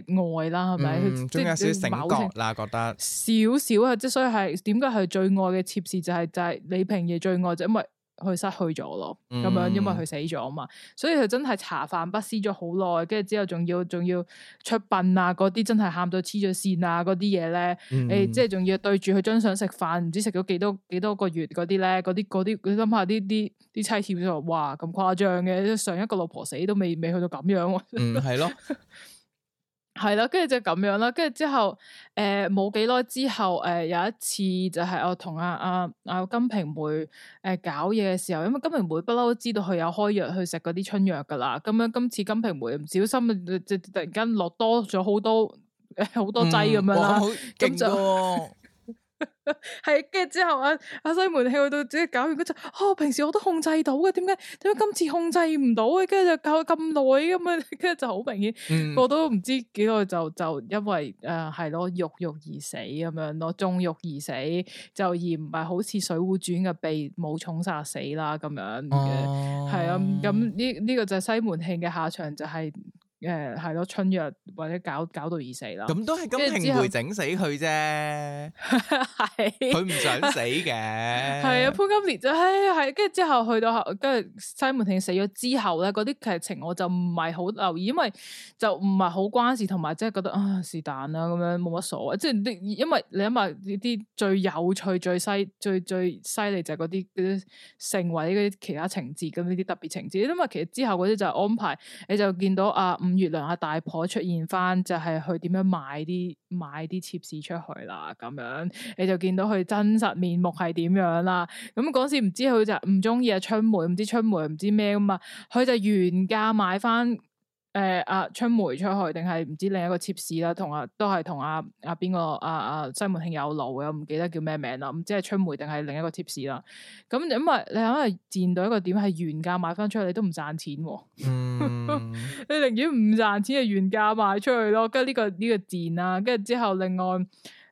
愛啦，係咪？即仲有少醒覺啦，覺得少少啊。之所以係點解係最愛嘅妾侍，就係就係李瓶兒最愛就因為。佢失去咗咯，咁樣因為佢死咗啊嘛，所以佢真係茶飯不思咗好耐，跟住之後仲要仲要出殯啊，嗰啲真係喊到黐咗線啊，嗰啲嘢咧，誒、嗯欸，即係仲要對住佢張相食飯，唔知食咗幾多幾多個月嗰啲咧，嗰啲嗰啲，諗下呢啲啲妻妾就話，哇咁誇張嘅，上一個老婆死都未未去到咁樣、啊，嗯，係咯。 *laughs* 係啦，跟住就咁樣啦，跟住之後，誒冇幾耐之後，誒、呃、有一次就係我同阿阿阿金瓶梅誒搞嘢嘅時候，因為金瓶梅不嬲都知道佢有開藥去食嗰啲春藥噶啦，咁樣今次金瓶梅唔小心，就、呃、突然間落多咗好多誒好、呃、多劑咁樣啦，咁、嗯、就。 *laughs* 係，跟住之後阿阿西門慶到自己搞完嗰陣，哦，平時我都控制到嘅，點解點解今次控制唔到嘅？跟住就搞咁耐咁樣，跟住就好明顯，嗯、我都唔知幾耐就就因為誒係咯，欲、呃、欲而死咁樣咯，縱欲而死，就而唔係好似水滸傳嘅被武松殺死啦咁樣嘅，係、哦、啊，咁呢呢個就係西門慶嘅下場，就係、是。誒，係咯，春藥或者搞搞到而死啦。咁都係金瓶梅整死佢啫，係佢唔想死嘅。係 *laughs* 啊，潘金蓮就係係，跟住之後去到跟住西門慶死咗之後咧，嗰啲劇情我就唔係好留意，因為就唔係好關事，同埋即係覺得啊是但啦，咁、呃、樣冇乜所謂。即係你，因為你諗下呢啲最有趣、最犀、最最犀利就係嗰啲嗰啲性位嗰啲其他情節咁呢啲特別情節。因為其實之後嗰啲就係安排，你就見到啊，月亮阿大婆出現翻，就係去點樣買啲買啲妾侍出去啦，咁樣你就見到佢真實面目係點樣啦。咁嗰時唔知佢就唔中意阿春梅，唔知春梅唔知咩啊嘛，佢就原價買翻。誒阿、啊、春梅出去，定係唔知另一個貼士啦，同啊都係同阿阿邊個阿阿、啊啊、西門慶有路我唔記得叫咩名啦，唔知係春梅定係另一個貼士啦。咁因為你可能賤到一個點，係原價賣翻出去，你都唔賺錢，啊。嗯， *laughs* 你寧願唔賺錢，係原價賣出去咯。跟住呢、這個呢、這個賤啦，啊，跟住之後另外誒唔、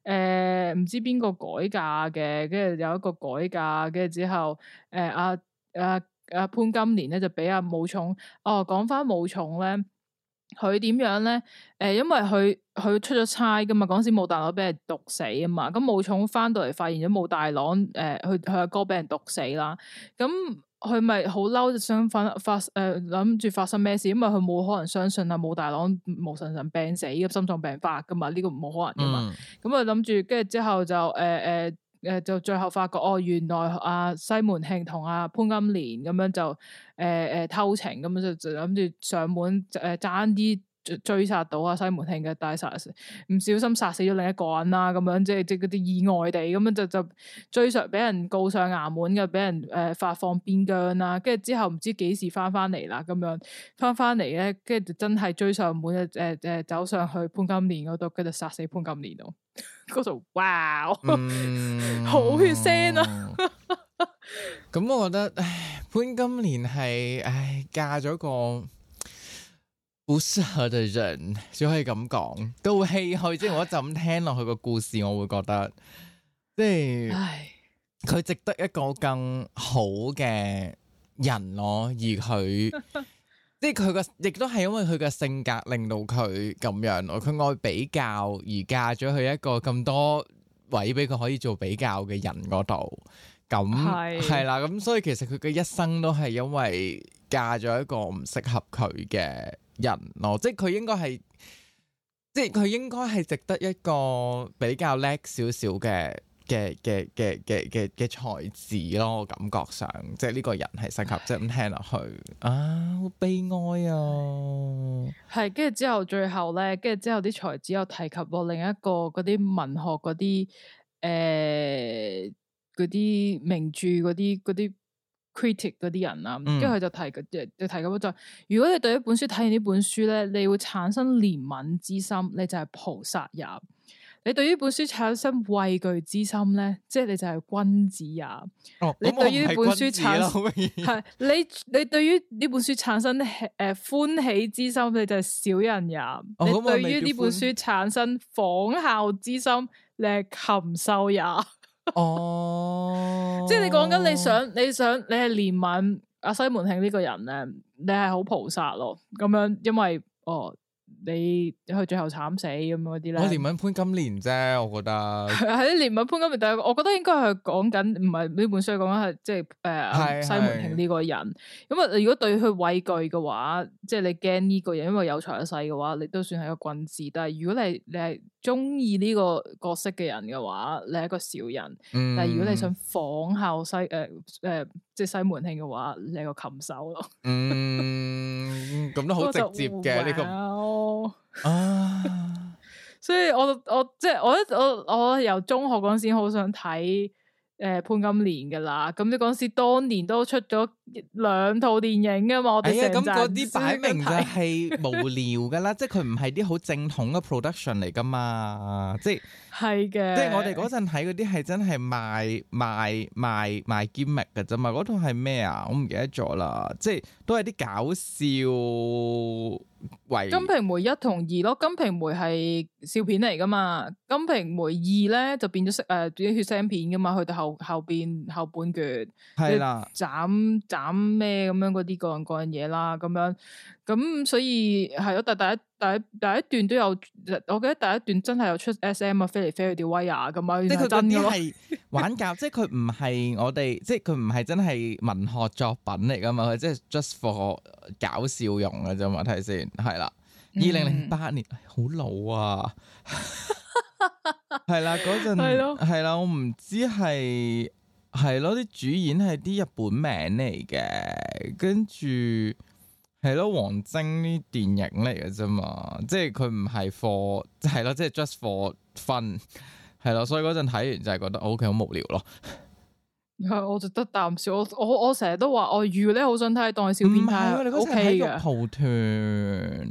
呃、知邊個改價嘅，跟住有一個改價，跟住之後誒阿誒誒潘金蓮咧就俾阿、啊、武松哦講翻武松咧，佢點樣咧？誒、呃，因為佢佢出咗差噶嘛，嗰時武大郎俾人毒死啊嘛，咁武松翻到嚟發現咗武大郎，誒、呃，佢佢阿哥俾人毒死啦，咁佢咪好嬲，就想發發誒諗住發生咩事？因為佢冇可能相信啊，武大郎冇神神病死咁心臟病發噶嘛，呢個冇可能噶嘛，咁啊諗住，跟住之後就誒誒。誒、呃、就最後發覺哦，原來阿、啊、西門慶同阿潘金蓮咁樣就誒誒、呃呃、偷情，咁樣就就諗住上門誒爭啲。呃追殺到啊，西門慶嘅大殺，唔小心殺死咗另一個人啦，咁樣即係即係啲意外地，咁樣就就追上，俾人告上衙門嘅，俾人誒發放邊疆啦，跟住之後唔知幾時翻翻嚟啦，咁樣翻翻嚟咧，跟住就真係追上門嘅，誒誒，走上去潘金蓮嗰度，跟住殺死潘金蓮咯，嗰度哇，好血腥啊！咁我覺得唉潘金蓮係唉嫁咗個。不適合嘅人，就可以咁講，都會唏噓。即係我就咁聽落去個故事，我會覺得，即係佢值得一個更好嘅人咯。而佢即係佢個，亦都係因為佢嘅性格令到佢咁樣咯。佢愛比較而嫁咗去一個咁多位，俾佢可以做比較嘅人嗰度，咁係啦。咁所以其實佢嘅一生都係因為嫁咗一個唔適合佢嘅人咯，哦，即係佢應該係，即係佢應該係值得一個比較叻少少嘅嘅嘅嘅嘅嘅嘅才子咯。我感覺上，即係呢個人係適合。即係咁聽落去啊，好悲哀啊！係跟住之後，最後咧，跟住之後啲才子又提及過另一個嗰啲文學嗰啲，誒嗰啲名著啲嗰啲。Critic 嗰啲人啊，跟住佢就提就提咁就，提就，如果你對一本書睇完呢本書咧，你會產生憐憫之心，你就係菩薩也；你對於本書產生畏懼之心咧，即係你就係君子也；哦嗯、你對於呢本書產生係你你對於呢本書產生誒歡喜之心，你就係小人也；哦嗯、你對於呢本書產生仿效之心，你係禽獸也。哦， *laughs* 即係你講緊你想，你想你係憐憫阿西門慶呢個人咧，你係好菩薩咯，咁樣因為哦。你去最後慘死咁樣嗰啲咧？我憐憫潘金蓮啫，我覺得係咧憐憫潘金蓮第一個，我覺得應該係講緊，唔係呢本書講緊係即係誒、呃、西門慶呢個人。咁啊是，如果對佢畏懼嘅話，即係你驚呢個人，因為有才有勢嘅話，你都算係一個君子。但係如果你你係中意呢個角色嘅人嘅話，你係一個小人。嗯、但係如果你想仿效西誒誒。呃呃即係西門慶嘅話，你係個琴手咯。 *laughs* 嗯，咁都好直接嘅呢就、這個、哦、啊！ *laughs* 所以我我即係我我我由中學嗰陣時好想睇誒、呃、潘金蓮噶啦。咁你嗰陣時當年都出咗兩套電影噶嘛？我哎呀，咁嗰啲擺明就係無聊噶啦， *laughs* *laughs* 即係佢唔係啲好正統嘅 production 嚟噶嘛，即係。係嘅是，即係我哋嗰陣睇嗰啲係真係賣賣賣賣 gimmick 噶啫嘛，嗰套係咩啊？我唔記得咗啦，即係都係啲搞笑位。金瓶梅一同二咯，金瓶梅係笑片嚟噶嘛，金瓶梅二咧就變咗色誒變血腥片噶嘛，去到後後邊後半段，係的啦，斬斬咩咁樣嗰啲嗰人嗰樣嘢啦，咁樣。咁所以係咯，但第一、第一、第一段都有，我記得第一段真係有出 S.M. 啊，飛嚟飛去吊威亞咁樣，即係佢真係玩搞，即係佢唔係我哋，即係佢唔係真係文學作品嚟噶嘛，佢即係 just for 搞笑用噶啫嘛，睇先係啦。二零零八年，好老啊，係啦，嗰陣係咯，係啦，我唔知係係咯，啲主演係啲日本名嚟嘅，跟住。係咯，王晶啲電影嚟嘅啫嘛，即係佢唔係 for，係咯，即係 just for fun，係咯，所以嗰陣睇完就係覺得 O K 好無聊咯。係，我就得啖笑，我我我成日都話我如果咧好想睇，當小片你小變態 O K 嘅。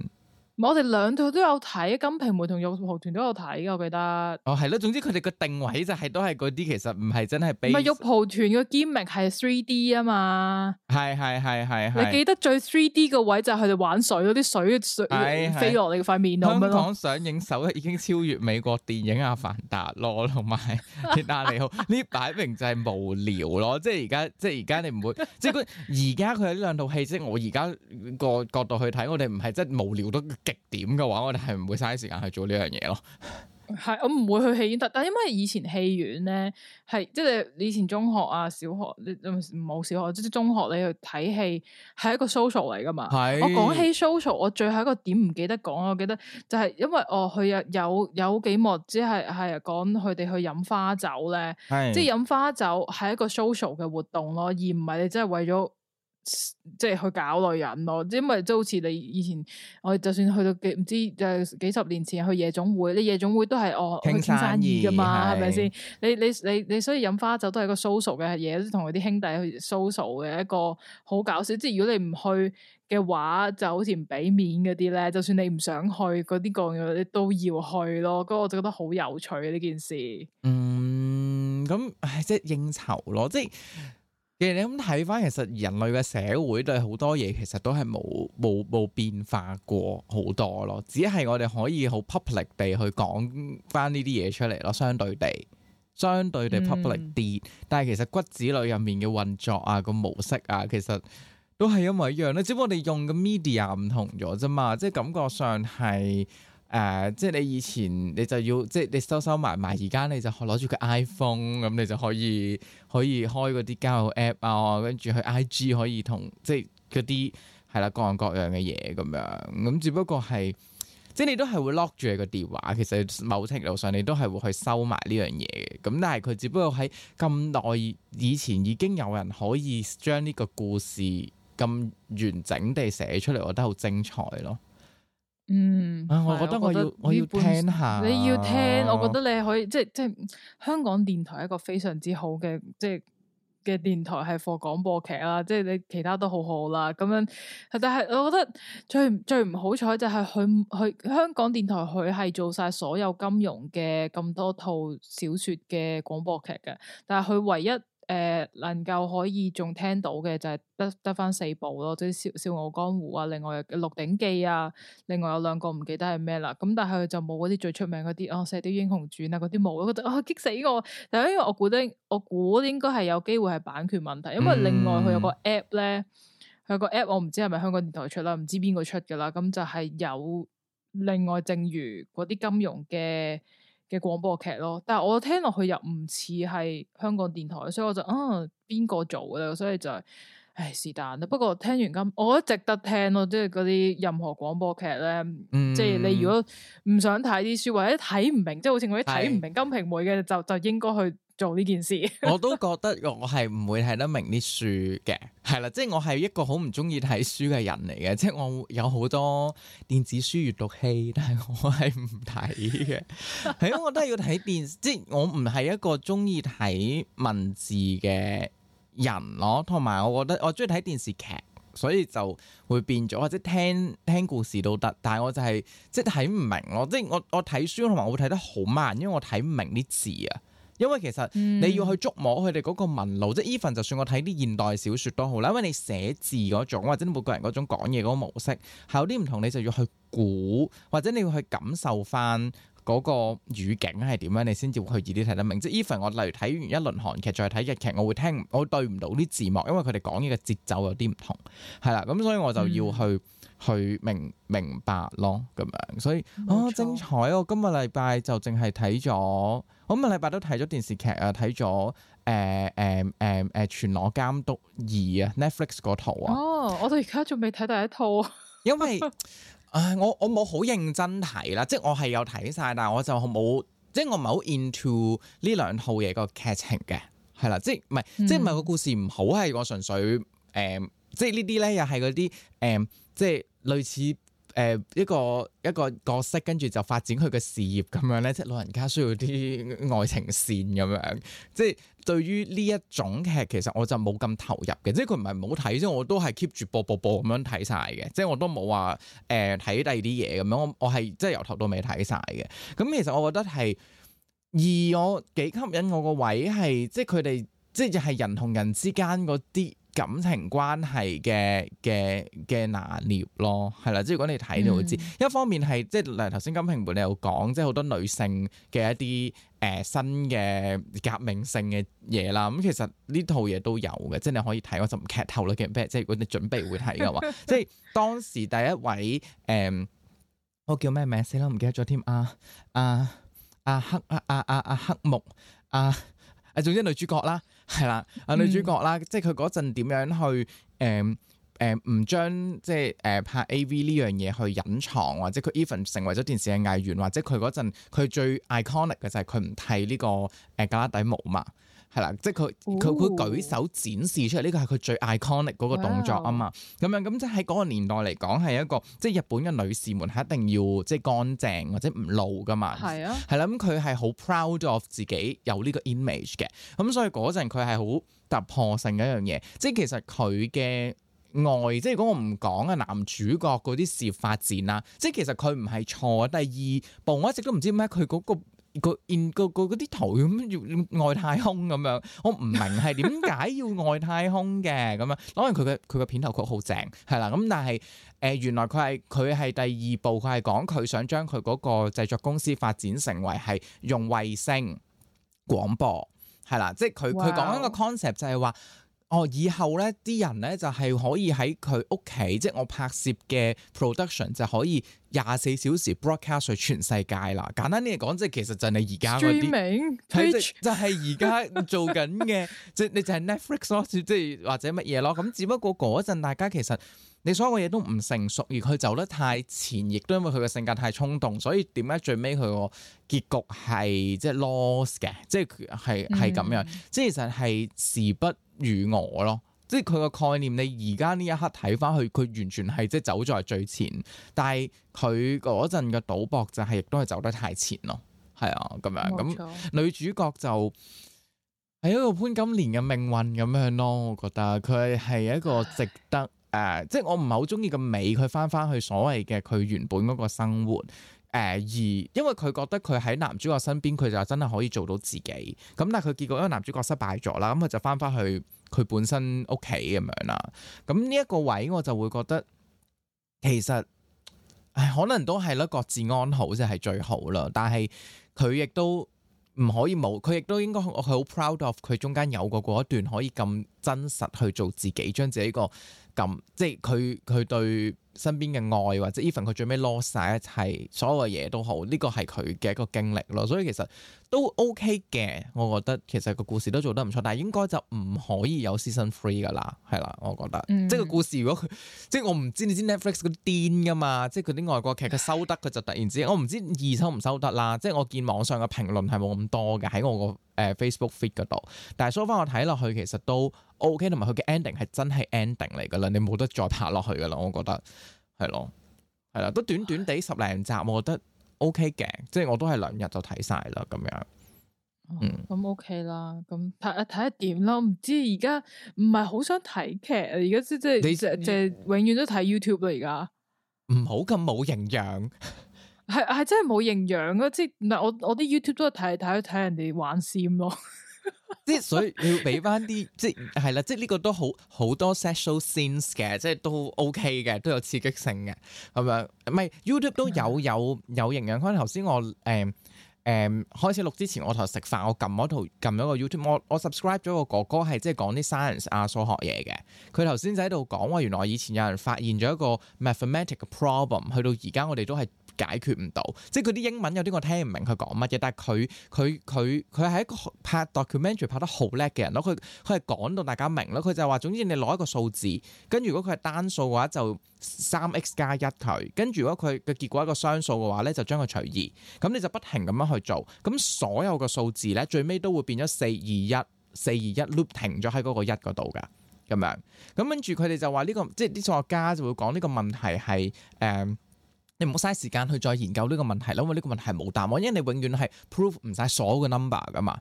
我哋兩套都有睇《金瓶梅》同《玉蒲團》都有睇噶，我記得。哦，係咯，總之佢哋個定位就係、是、都係嗰啲，其實唔係真係。唔係《玉蒲團》個 gimmick 係 three D 啊嘛。係係係係。你記得最 three D 個位就係佢哋玩水嗰啲水水，水飛落你塊面度咁，香港上映首已經超越美國電影、啊《阿凡達》咯，同埋 *laughs* 《鐵達尼號》呢，擺明就係無聊咯。 *laughs* 即係而家，即係而家你唔會， *laughs* 即係而家佢喺呢兩套戲，即係我而家個角度去睇，我哋唔係真係無聊得極點嘅話，我哋係唔會嘥時間去做呢樣嘢咯。係，我唔會去戲院，得，但因為以前戲院咧係即係以前中學啊、小學你冇小學，即、就、係、係、中學你去睇戲係一個 social 嚟噶嘛。是我講起 social，我最後一個點唔記得講，我記得就係因為我佢、哦、有有有幾幕只係係講佢哋去飲花酒咧，是即係飲花酒係一個 social 嘅活動咯，而唔係你真係為咗。即係去搞女人咯，因為即好似你以前，我就算去到唔知就幾十年前去夜總會，你夜總會都係我做生意㗎嘛，係咪先？你你你你所以飲花酒都係個 social 嘅嘢，都同佢啲兄弟去 social 嘅一個好搞笑。即係如果你唔去嘅話，就好似唔俾面嗰啲咧。就算你唔想去嗰啲，個樣你都要去咯。咁、那個、我就覺得好有趣呢件事。嗯，咁、嗯、即係應酬咯，即係。你咁睇翻，其實人類嘅社會對好多嘢其實都係冇冇冇變化過好多咯，只係我哋可以好 public 地去講翻呢啲嘢出嚟咯。相對地，相對地 public 啲，嗯、但係其實骨子裏入面嘅運作啊、個模式啊，其實都係因為一樣咧，只不過我哋用嘅 media 唔同咗啫嘛，即係感覺上係。誒，uh, 即係你以前你就要，即係你收收埋埋，而家你就攞住個 iPhone，咁你就可以可以開嗰啲交友 App 啊，跟住去 IG 可以同即係嗰啲係啦，各樣各樣嘅嘢咁樣，咁只不過係即係你都係會 lock 住你個電話，其實某程度上你都係會去收埋呢樣嘢嘅。咁但係佢只不過喺咁耐以前已經有人可以將呢個故事咁完整地寫出嚟，我覺得好精彩咯～嗯，我覺得我要我，得我要聽下，你要聽，我覺得你可以即係即係香港電台一個非常之好嘅即係嘅電台，係放廣播劇啦，即係你其他都好好啦咁樣。但係我覺得最最唔好彩就係佢佢香港電台佢係做晒所有金庸嘅咁多套小説嘅廣播劇嘅，但係佢唯一。誒、呃、能夠可以仲聽到嘅就係得得翻四部咯，即係《笑笑傲江湖》啊，另外《鹿鼎記》啊，另外有兩個唔記得係咩啦，咁但係佢就冇嗰啲最出名嗰啲，哦《射雕英雄傳》啊嗰啲冇，覺得啊激死我！但係因為我估得，我估應該係有機會係版權問題，因為另外佢有個 app 咧，佢有個 app 我唔知係咪香港電台出啦，唔知邊個出嘅啦，咁就係有另外，正如嗰啲金融嘅。嘅廣播劇咯，但係我聽落去又唔似係香港電台，所以我就嗯，邊、呃、個做嘅咧？所以就係唉是但啦。不過聽完金，我值得聽咯，即係嗰啲任何廣播劇咧，嗯、即係你如果唔想睇啲書或者睇唔明，即係好似我啲睇唔明金瓶梅嘅，是就就應該去。做呢件事， *laughs* 我都覺得我係唔會睇得明啲書嘅，係啦，即係我係一個好唔中意睇書嘅人嚟嘅，即係我有好多電子書閱讀器，但係我係唔睇嘅，係因為我都係要睇電， *laughs* 即係我唔係一個中意睇文字嘅人咯，同埋我覺得我中意睇電視劇，所以就會變咗或者聽聽故事都得，但係我就係即係睇唔明咯，即係我我睇書同埋我會睇得好慢，因為我睇唔明啲字啊。因為其實你要去觸摸佢哋嗰個文路，嗯、即係依份就算我睇啲現代小説都好啦。因為你寫字嗰種或者每個人嗰種講嘢嗰個模式係有啲唔同，你就要去估或者你要去感受翻。嗰個語境係點樣，你先至去易啲睇得明。即係 even 我例如睇完一輪韓劇再睇日劇，我會聽我對唔到啲字幕，因為佢哋講嘢嘅節奏有啲唔同，係啦。咁所以我就要去、嗯、去明明白咯，咁樣。所以錯哦，精彩！我今個禮拜就淨係睇咗，我今個禮拜都睇咗電視劇啊，睇咗誒誒誒誒《全裸監督二》啊，Netflix 嗰套啊。啊哦，我哋而家仲未睇第一套、啊， *laughs* 因為。唉，我我冇好認真睇啦，即係我係有睇晒，但係我就冇，即係我唔係好 into 呢兩套嘢個劇情嘅，係啦，即係唔係，嗯、即係唔係個故事唔好係我純粹誒、呃、即係呢啲咧又係嗰啲誒即係類似。誒、呃、一個一個角色，跟住就發展佢嘅事業咁樣咧，即係老人家需要啲愛情線咁樣。即係對於呢一種劇，其實我就冇咁投入嘅，即係佢唔係冇睇先，我都係 keep 住播播播咁樣睇晒嘅，即係我都冇話誒睇第二啲嘢咁樣。我我係即係由頭到尾睇晒嘅。咁其實我覺得係，而我幾吸引我個位係，即係佢哋即係係人同人之間嗰啲感情關係嘅嘅嘅拿捏咯，係啦，即係如果你睇你會知。嗯、一方面係即係，例如頭先金瓶梅你有講，即係好多女性嘅一啲誒、呃、新嘅革命性嘅嘢啦。咁其實呢套嘢都有嘅，即係你可以睇嗰集劇透啦，嘅咩？即係如果你準備會睇嘅話， *laughs* 即係當時第一位誒，嗰、嗯、叫咩名死啦？唔記得咗添啊啊啊，啊黑啊啊啊啊黑木啊啊，啊，總之女主角啦。係啦，啊女主角啦，即係佢嗰陣點樣去誒誒唔將即係誒、呃、拍 AV 呢樣嘢去隱藏，或者佢 even 成為咗電視嘅藝員，或者佢嗰陣佢最 iconic 嘅就係佢唔剃呢個誒胳肋底毛嘛。係啦，即係佢佢佢舉手展示出嚟，呢個係佢最 iconic 嗰個動作啊嘛，咁、哎、喲樣咁即係喺嗰個年代嚟講係一個，即係日本嘅女士們係一定要即係乾淨或者唔露噶嘛，係啊的，係啦，咁佢係好 proud of 自己有呢個 image 嘅，咁所以嗰陣佢係好突破性嘅一樣嘢，即係其實佢嘅外，即係如果我唔講啊，男主角嗰啲事業發展啦，即係其實佢唔係錯，第二步我一直都唔知咩佢嗰個。個印個個嗰啲圖咁要，要外太空咁樣，我唔明係點解要外太空嘅咁樣。當然佢嘅佢嘅片頭曲好正，係啦。咁但係誒、呃，原來佢係佢係第二部，佢係講佢想將佢嗰個製作公司發展成為係用衛星廣播，係啦，即係佢佢講緊個 concept 就係話。哦，以後咧，啲人咧就係、是、可以喺佢屋企，即、就、係、是、我拍攝嘅 production 就可以廿四小時 broadcast 喺全世界啦。簡單啲嚟講，即係其實就係你而家嗰啲，就係而家做緊嘅，即係你就係 Netflix 咯，即係或者乜嘢咯。咁只不過嗰陣大家其實你所有嘅嘢都唔成熟，而佢走得太前，亦都因為佢嘅性格太衝動，所以點解最尾佢個結局係即係 loss 嘅，即係係係咁樣，嗯、即係其實係時不。與我咯，即係佢個概念。你而家呢一刻睇翻去，佢完全係即係走在最前，但係佢嗰陣嘅賭博就係亦都係走得太前咯，係啊，咁樣咁錯、嗯、女主角就係一個潘金蓮嘅命運咁樣咯。我覺得佢係一個值得誒、 *laughs* 呃，即係我唔係好中意個尾，佢翻翻去所謂嘅佢原本嗰個生活。誒而，因為佢覺得佢喺男主角身邊，佢就真係可以做到自己。咁但係佢結果因為男主角失敗咗啦，咁佢就翻返去佢本身屋企咁樣啦。咁呢一個位我就會覺得其實可能都係咯，各自安好即係最好啦。但係佢亦都唔可以冇，佢亦都應該我佢好 proud of 佢中間有過嗰一段可以咁真實去做自己，將自己個咁即係佢佢對，身邊嘅愛或者 even 佢最尾 lost 曬一切所有嘅嘢都好，呢個係佢嘅一個經歷咯，所以其實都 OK 嘅，我覺得其實個故事都做得唔錯，但係應該就唔可以有 season three 㗎啦，係啦，我覺得，嗯、即係個故事如果佢，即係我唔知你知 Netflix 嗰啲癲㗎嘛，即係佢啲外國劇佢收得佢就突然之我唔知二收唔收得啦，即係我見網上嘅評論係冇咁多嘅喺我個。誒、呃、Facebook feed 嗰度，但係所有翻我睇落去，其實都 OK，同埋佢嘅 ending 係真係 ending 嚟噶啦，你冇得再拍落去噶啦，我覺得係咯，係啦，都短短地十零集，我覺得 OK 嘅，即係我都係兩日就睇晒啦，咁樣，嗯，咁 OK 啦，咁睇睇一點咯，唔知而家唔係好想睇劇啊，而家即即係即永遠都睇 YouTube 啦，而家唔好咁冇營養。 *laughs* 係係真係冇營養啊。即唔係我我啲 YouTube 都睇睇睇人哋玩 sim 咯 *laughs* ，即所以你要俾翻啲即係啦，即呢個都好好多 sexual scenes 嘅，即都 O K 嘅，都有刺激性嘅咁樣。唔係 YouTube 都有有有營養，可能頭先我誒誒、嗯嗯、開始錄之前，我頭食飯，我撳嗰撳咗個 YouTube，我我 subscribe 咗個哥哥係即係講啲 science 啊，數學嘢嘅。佢頭先就喺度講話，原來以前有人發現咗一個 mathematic 嘅 problem，去到而家我哋都係。解決唔到，即係佢啲英文有啲我聽唔明佢講乜嘢，但係佢佢佢佢係一個拍 documentary 拍得好叻嘅人咯。佢佢係講到大家明咯。佢就話，總之你攞一個數字，跟住如果佢係單數嘅話，就三 x 加一佢；跟住如果佢嘅結果一個雙數嘅話咧，就將佢除二。咁你就不停咁樣去做，咁所有嘅數字咧，最尾都會變咗四二一四二一 loop 停咗喺嗰個一嗰度㗎。咁樣，咁跟住佢哋就話呢個，即係啲數學家就會講呢個問題係誒。嗯你唔好嘥時間去再研究呢個問題啦，因為呢個問題係冇答案，因為你永遠係 prove 唔晒所有嘅 number 噶嘛，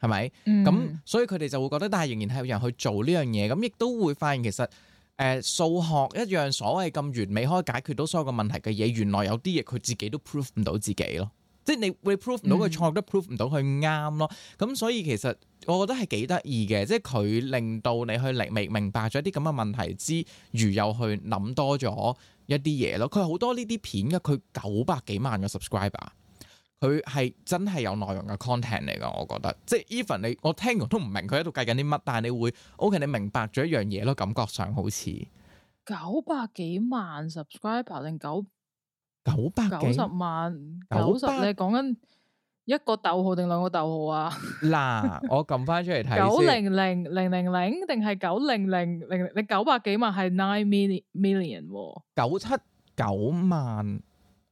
係咪？咁、嗯、所以佢哋就會覺得，但係仍然係有人去做呢樣嘢，咁亦都會發現其實誒、呃、數學一樣所謂咁完美可以解決到所有嘅問題嘅嘢，原來有啲嘢佢自己都 prove 唔到自己咯，即係你 prove 唔到佢錯、嗯、都 prove 唔到佢啱咯，咁所以其實我覺得係幾得意嘅，即係佢令到你去明明白咗啲咁嘅問題之餘，又去諗多咗。一啲嘢咯，佢好多呢啲片嘅，佢九百幾萬個 subscriber，佢係真係有內容嘅 content 嚟㗎，我覺得。即係 even 你我聽完都唔明佢喺度計緊啲乜，但係你會 OK，你明白咗一樣嘢咯，感覺上好似九百幾萬 subscriber 定九九百幾十萬九十？90，你講緊？一個逗號定兩個逗號啊？嗱， *laughs* 我撳翻出嚟睇 *laughs* 九零零零零零定係九零零零？你九百幾萬係 nine million million？九七九萬？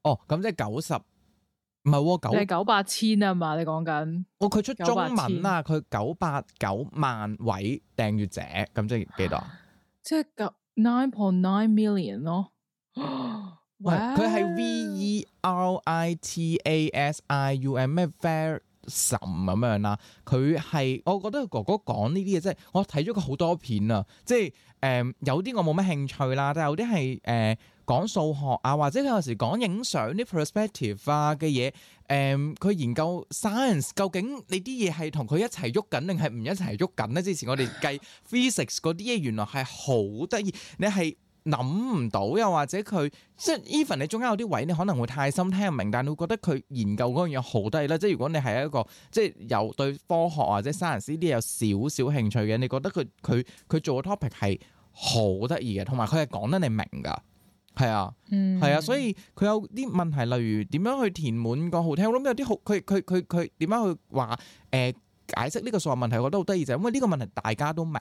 哦，咁即係九十？唔係、哦，九你九百千啊嘛？你講緊？哦，佢出中文啊，佢九百九,九萬位訂閱者，咁即係幾多？ *laughs* 即係九 nine point nine million 咯。 *laughs* 唔係，佢係 Veritasium 咩？ver 什咁樣啦？佢係，我覺得哥哥講呢啲嘢，即係，things, 我睇咗佢好多片啊！即係，誒、嗯，有啲我冇乜興趣啦，但係有啲係，誒、嗯，講數學啊，或者有時講影相啲 perspective 啊嘅嘢，誒、嗯，佢研究 science，究竟你啲嘢係同佢一齊喐緊，定係唔一齊喐緊咧？之前我哋計 physics 嗰啲嘢，原來係好得意，你係、這個。諗唔到又，又或者佢即係 even 你中間有啲位，你可能會太深聽唔明，但你會覺得佢研究嗰樣好得意啦。即係如果你係一個即係有對科學或者 science 呢啲有少少興趣嘅，你覺得佢佢佢做嘅 topic 係好得意嘅，同埋佢係講得你明噶。係啊，係、嗯、啊，所以佢有啲問題，例如點樣去填滿個好聽，我諗有啲好，佢佢佢佢點樣去話誒、呃、解釋呢個數學問題，我覺得好得意就係因為呢個問題大家都明。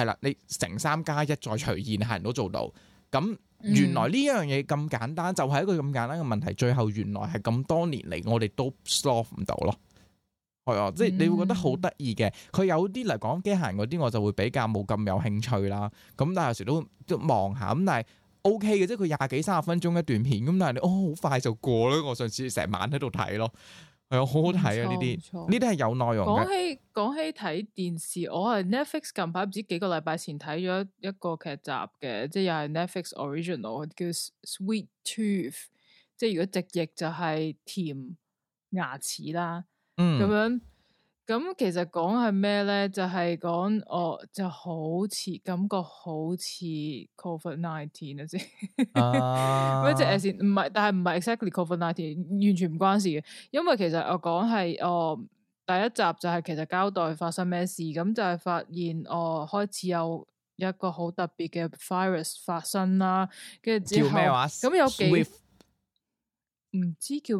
係啦，你成三加一再除二，你人都做到。咁原來呢樣嘢咁簡單，就係一個咁簡單嘅問題。最後原來係咁多年嚟，我哋都 solve 唔到咯。係啊，即係你會覺得好得意嘅。佢有啲嚟講機械人嗰啲，我就會比較冇咁有興趣啦。咁但係有時都都望下咁，但係 OK 嘅，即係佢廿幾三十分鐘一段片咁，但係你哦好快就過咯。我上次成晚喺度睇咯。係、嗯嗯、啊，好好睇啊！呢啲呢啲係有內容嘅。講起講起睇電視，我係 Netflix 近排唔知幾個禮拜前睇咗一個劇集嘅，即係又係 Netflix original 叫 Sweet Tooth，即係如果直譯就係甜牙齒啦。嗯。咁樣。咁其實講係咩咧？就係、是、講哦，就好似感覺好似 Covid Nineteen 啊，先即係唔係，但係唔係 exactly Covid Nineteen，完全唔關事嘅。因為其實我講係哦，第一集就係其實交代發生咩事，咁、嗯、就係、是、發現哦，開始有一個好特別嘅 virus 發生啦。跟住之後咁、啊嗯、有幾唔 Swift. 知叫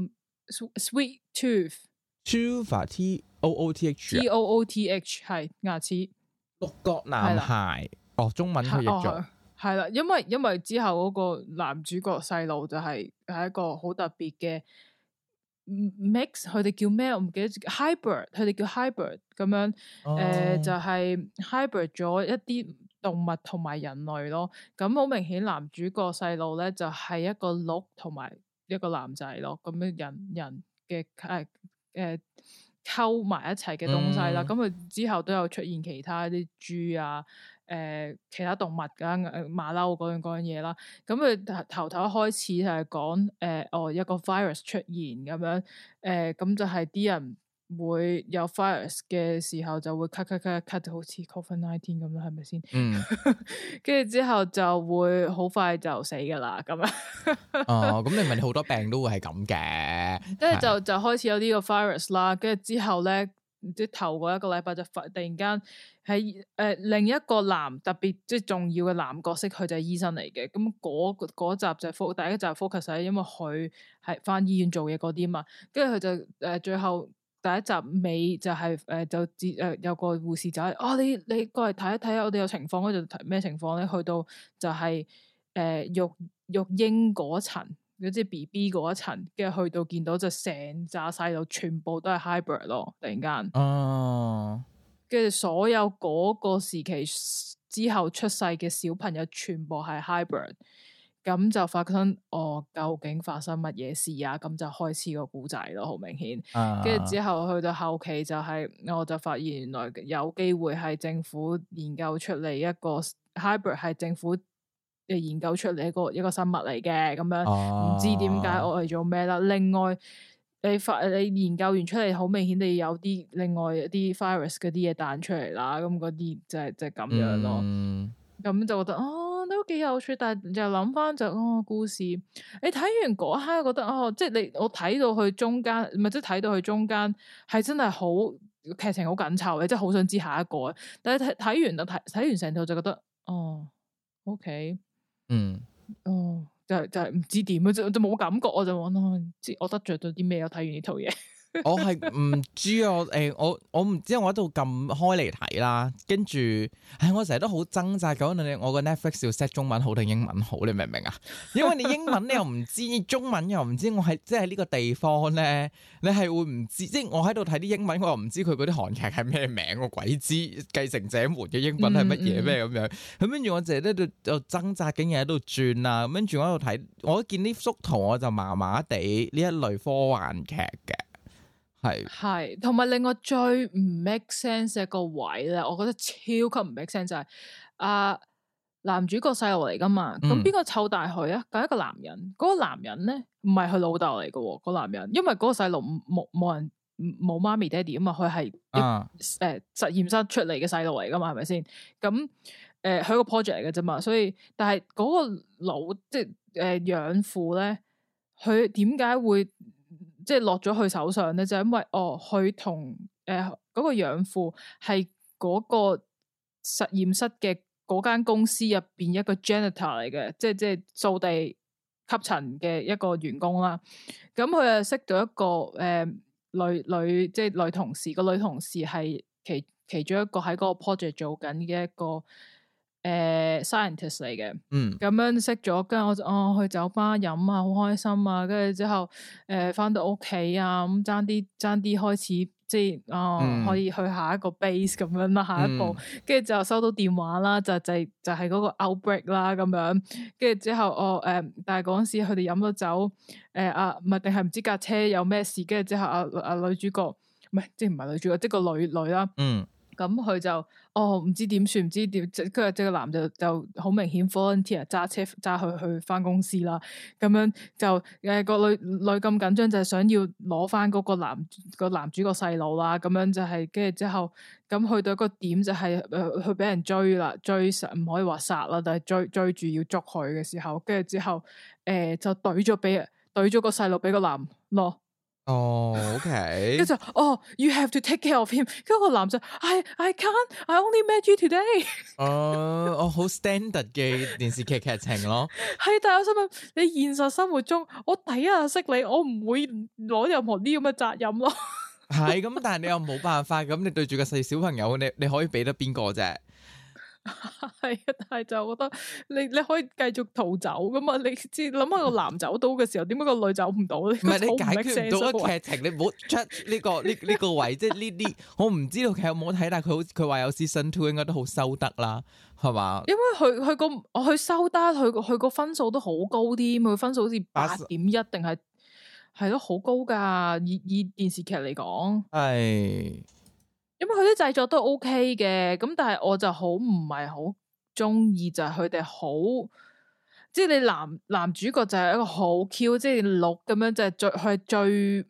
sweet tooth。s u p e T O O T H 啊 T O O T H 係牙齒鹿角男孩的哦。中文去譯做係啦，因為因為,因為之後嗰個男主角細路就係、是、係一個好特別嘅 mix 佢哋叫咩？我唔記得 Hybrid，佢哋叫 Hybrid 咁樣誒、oh. 呃，就係、是、Hybrid 咗一啲動物同埋人類咯。咁好明顯，男主角細路咧就係一個鹿同埋一個男仔咯。咁樣人人嘅誒。誒，溝埋、呃、一齊嘅東西啦，咁佢、嗯、之後都有出現其他啲豬啊，誒、呃，其他動物噶馬騮嗰樣樣嘢啦、啊，咁、嗯、佢頭頭一開始就係講，誒、呃，我、哦、一個 virus 出現咁樣，誒、呃，咁就係啲人。會有 virus 嘅時候就會咳咳咳咳就好似 COVID-19 咁啦，係咪先？嗯，跟住之後就會好快就死噶啦，咁樣。哦，咁 *laughs* 你咪好多病都會係咁嘅。跟住 *laughs* 就就，就開始有呢個 virus 啦，跟住之後咧，即係頭一個禮拜就突然間喺誒另一個男特別即係重要嘅男角色，佢就係醫生嚟嘅。咁、那、嗰、個嗰個嗰個、集就 focus，第一集 focus 晒，因為佢係翻醫院做嘢嗰啲嘛。跟住佢就誒、呃、最後。最後第一集尾就係、是、誒、呃，就接誒、呃呃、有個護士就係啊，你你，你過嚟睇一睇下我哋有情況嗰度咩情況咧？去到就係、是、誒、呃、育育嬰嗰層，即係 B B 嗰一層，跟住去到見到就成紮細路全部都係 hybrid 咯，突然間，跟住、啊、所有嗰個時期之後出世嘅小朋友全部係 hybrid。咁就發生，哦，究竟發生乜嘢事啊？咁就開始個古仔咯，好明顯。跟住之後去到後期就係、是，我就發現原來有機會係政府研究出嚟一個 hybrid，係政府嘅研究出嚟一個一個生物嚟嘅。咁樣唔、啊、知點解我係做咩啦？另外，你發你研究完出嚟，好明顯你有啲另外一啲 virus 嗰啲嘢彈出嚟啦。咁嗰啲就係即係咁樣咯。嗯咁就覺得哦都幾有趣，但係就諗翻就哦故事，你、欸、睇完嗰刻覺得哦，即係你我睇到佢中間，唔係即係睇到佢中間係真係好劇情好緊湊，你真係好想知下一個。但係睇睇完就睇睇完成套就覺得哦，OK，嗯，哦，就係就係唔知點啊，就就冇感覺，我就我我得着咗啲咩我睇完呢套嘢。 *laughs* 我係唔知啊。誒，我我唔知，我喺度撳開嚟睇啦。跟住，唉、哎，我成日都好掙扎。咁你我個 Netflix 要 set 中文好定英文好？你明唔明啊？因為你英文你又唔知， *laughs* 中文又唔知。我喺即係呢個地方咧，你係會唔知？即係我喺度睇啲英文，我又唔知佢嗰啲韓劇係咩名個鬼知？知《繼承者們》嘅英文係乜嘢咩咁樣？咁跟住我成日咧就掙扎緊，又喺度轉啦。咁跟住我喺度睇，我見啲縮圖我就麻麻地呢一類科幻劇嘅。係係，同埋令我最唔 make sense 一個位咧，我覺得超級唔 make sense 就係、是、啊、呃，男主角細路嚟噶嘛，咁邊個湊大佢啊？搞、就是、一個男人，嗰、那個男人咧，唔係佢老豆嚟噶，那個男人，因為嗰個細路冇冇人冇媽咪爹哋啊嘛，佢係啊誒、呃、實驗室出嚟嘅細路嚟噶嘛，係咪先？咁誒，佢個 project 嚟嘅啫嘛，所以但係嗰個老即係誒養父咧，佢點解會？即係落咗佢手上咧，就係、因為哦，佢同誒嗰個養父係嗰個實驗室嘅嗰間公司入邊一個 janitor 嚟嘅，即係即係掃地吸塵嘅一個員工啦。咁佢又識到一個誒、呃、女女，即係女同事。個女同事係其其中一個喺嗰個 project 做緊嘅一個。誒、uh、scientist 嚟嘅，咁、嗯、樣識咗，跟住我就哦去酒吧飲啊，好開心啊，跟住之後誒翻、呃、到屋企啊，咁爭啲爭啲開始，即係哦、嗯、可以去下一個 base 咁樣啦，下一步，跟住、嗯、就收到電話啦，就就就係、是、嗰個 outbreak 啦，咁樣，跟住之後我誒、呃，但係嗰時佢哋飲咗酒，誒、呃、啊，唔係定係唔知架車有咩事，跟住之後阿、啊、阿、啊啊、女主角，唔係即係唔係女主角，即個女女啦，嗯。女咁佢、嗯、就哦唔知點算唔知點，跟住即係個男就就好明顯 Volunteer，揸車揸去去翻公司啦。咁樣就誒、呃、個女女咁緊張，就係、是、想要攞翻嗰個男個男主個細路啦。咁樣就係跟住之後，咁、嗯、去到一個點就係佢佢俾人追啦，追殺唔可以話殺啦，但係追追住要捉佢嘅時候，跟住之後誒、呃、就懟咗俾懟咗個細路俾個男攞，咯。哦、oh，OK，跟住哦，You have to take care of him。跟住個男仔，I, I can't，I only met you today。哦，哦，好 standard 嘅電視劇劇情咯。係， *laughs* *laughs* 但係我想問，你現實生活中，我第一日識你，我唔會攞任何啲咁嘅責任咯。係咁，但係你又冇辦法，咁 *laughs* 你對住個細小朋友，你你可以俾得邊個啫？係啊， *laughs* 但係就我覺得你你可以繼續逃走㗎嘛。你即諗下個男走到嘅時候，點解個女走唔到咧？唔係你解決咗劇情，你唔好出呢個呢呢 *laughs* 個位，即係呢啲我唔知道佢有冇睇，但係佢好佢話有 season two，應該都好收得啦，係嘛？因為佢佢、個我去收得，佢佢個分數都高分數好、啊、高啲，佢分數好似八點一，定係係咯，好高噶！以以電視劇嚟講，係、哎。因為佢啲製作都 O K 嘅，咁但係我就好唔係好中意就係佢哋好，即係你男男主角就係一個好 Q，即係鹿咁樣，就係最佢係最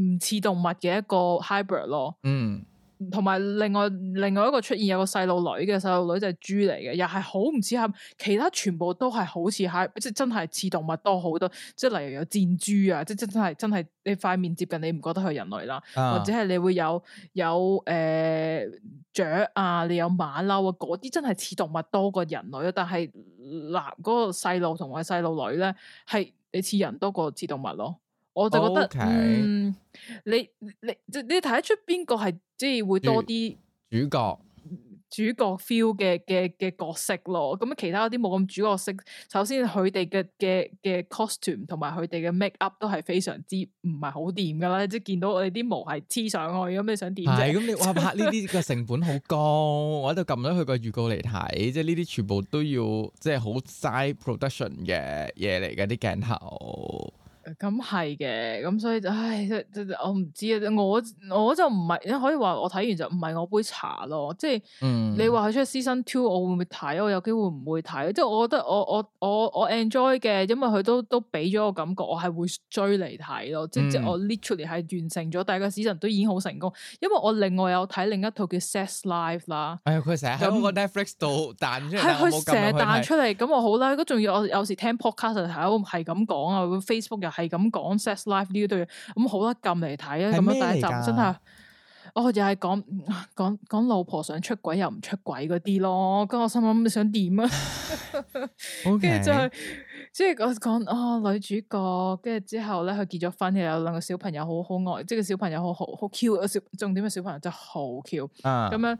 唔似動物嘅一個 hybrid 咯。嗯。同埋另外另外一個出現有個細路女嘅細路女就係豬嚟嘅，又係好唔似嚇，其他全部都係好似嚇，即係真係似動物多好多。即係例如有箭豬啊，即係真真係真係你塊面接近你唔覺得佢係人類啦，啊、或者係你會有有誒雀、呃、啊，你有馬騮啊，嗰啲真係似動物多過人類。但係嗱，嗰、呃嗰個細路同埋細路女咧，係你似人多過似動物咯。我就覺得，Okay. 嗯，你你你睇得出邊個係即係會多啲主，主，主角、主角 feel 嘅嘅嘅角色咯。咁其他啲冇咁主角色。首先佢哋嘅嘅嘅 costume 同埋佢哋嘅 make up 都係非常之唔係好掂噶啦。即係見到我哋啲毛係黐上去咁，你想點？啫？咁你話拍呢啲嘅成本好高，我喺度撳咗佢個預告嚟睇，即係呢啲全部都要即係好齋 production 嘅嘢嚟嘅啲鏡頭。咁係嘅，咁所以就唉，我唔知啊，我我就唔係，你可以話我睇完就唔係我杯茶咯，即係、嗯、你話佢出 season two，我會唔會睇？我有機會唔會睇？即係我覺得我我我我 enjoy 嘅，因為佢都都俾咗個感覺，我係會追嚟睇咯，嗯、即係我 literally 係完成咗第二個 season 都已經好成功，因為我另外有睇另一套叫 Sex Life 啦。哎，佢成日喺我 Netflix 度彈，係佢成日彈出嚟，咁我好啦，咁仲要我有時聽 podcast 係，我係咁講啊，Facebook 係咁講 sex life 呢啲嘢，咁、嗯、好啦，撳嚟睇啊，咁樣第一集真係，我、哦、又係講講講老婆想出軌又唔出軌嗰啲咯，咁我心諗你想點啊，跟住 *laughs* Okay. 就係、是。即係我講哦女主角，跟住之後咧，佢結咗婚，又有兩個小朋友，好好愛。即係個小朋友好好好 Q，小重點嘅小朋友就好 Q，啊，呃。咁樣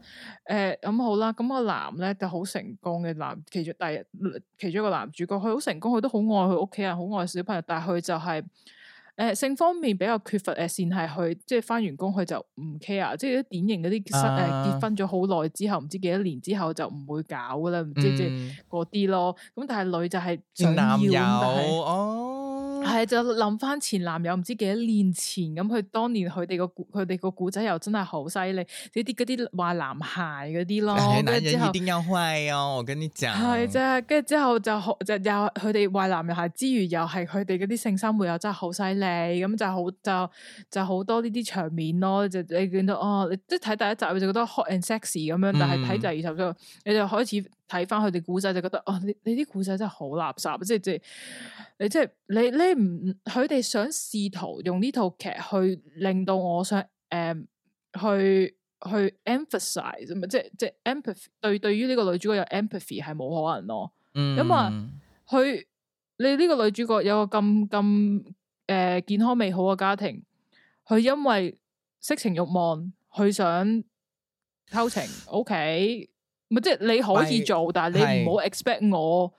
誒，咁好啦。咁個男咧就好成功嘅男，其中第其中一個男主角，佢好成功，佢都好愛佢屋企人，好愛小朋友，但係佢就係。誒、呃、性方面比較缺乏誒線係佢，即係返完工佢就唔 care，即係啲典型嗰啲誒結婚咗好耐之後，唔知幾多年之後就唔會搞噶啦，唔知、嗯、即係嗰啲咯。咁但係女就係男有友是哦。係就諗翻前男友唔知幾多年前咁，佢當年佢哋個佢哋個古仔又真係好犀利，啲啲嗰啲壞男孩嗰啲咯。哎、後男人一定要壞哦，我跟你講。係即跟住之後就就又佢哋壞男孩之餘，又係佢哋嗰啲性生活又真係好犀利，咁就好就就好多呢啲場面咯。就你見到哦，即係睇第一集你就覺得 hot and sexy 咁樣，嗯、但係睇第二集就你就開始。睇翻佢哋古仔就覺得，哦，你你啲古仔真係好垃圾，即係即係你即係你你唔佢哋想試圖用呢套劇去令到我想誒、呃，去去 emphasize 即係即係 empathy 對對於呢個女主角有 empathy 係冇可能咯，嗯，因為佢你呢個女主角有個咁咁誒健康美好嘅家庭，佢因為色情欲望，佢想偷情，ok。唔係，即係、就是，你可以做，但係你唔好 expect 我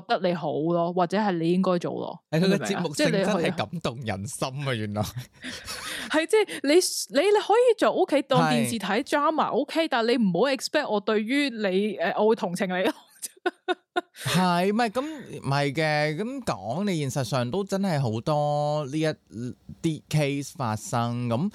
覺得你好咯，或者係你應該做咯。係佢嘅節目即性質真係感動人心啊！原來係即係你你你可以做屋企，okay, 當電視睇 drama O K，但係你唔好 expect 我對於你誒、呃，我會同情你咯。係咪咁？唔係嘅咁講，你現實上都真係好多呢一啲 case 發生咁誒、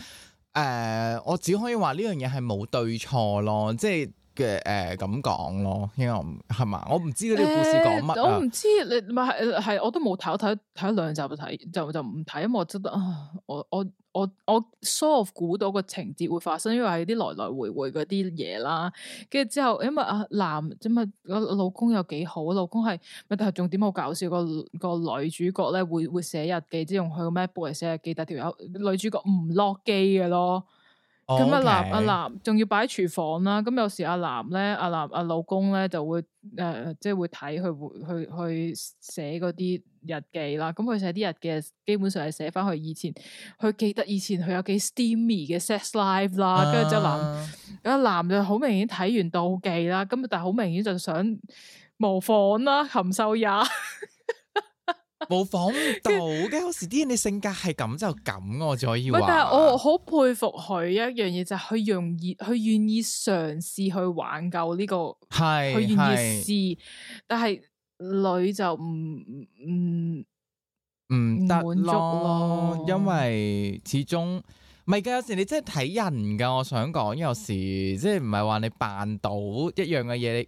呃，我只可以話呢樣嘢係冇對錯咯，即係。嘅誒咁講咯、欸，因為我唔係嘛，我唔知嗰啲故事講乜啊！我唔知你唔係係，我都冇睇，我睇睇咗兩集就睇，就就唔睇，因為我覺得啊，我我我我 sort of 估到個情節會發生，因為有啲來來回回嗰啲嘢啦。跟住之後，因為啊男，即係個老公有幾好，老公係咪？但係重點好搞笑，個個女主角咧會會寫日記，即用佢 MacBook 嚟寫日記，但係條友女主角唔 lock 機嘅咯。咁阿南阿南仲要擺喺廚房啦，咁有時阿南咧阿南阿老公咧就會誒即係會睇佢去去寫嗰啲日記啦，咁佢寫啲日記基本上係寫翻佢以前，佢記得以前佢有幾 steamy 嘅 sex life 啦、啊，跟住就南阿南就好明顯睇完妒忌啦，咁但係好明顯就想模仿啦，禽獸也。 *laughs* 冇防到嘅，有時啲人嘅性格係咁就咁，我就可以，但係我好佩服佢一樣嘢，就佢、是、願意，佢願意嘗試去挽救呢、這個，佢願是意試。是但係女就唔唔唔得滿足咯，因為始終唔係噶。有時你真係睇人噶，我想講，有時即係唔係話你扮到一樣嘅嘢你。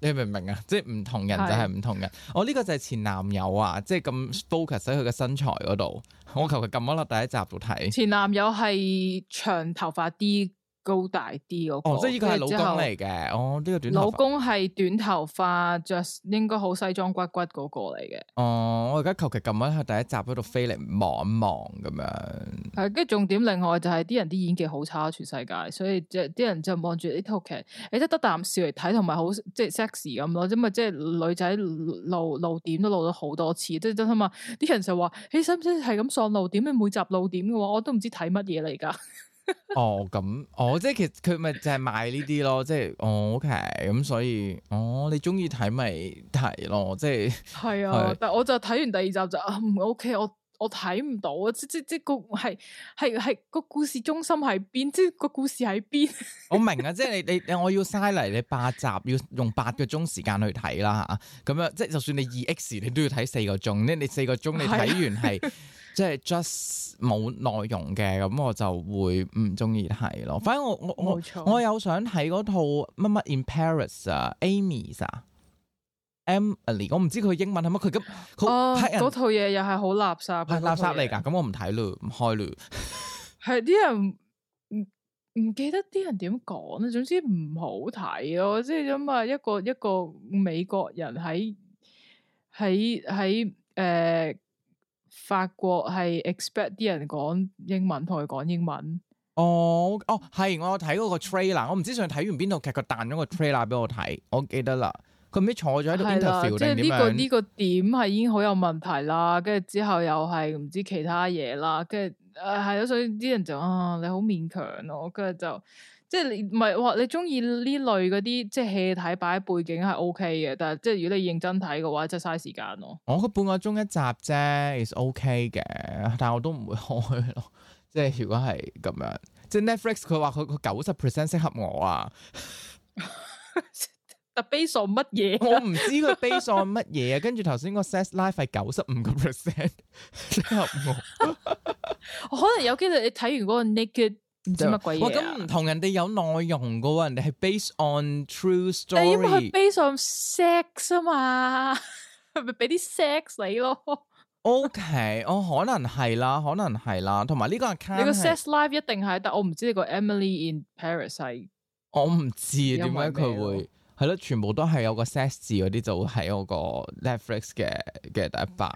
你明唔明啊？即係唔同人就係唔同人。我呢是、哦這個就係前男友啊，即係咁 focus 喺佢嘅身材嗰度。我求其撳咗落第一集度睇。前男友係長頭髮啲。高大啲嗰、那個，跟住、哦、之後，老公係短頭髮，著應該好西裝骨骨嗰個嚟嘅。哦、嗯，我而家求其撳返喺第一集嗰度飛嚟望一望咁樣。係，跟住重點另外就係、是、啲人啲演技好差全世界，所以即係啲人就望住呢套劇，你都得啖笑嚟睇，同埋好即係 sexy 咁咯。咁啊，即係女仔露露點都露咗好多次，即係真心嘛？啲人就話：「你使唔使係咁上露點？你每集露點嘅話，我都唔知睇乜嘢嚟㗎。哦，咁，哦，即係其實佢咪就係賣呢啲咯，即係，哦，OK，咁所以，哦，你中意睇咪睇咯，即係。係啊，是但我就睇完第二集就唔、嗯、OK，我我睇唔到，即即即，即個係係係個故事中心喺邊，即個故事喺邊、啊 *laughs* 。我明啊，即係你你你我要嘥嚟，你八集要用八個鐘時間去睇啦吓，咁樣即係就算你二 X，你都要睇四個鐘，呢你四個鐘你睇完係。是啊 *laughs* 即係 just 冇內容嘅，咁我就會唔中意睇咯。反正我我我錯我有想睇嗰套乜乜 In Paris 啊，Amy 啊，Emily，我唔知佢英文係乜。佢咁佢拍嗰、啊、套嘢又係好垃圾，係垃圾嚟㗎。咁我唔睇咯，唔開咯。係 *laughs* 啲人唔唔記得啲人點講咧，總之唔好睇咯。即係咁啊，一個一個美國人喺喺喺誒。法國係 expect 啲人講英文，同佢講英文。哦，哦，係我睇嗰個 trailer 我唔知想睇完邊套劇，佢彈咗個 trailer 俾我睇，我記得啦。佢唔知坐咗喺度 interview 定點樣？即係呢個呢、這個點係已經好有問題啦。跟住之後又係唔知其他嘢啦。跟住誒係咯，所以啲人就啊你好勉強咯、啊。跟住就。即係你唔係喎，你中意呢類嗰啲即係戲體擺喺背景係 O K 嘅，但係即係如果你認真睇嘅話，就嘥時間咯。我個、哦、半個鐘一集啫，係 O K 嘅，但我都唔會開咯。即係如果係咁樣，即係 Netflix 佢話佢佢九十 percent 適合我啊。 *laughs* 但 base on 乜嘢？我唔知佢 base on 乜嘢啊。 *laughs* 跟住頭先個 sex life 係九十五個 percent 適合我。 *laughs* *laughs* 可能有機會你睇完嗰個 naked。唔知乜鬼嘢啊！咁唔同人哋有內容噶喎，人哋係 based on true story。但係因為 based on sex 啊嘛，咪俾啲 sex 你咯。OK，我可能係啦，可能係啦。同埋呢個 account，你個 sex life 一定係，但我唔知你個 Emily in Paris。我唔知點解佢會係咯，全部都係有個 sex 字嗰啲，就會喺我個 Netflix 嘅嘅第一版。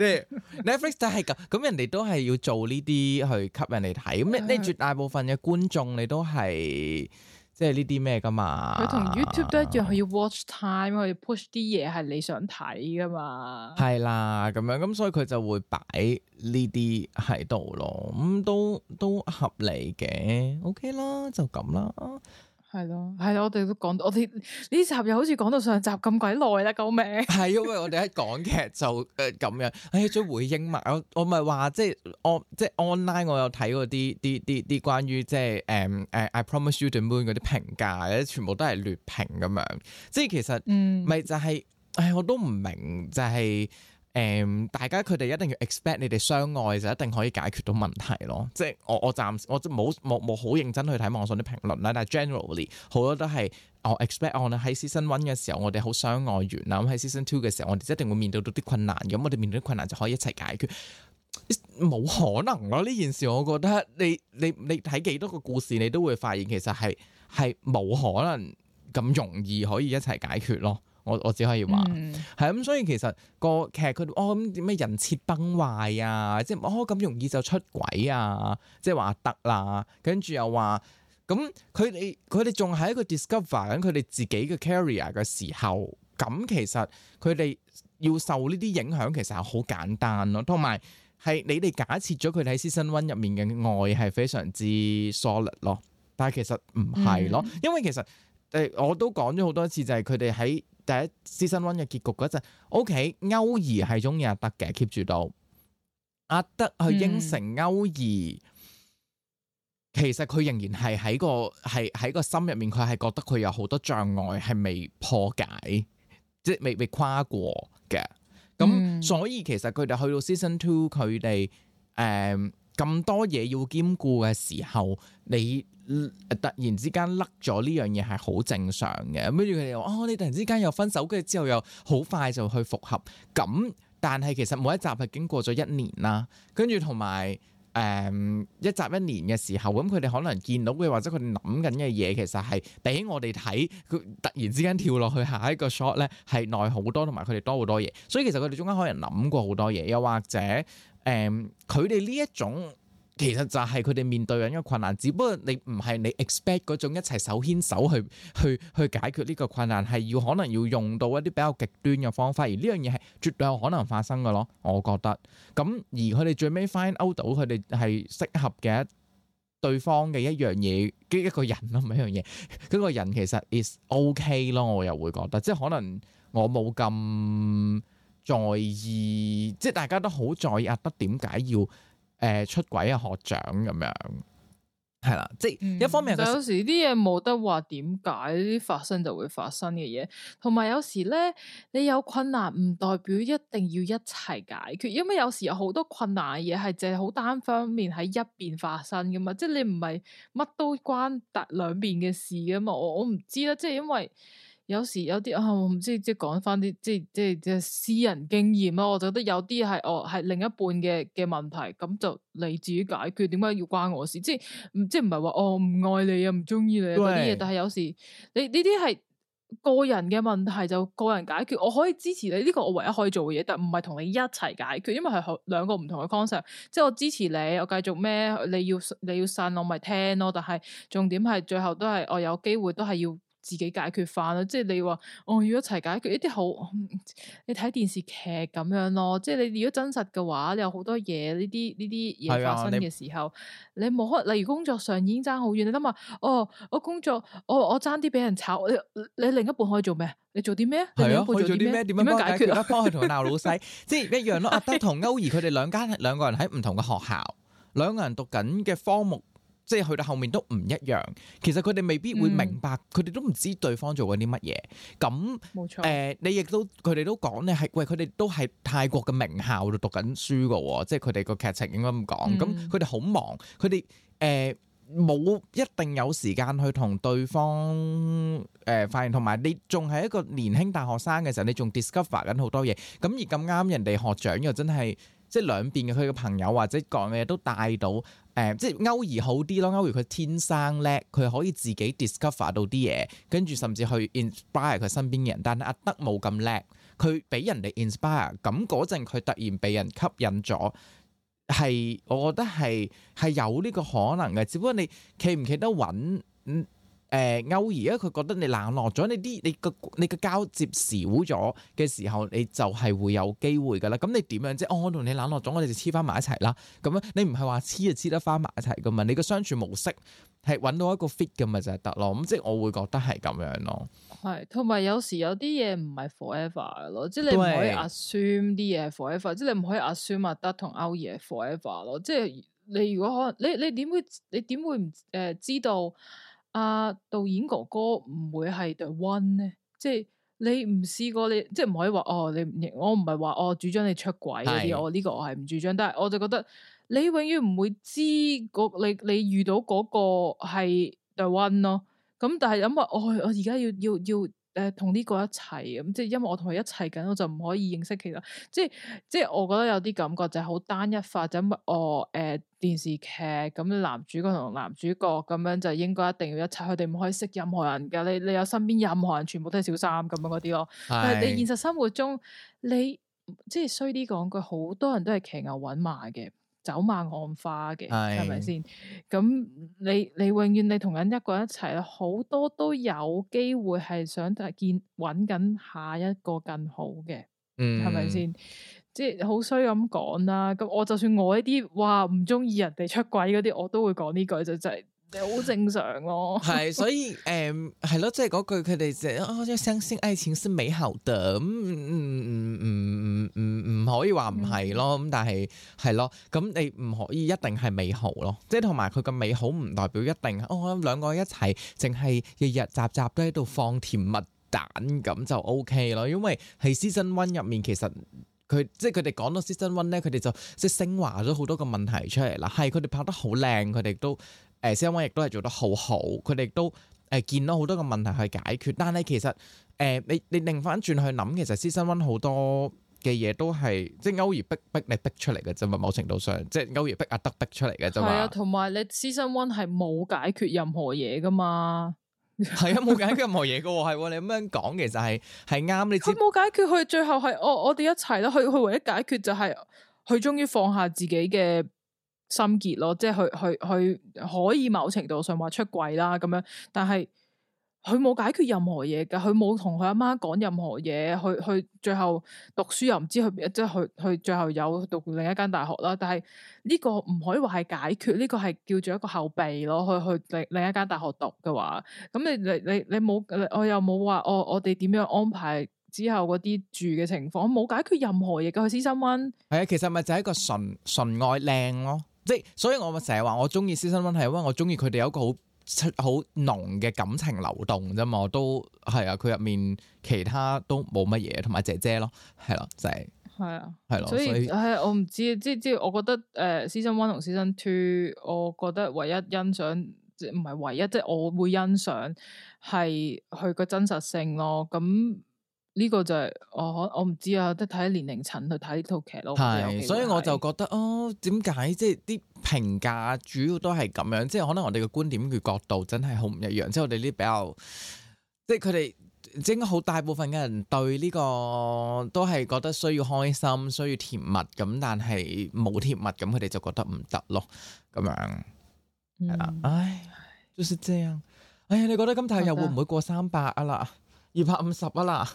即係 *laughs* Netflix 就都係咁，咁人哋都係要做呢啲去吸引你睇。咁你 *laughs* 你絕大部分嘅觀眾你都係即係呢啲咩噶嘛？佢同 YouTube 都一樣，佢要 watch time，佢要 push 啲嘢係你想睇噶嘛？係啦，咁樣，咁所以佢就會擺呢啲喺度咯。咁、嗯、都都合理嘅，OK 啦，就咁啦。係咯，係啦，我哋都講到，我哋呢集又好似講到上集咁鬼耐啦，救命！係 *laughs* 因為我哋喺講劇就誒咁、呃、樣，誒再回應嘛。我我咪話即係我即係 online，我有睇過啲啲啲啲關於即係誒誒，I promise you the moon 嗰啲評價，有全部都係劣評咁樣。即係其實，嗯，咪就係、是，誒、哎，我都唔明，就係、是。誒，um, 大家佢哋一定要 expect 你哋相愛就一定可以解決到問題咯。即係我我暫時我冇冇好認真去睇網上啲評論啦。但係 generally 好多都係我 expect 我喺 season one 嘅時候我哋好相愛完啦。咁喺 season two 嘅時候我哋一定會面對到啲困難。咁我哋面對啲困難就可以一齊解決。冇可能咯呢件事，我覺得你你你睇幾多個故事，你都會發現其實係係冇可能咁容易可以一齊解決咯。我我只可以話，係咁、嗯，所以其實個劇佢哦咁點咩人設崩壞啊，即係哦咁容易就出軌啊，即係話得啦，跟住又話，咁佢哋佢哋仲係一個 discover 緊佢哋自己嘅 career 嘅時候，咁其實佢哋要受呢啲影響其實係好簡單咯，同埋係你哋假設咗佢哋喺 season 1入面嘅愛係非常之 solid 咯，但係其實唔係咯，嗯、因為其實。誒，我都講咗好多次，就係佢哋喺第一 season one 嘅結局嗰陣，OK，歐兒係中意阿德嘅 keep 住到，阿德去應承歐兒，嗯、其實佢仍然係喺個係喺個心入面，佢係覺得佢有好多障礙係未破解，即係未未，未跨過嘅。咁、嗯、所以其實佢哋去到 season two，佢哋誒咁多嘢要兼顧嘅時候，你。突然之間甩咗呢樣嘢係好正常嘅，跟住佢哋話：哦，你突然之間又分手，跟住之後又好快就去復合。咁但係其實每一集係經過咗一年啦，跟住同埋誒一集一年嘅時候，咁佢哋可能見到嘅或者佢哋諗緊嘅嘢，其實係比起我哋睇佢突然之間跳落去下一個 shot 咧，係耐好多，同埋佢哋多好多嘢。所以其實佢哋中間可能諗過好多嘢，又或者誒佢哋呢一種。其實就係佢哋面對緊一個困難，只不過你唔係你 expect 嗰種一齊手牽手去去去解決呢個困難，係要可能要用到一啲比較極端嘅方法，而呢樣嘢係絕對有可能發生嘅咯，我覺得。咁而佢哋最尾 find out 到佢哋係適合嘅一對方嘅一樣嘢，跟一個人咯、啊，唔係一樣嘢。嗰個人其實 is ok 咯，我又會覺得，即係可能我冇咁在意，即係大家都好在意，啊得點解要。誒、呃，出軌啊，學長咁樣，係啦，即係、嗯、一方面、嗯，有時啲嘢冇得話點解啲發生就會發生嘅嘢，同埋有,有時咧，你有困難唔代表一定要一齊解決，因為有時有好多困難嘅嘢係淨係好單方面喺一邊發生噶嘛，即係你唔係乜都關達兩邊嘅事噶嘛，我我唔知啦，即係因為。有時有啲啊，我唔知即係講翻啲，即係即係即係私人經驗咯。我就覺得有啲係我係另一半嘅嘅問題，咁就嚟自己解決。點解要關我事？即係唔即係唔係話我唔愛你啊，唔中意你嗰啲嘢。但係有時你呢啲係個人嘅問題，就個人解決。我可以支持你，呢個我唯一可以做嘅嘢，但唔係同你一齊解決，因為係兩個唔同嘅 concept。即係我支持你，我繼續咩？你要你要散我咪聽咯。但係重點係最後都係我有機會都係要。自己解決翻咯，即係你話哦，要一齊解決一啲好，嗯、你睇電視劇咁樣咯。即係你如果真實嘅話，你有好多嘢呢啲呢啲嘢發生嘅時候，啊、你冇可能。例如工作上已經爭好遠，你諗下，哦，我工作，哦、我我爭啲俾人炒你你，你另一半可以做咩？你做啲咩？係啊，做啲咩？點樣解決？幫佢同佢鬧老細， *laughs* 即係一樣咯。阿德同歐怡佢哋兩間兩個人喺唔同嘅學校，兩個人讀緊嘅科目。即係去到後面都唔一樣，其實佢哋未必會明白，佢哋、嗯、都唔知對方做緊啲乜嘢。咁誒冇錯、呃，你亦都佢哋都講咧係，喂，佢哋都係泰國嘅名校度讀緊書噶喎，即係佢哋個劇情應該咁講。咁佢哋好忙，佢哋誒冇一定有時間去同對方誒、呃、發現，同埋你仲係一個年輕大學生嘅時候，你仲 discover 緊好多嘢。咁而咁啱人哋學長又真係～即係兩邊嘅佢嘅朋友或者講嘅嘢都帶到，誒、呃，即係偶爾好啲咯。偶爾佢天生叻，佢可以自己 discover 到啲嘢，跟住甚至去 inspire 佢身邊嘅人。但係阿德冇咁叻，佢俾人哋 inspire，咁嗰陣佢突然被人吸引咗，係我覺得係係有呢個可能嘅。只不過你企唔企得穩？嗯。誒，勾、呃、兒咧、啊，佢覺得你冷落咗你啲，你個你個交接少咗嘅時候，你就係會有機會噶啦。咁你點樣即哦，我同你冷落咗，我哋就黐翻埋一齊啦。咁樣你唔係話黐就黐得翻埋一齊噶嘛？你個相處模式係揾到一個 fit 咁咪就係得咯。咁即係我會覺得係咁樣咯。係同埋有時有啲嘢唔係 forever 嘅咯，即係你唔可以 assume 啲嘢係 forever，即係你唔可以 assume 得同勾兒係 forever 咯。即係你如果可能，你你點會你點會唔誒、呃呃、知道？知道啊！導演哥哥唔會係 the one 咧，即係你唔試過你，即係唔可以話哦。你我唔係話我主張你出軌呢啲，的我呢個我係唔主張，但係我就覺得你永遠唔會知你你，你遇到嗰個係 the one 咯。咁但係因為哦，我而家要要要。要要誒，同呢個一齊咁，即係因為我同佢一齊緊，我就唔可以認識其他，即係即係我覺得有啲感覺就係好單一化，就因、是、為哦誒、呃、電視劇咁男主角同男主角咁樣就應該一定要一齊，佢哋唔可以識任何人㗎，你你有身邊任何人全部都係小三咁樣嗰啲咯，是但係你現實生活中你即係衰啲講句，好多人都係騎牛搵馬嘅。走馬看花嘅，係咪先？咁你你永遠你同緊一個人一齊啦，好多都有機會係想睇見搵緊下一個更好嘅，係咪先？即係好衰咁講啦。咁我就算我呢啲，哇唔中意人哋出軌嗰啲，我都會講呢句就真係。你好正常咯， *laughs* 係所以誒，係咯，即係嗰句，佢哋就哦，相信愛情是美好的咁，唔唔唔唔唔唔可以話唔係咯，咁但係係咯，咁你唔可以一定係美好咯，即係同埋佢嘅美好唔代表一定哦，我諗兩個一齊淨係日日集集都喺度放甜蜜蛋咁就 OK 咯，因為喺 Season One 入面，其實佢即係佢哋講到 Season One 咧，佢哋就即係升華咗好多嘅問題出嚟。啦係佢哋拍得好靚，佢哋都。誒 season one 亦都係做得好好，佢哋都誒見到好多嘅問題去解決，但係其實誒，你你擰翻轉去諗，其實 season one 好多嘅嘢都係即係偶然逼逼你逼出嚟嘅啫，某程度上即係偶然逼阿得逼出嚟嘅啫嘛。係啊，同埋你 season one 係冇解決任何嘢噶嘛？係啊，冇解決任何嘢噶，係你咁樣講，其實係係啱。你佢冇解決，佢最後係我我哋一齊咯，佢佢唯一解決就係佢終於放下自己嘅心結咯，即係佢佢佢可以某程度上話出軌啦咁樣，但係佢冇解決任何嘢嘅，佢冇同佢阿媽講任何嘢，佢佢最後讀書又唔知佢即係佢佢最後有讀另一間大學啦，但係呢個唔可以話係解決，呢個係叫做一個後備咯。去去另另一間大學讀嘅話，咁你你你你冇，又我又冇話我我哋點樣安排之後嗰啲住嘅情況，冇解決任何嘢嘅。佢私心灣，係啊，其實咪就係一個純純愛靚咯。即係，所以我咪成日話我中意《師生 One》係，因為我中意佢哋有一個好好濃嘅感情流動啫嘛。我都係啊，佢入面其他都冇乜嘢，同埋姐姐咯，係咯、啊，就係、係、係啊，係咯、啊，所以係以、啊、我唔知，即即係我覺得誒《師、呃、生 One》同《師生 Two》，我覺得唯一欣賞，即唔係唯一，即我會欣賞係佢個真實性咯。咁。呢個就係、是、我我唔知啊，得睇年齡層去睇套劇咯。係是，所以我就覺得哦，點解即係啲評價主要都係咁樣？即、就、係、是、可能我哋嘅觀點嘅角度真係好唔一樣。即、就、係、是、我哋呢啲比較，即係佢哋，即係應該好大部分嘅人對呢、這個都係覺得需要開心，需要甜蜜咁，但係冇甜蜜咁，佢哋就覺得唔得咯。咁樣係啦、嗯。唉，都、就是這樣。哎呀，你覺得今泰又會唔會過三百啊？啦？二百五十啊啦，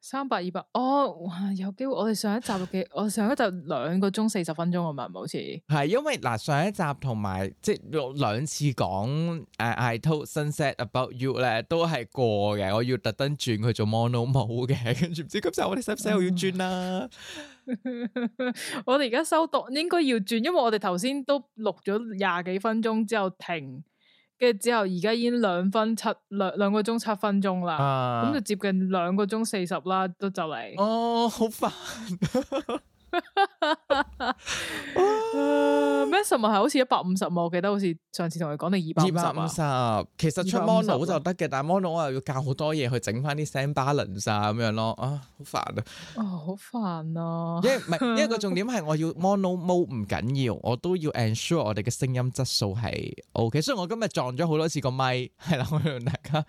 三百二百哦，哇，有機會！我哋上一集嘅， *laughs* 我哋上一集兩個鐘四十分鐘啊嘛，唔好似係，因為嗱、呃、上一集同埋即係兩次講誒、uh,，I told sunset about you 咧，都係過嘅。我要特登轉去做 mono 冇嘅，跟住唔知今集我哋使唔使 *laughs* 要轉啦、啊。 *laughs* 我哋而家收到，應該要轉，因為我哋頭先都錄咗廿幾分鐘之後停。跟住之後，而家已經兩分七兩兩個鐘七分鐘啦，咁、uh, 就接近兩個鐘四十啦，都就嚟。哦、oh, 很，好煩。十目係好似一百五十目，我記得好似上次同佢講你二百五十。250, 250, 吧其實出 mono 就得嘅，但係 mono 我又要教好多嘢去整翻啲 sound balance 啊，咁樣咯，啊，好煩啊。哦，好煩啊。 *laughs* 因為唔係，因為個重點係我要 mono mode 唔緊要，我都要 ensure 我哋嘅聲音質素係 ok。所以我今日撞咗好多次個咪，係啦，我希望大家。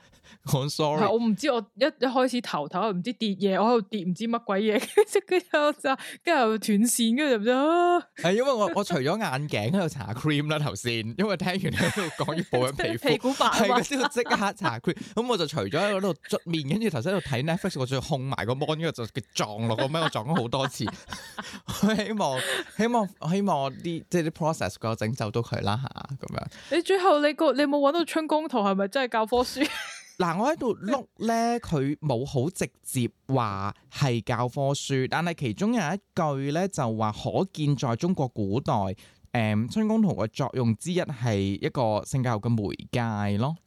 sorry，我唔知我一一開始頭頭唔知跌嘢，我喺度跌唔知乜鬼嘢，跟住跟住我就跟住斷線，跟住唔知係因為我我除咗眼鏡喺度搽 cream 啦頭先，因為聽完喺度講要保養皮膚，係喺度即刻搽 cream。咁 *laughs* 我就除咗喺度捽面，跟住頭先喺度睇 Netflix，我仲要控埋個 mon，因為就撞落個咩？我撞咗好多次。 *laughs* *laughs* 我希望，希望，希望啲即係啲 process，我整就到佢啦吓咁樣。你最後你個你冇搵到春宮圖，係咪真係教科書？ *laughs* 嗱，我喺度碌 o 咧，佢冇好直接話係教科書，但係其中有一句咧就話，可見在中國古代，誒、嗯、春宮圖嘅作用之一係一個性教育嘅媒介咯，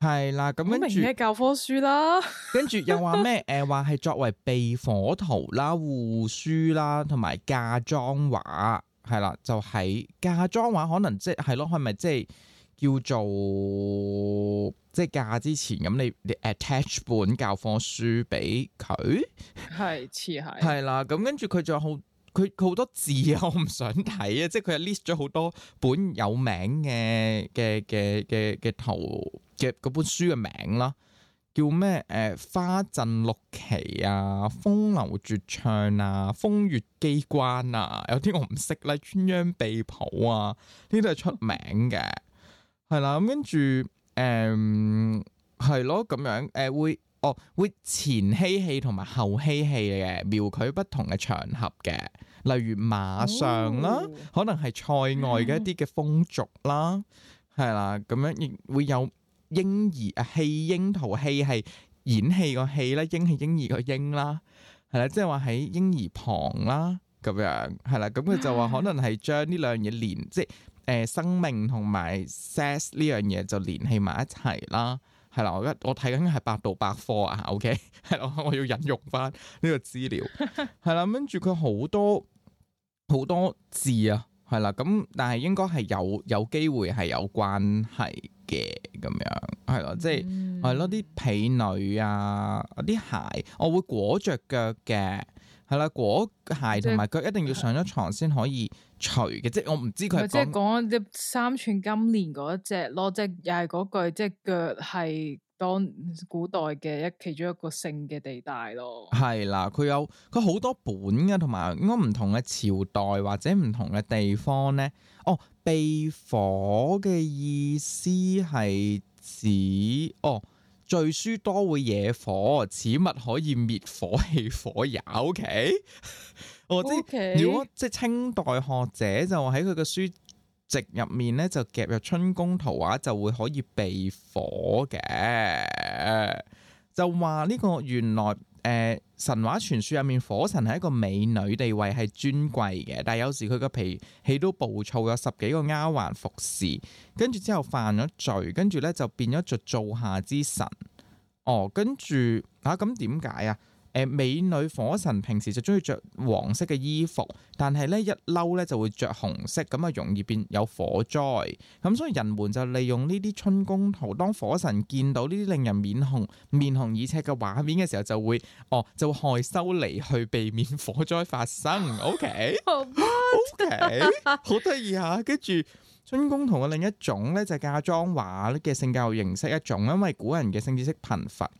係 *laughs* 啦，咁跟住咩教科書啦， *laughs* 跟住又話咩？誒話係作為避火圖啦、護書啦，同埋嫁妝畫，係啦，就係、是、嫁妝畫可能即係咯，係咪即係叫做？即係嫁之前咁，你你 attach 本教科書俾佢，係似係，係啦。 *laughs* 咁跟住佢仲有好，佢好多字我唔想睇啊！即係佢 list 咗好多本有名嘅嘅嘅嘅嘅圖嘅嗰本書嘅名啦，叫咩？誒、欸、花鎮六奇啊，風流絕唱啊，風月機關啊，有啲我唔識啦，鴛鴦秘譜啊，呢啲係出名嘅，係啦。咁、嗯、跟住。誒，係咯咁樣，誒會哦會前嬉戲同埋後嬉戲嘅，描繪不同嘅場合嘅，例如馬上啦，oh. 可能係塞外嘅一啲嘅風俗啦，係、mm. 啦，咁樣亦會有嬰兒誒戲嬰圖戲，係演戲個戲啦，嬰係嬰兒個嬰啦，係啦，即係話喺嬰兒旁啦，咁樣係啦，咁佢就話可能係將呢兩嘢連、mm. 即係。誒、呃，生命同埋 sex 呢樣嘢就連繫埋一齊啦，係啦，我一我睇緊係百度百科啊，OK，係咯，我要引用翻呢個資料，係啦， *laughs* 跟住佢好多好多字啊，係啦，咁但係應該係有有機會係有關係嘅，咁樣係啦，即係係咯啲婢女啊，啲鞋，我會裹着腳嘅。係啦，果鞋同埋腳一定要上咗床先可以除嘅，即係我唔知佢。即係講三寸金蓮嗰隻咯，即係又係嗰句，即係腳係當古代嘅一其中一個性嘅地帶咯。係啦，佢有佢好多本嘅，同埋應該唔同嘅朝代或者唔同嘅地方咧。哦，避火嘅意思係指哦。聚書多會惹火，此物可以滅火氣火也。O K，哦，即係如果即係清代學者就喺佢嘅書籍入面咧，就夾入春宮圖畫就會可以避火嘅，就話呢個原來。誒、呃，神話傳說入面，火神係一個美女，地位係尊貴嘅，但係有時佢個脾氣都暴躁，有十幾個丫鬟服侍，跟住之後犯咗罪，跟住咧就變咗做灶下之神哦。跟住啊，咁點解啊？呃、美女火神平時就中意着黃色嘅衣服，但係咧一嬲咧就會着紅色，咁啊容易變有火災。咁、嗯、所以人們就利用呢啲春宮圖，當火神見到呢啲令人面紅面紅耳赤嘅畫面嘅時候，就會哦就會害羞離去避免火災發生。OK，好得意下。跟住春宮圖嘅另一種咧就係、是、嫁妝畫嘅性教育形式一種，因為古人嘅性知識貧乏。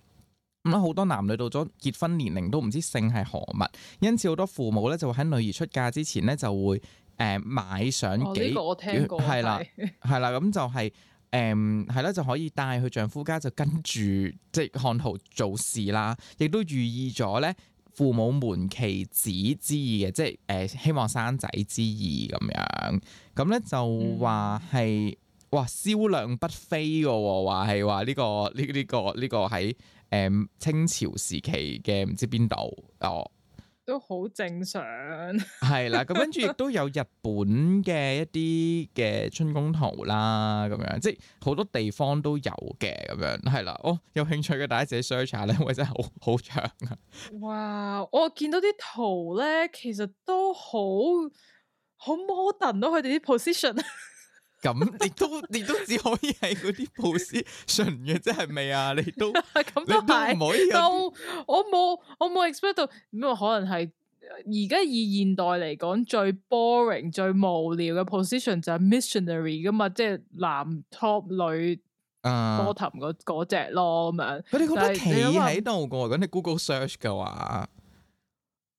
咁好多男女到咗結婚年齡都唔知性係何物，因此好多父母咧就會喺女兒出嫁之前咧就會誒、呃、買上幾，哦這個、我聽過幾個係啦，係啦， *laughs* 咁就係誒係啦，就可以帶佢丈夫家就跟住即係看圖做事啦，亦都寓意咗咧父母門其子之意嘅，即係誒、呃、希望生仔之意咁樣。咁咧就話係、嗯、哇銷量不菲噶，話係話呢個呢呢、這個呢、這個喺。這個誒、嗯，清朝時期嘅唔知邊度哦，oh. 都好正常。係 *laughs* 啦，咁跟住亦都有日本嘅一啲嘅春宮圖啦，咁樣即係好多地方都有嘅，咁樣係啦。哦，oh, 有興趣嘅大家自己 search 下咧，或者好好長啊。哇，wow, 我見到啲圖咧，其實都好好 modern 咯，啊，佢哋啲 position。 *laughs* 咁你都你都只可以係嗰啲 position 嘅，即係咪啊？你都你都唔可以有。都我冇我冇 expect 到，因為可能係而家以現代嚟講最 boring 最無聊嘅 position 就係 missionary 㗎嘛，即係男 top 女啊 bottom 嗰嗰隻咯咁樣。佢哋覺得企喺度㗎，咁你 Google search 㗎話。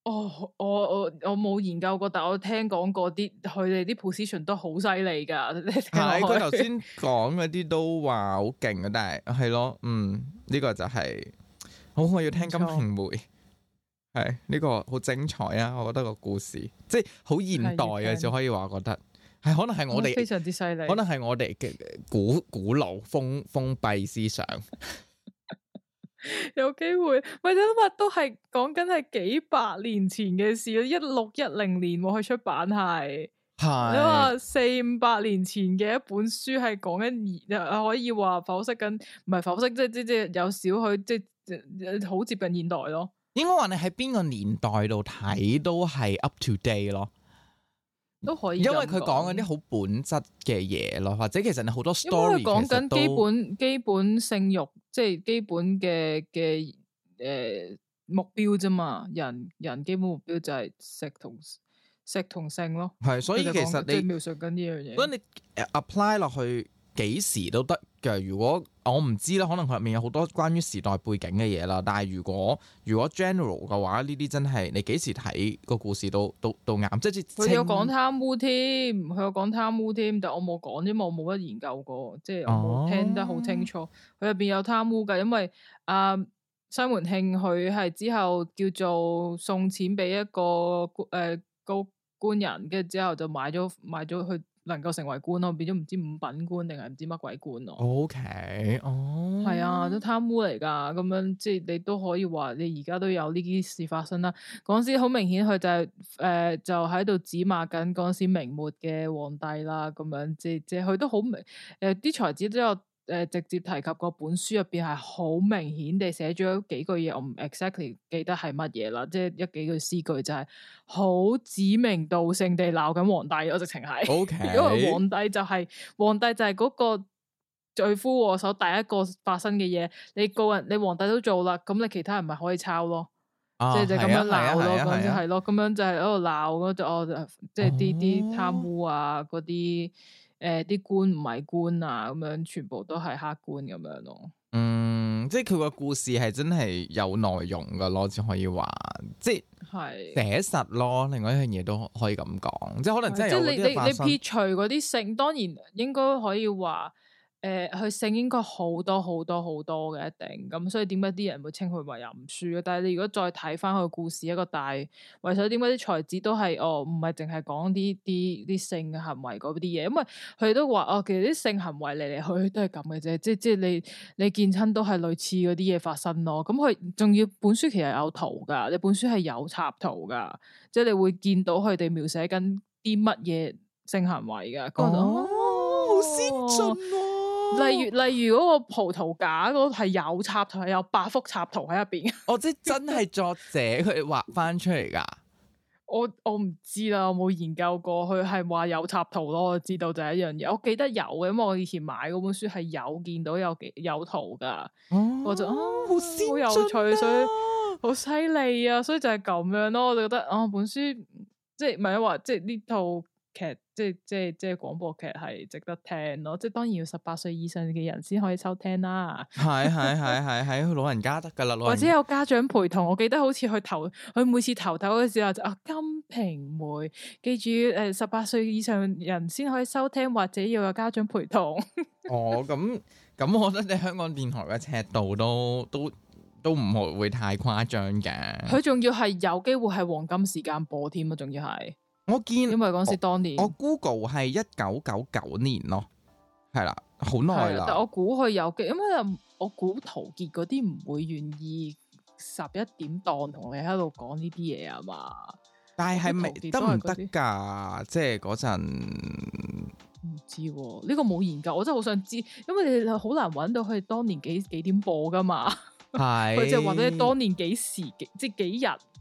哦，我我我冇研究過，但我聽講過啲佢哋啲 position 都好犀利噶。係佢頭先講嗰啲都話好勁啊，但係係咯，ę, 嗯，呢、這個就係、是、好、哦、我要聽金《金瓶梅》哎。係、這、呢個好精彩啊！我覺得個故事即係好現代嘅，就可以話覺得係可能係我哋非常之犀利，可能係我哋嘅 Quốc 古古，古老封封閉思想。 *laughs* 有機會，咪即係諗下，都係講緊係幾百年前嘅事咯，一六一零年去出版係，係你話四五百年前嘅一本書係講緊，可以話剖析緊，唔係剖析，即係即係有少許即係好接近現代咯。應該話你喺邊個年代度睇都係 up to day 咯。都可以，因為佢講緊啲好本質嘅嘢咯，或者其實你好多 story 都講緊基本基本，基本性慾，即係基本嘅嘅誒目標啫嘛。人人基本目標就係食同食同性咯。係，所以其實你描述緊呢樣嘢，咁你 apply 落去。幾時都得嘅。如果我唔知啦，可能佢入面有好多關於時代背景嘅嘢啦。但係如果如果 general 嘅話，呢啲真係你幾時睇個故事都都都啱。即係佢有講貪污添，佢有講貪污添，但我冇講添，我冇乜研究過，即係我聽得好清楚。佢入邊有貪污㗎，因為啊、呃，西門慶佢係之後叫做送錢俾一個誒、呃、高官人，跟住之後就買咗買咗去。能夠成為官咯，變咗唔知五品官定係唔知乜鬼官咯。OK，哦，係啊，都貪污嚟噶，咁樣即係你都可以話，你而家都有呢啲事發生啦。嗰時好明顯佢就誒、係呃、就喺度指罵緊嗰時明末嘅皇帝啦，咁樣即係即係佢都好明誒，啲、呃、才子都有。誒，直接提及個本書入邊係好明顯地寫咗幾句嘢，我唔 exactly 記得係乜嘢啦，即係一幾句詩句就係好指名道姓地鬧緊皇帝，我直情係，Okay. 因為皇帝就係、是、皇帝就係嗰個罪魁禍首，第一個發生嘅嘢，你個人你皇帝都做啦，咁你其他人咪可以抄咯，啊、即係就咁樣鬧咯，咁、啊啊啊啊啊、就係、是、咯，咁、啊啊啊啊、樣就係喺度鬧咁就是，即係啲啲貪污啊嗰啲。誒啲、呃、官唔係官啊，咁樣全部都係黑官咁樣咯。嗯，即係佢個故事係真係有內容噶咯，只可以話，即係寫實咯。另外一樣嘢都可以咁講，即係可能真係即係你你你撇除嗰啲性，當然應該可以話。誒，佢、呃、性應該好多好多好多嘅，一定咁，所以點解啲人會稱佢為淫書嘅？但係你如果再睇翻佢故事一個大，為什麼點解啲才子都係哦？唔係淨係講啲啲啲性嘅行為嗰啲嘢，因為佢哋都話哦，其實啲性行為嚟嚟去去都係咁嘅啫，即係即係你你見親都係類似嗰啲嘢發生咯。咁佢仲要本書其實有圖噶，你本書係有插圖噶，即係你會見到佢哋描寫緊啲乜嘢性行為噶嗰度，哦哦、好先進、啊。例如例如嗰個葡萄架嗰係有插圖，係有八幅插圖喺入邊。哦 *laughs* ，oh, 即係真係作者佢畫翻出嚟噶？？ *laughs* 我我唔知啦，我冇研究過，佢係話有插圖咯。我知道就係一樣嘢，我記得有嘅，因為我以前買嗰本書係有見到有有圖噶。Oh, 我就、oh, 哦、啊好好有趣，所以好犀利啊！所以就係咁樣咯，我就覺得啊、哦，本書即係咪係話即係呢套。劇即係即係即係廣播劇係值得聽咯，即係當然要十八歲以上嘅人先可以收聽啦。係係係係喺老人家得噶啦，或者有家長陪同。我記得好似去投佢每次投投嘅時候就啊，《金瓶梅》，記住誒，十八歲以上人先可以收聽，或者要有家長陪同。 *laughs* 哦，咁咁，我覺得你香港電台嘅尺度都都都唔會會太誇張嘅。佢仲要係有機會係黃金時間播添啊，仲要係。我見，因為嗰陣時當年，我 Google 係一九九九年咯，係啦，好耐啦。但我估佢有嘅，因為我估陶傑嗰啲唔會願意十一點檔同你喺度講呢啲嘢啊嘛。但係係咪得唔得噶？即係嗰陣唔知呢個冇研究，我真係好想知，因為你好難揾到佢當年幾幾點播噶嘛。係，佢就揾到你當年幾時，即係幾日。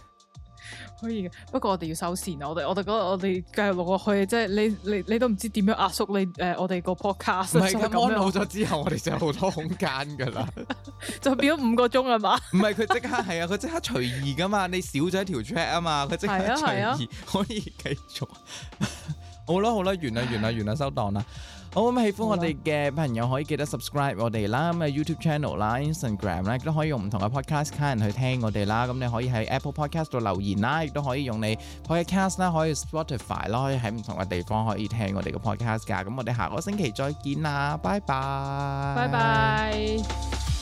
可以，不過我哋要收線啊！我哋我哋覺得我哋繼續錄落去，即係你你你都唔知點樣壓縮你誒、呃、我哋個 podcast。唔係咁老咗之後， *laughs* 我哋就有好多空間㗎啦，就變咗五個鐘係嘛？唔係佢即刻係啊！佢即刻隨意㗎嘛？你少咗條 track 啊嘛？佢即刻隨意可以繼續。 *laughs* *laughs* 好啦好啦，完啦完啦完啦，完啦，收檔啦。好咁、哦嗯，喜歡我哋嘅朋友吧可以記得 subscribe 我哋啦，咁、嗯、啊 YouTube channel 啦、Instagram 啦，都可以用唔同嘅 podcast 卡人去聽我哋啦。咁、嗯、你可以喺 Apple Podcast 度留言啦，亦都可以用你 podcast 啦，可以 Spotify 咯，可以喺唔同嘅地方可以聽我哋嘅 podcast 噶。咁、嗯、我哋下個星期再見啦，拜拜，拜拜。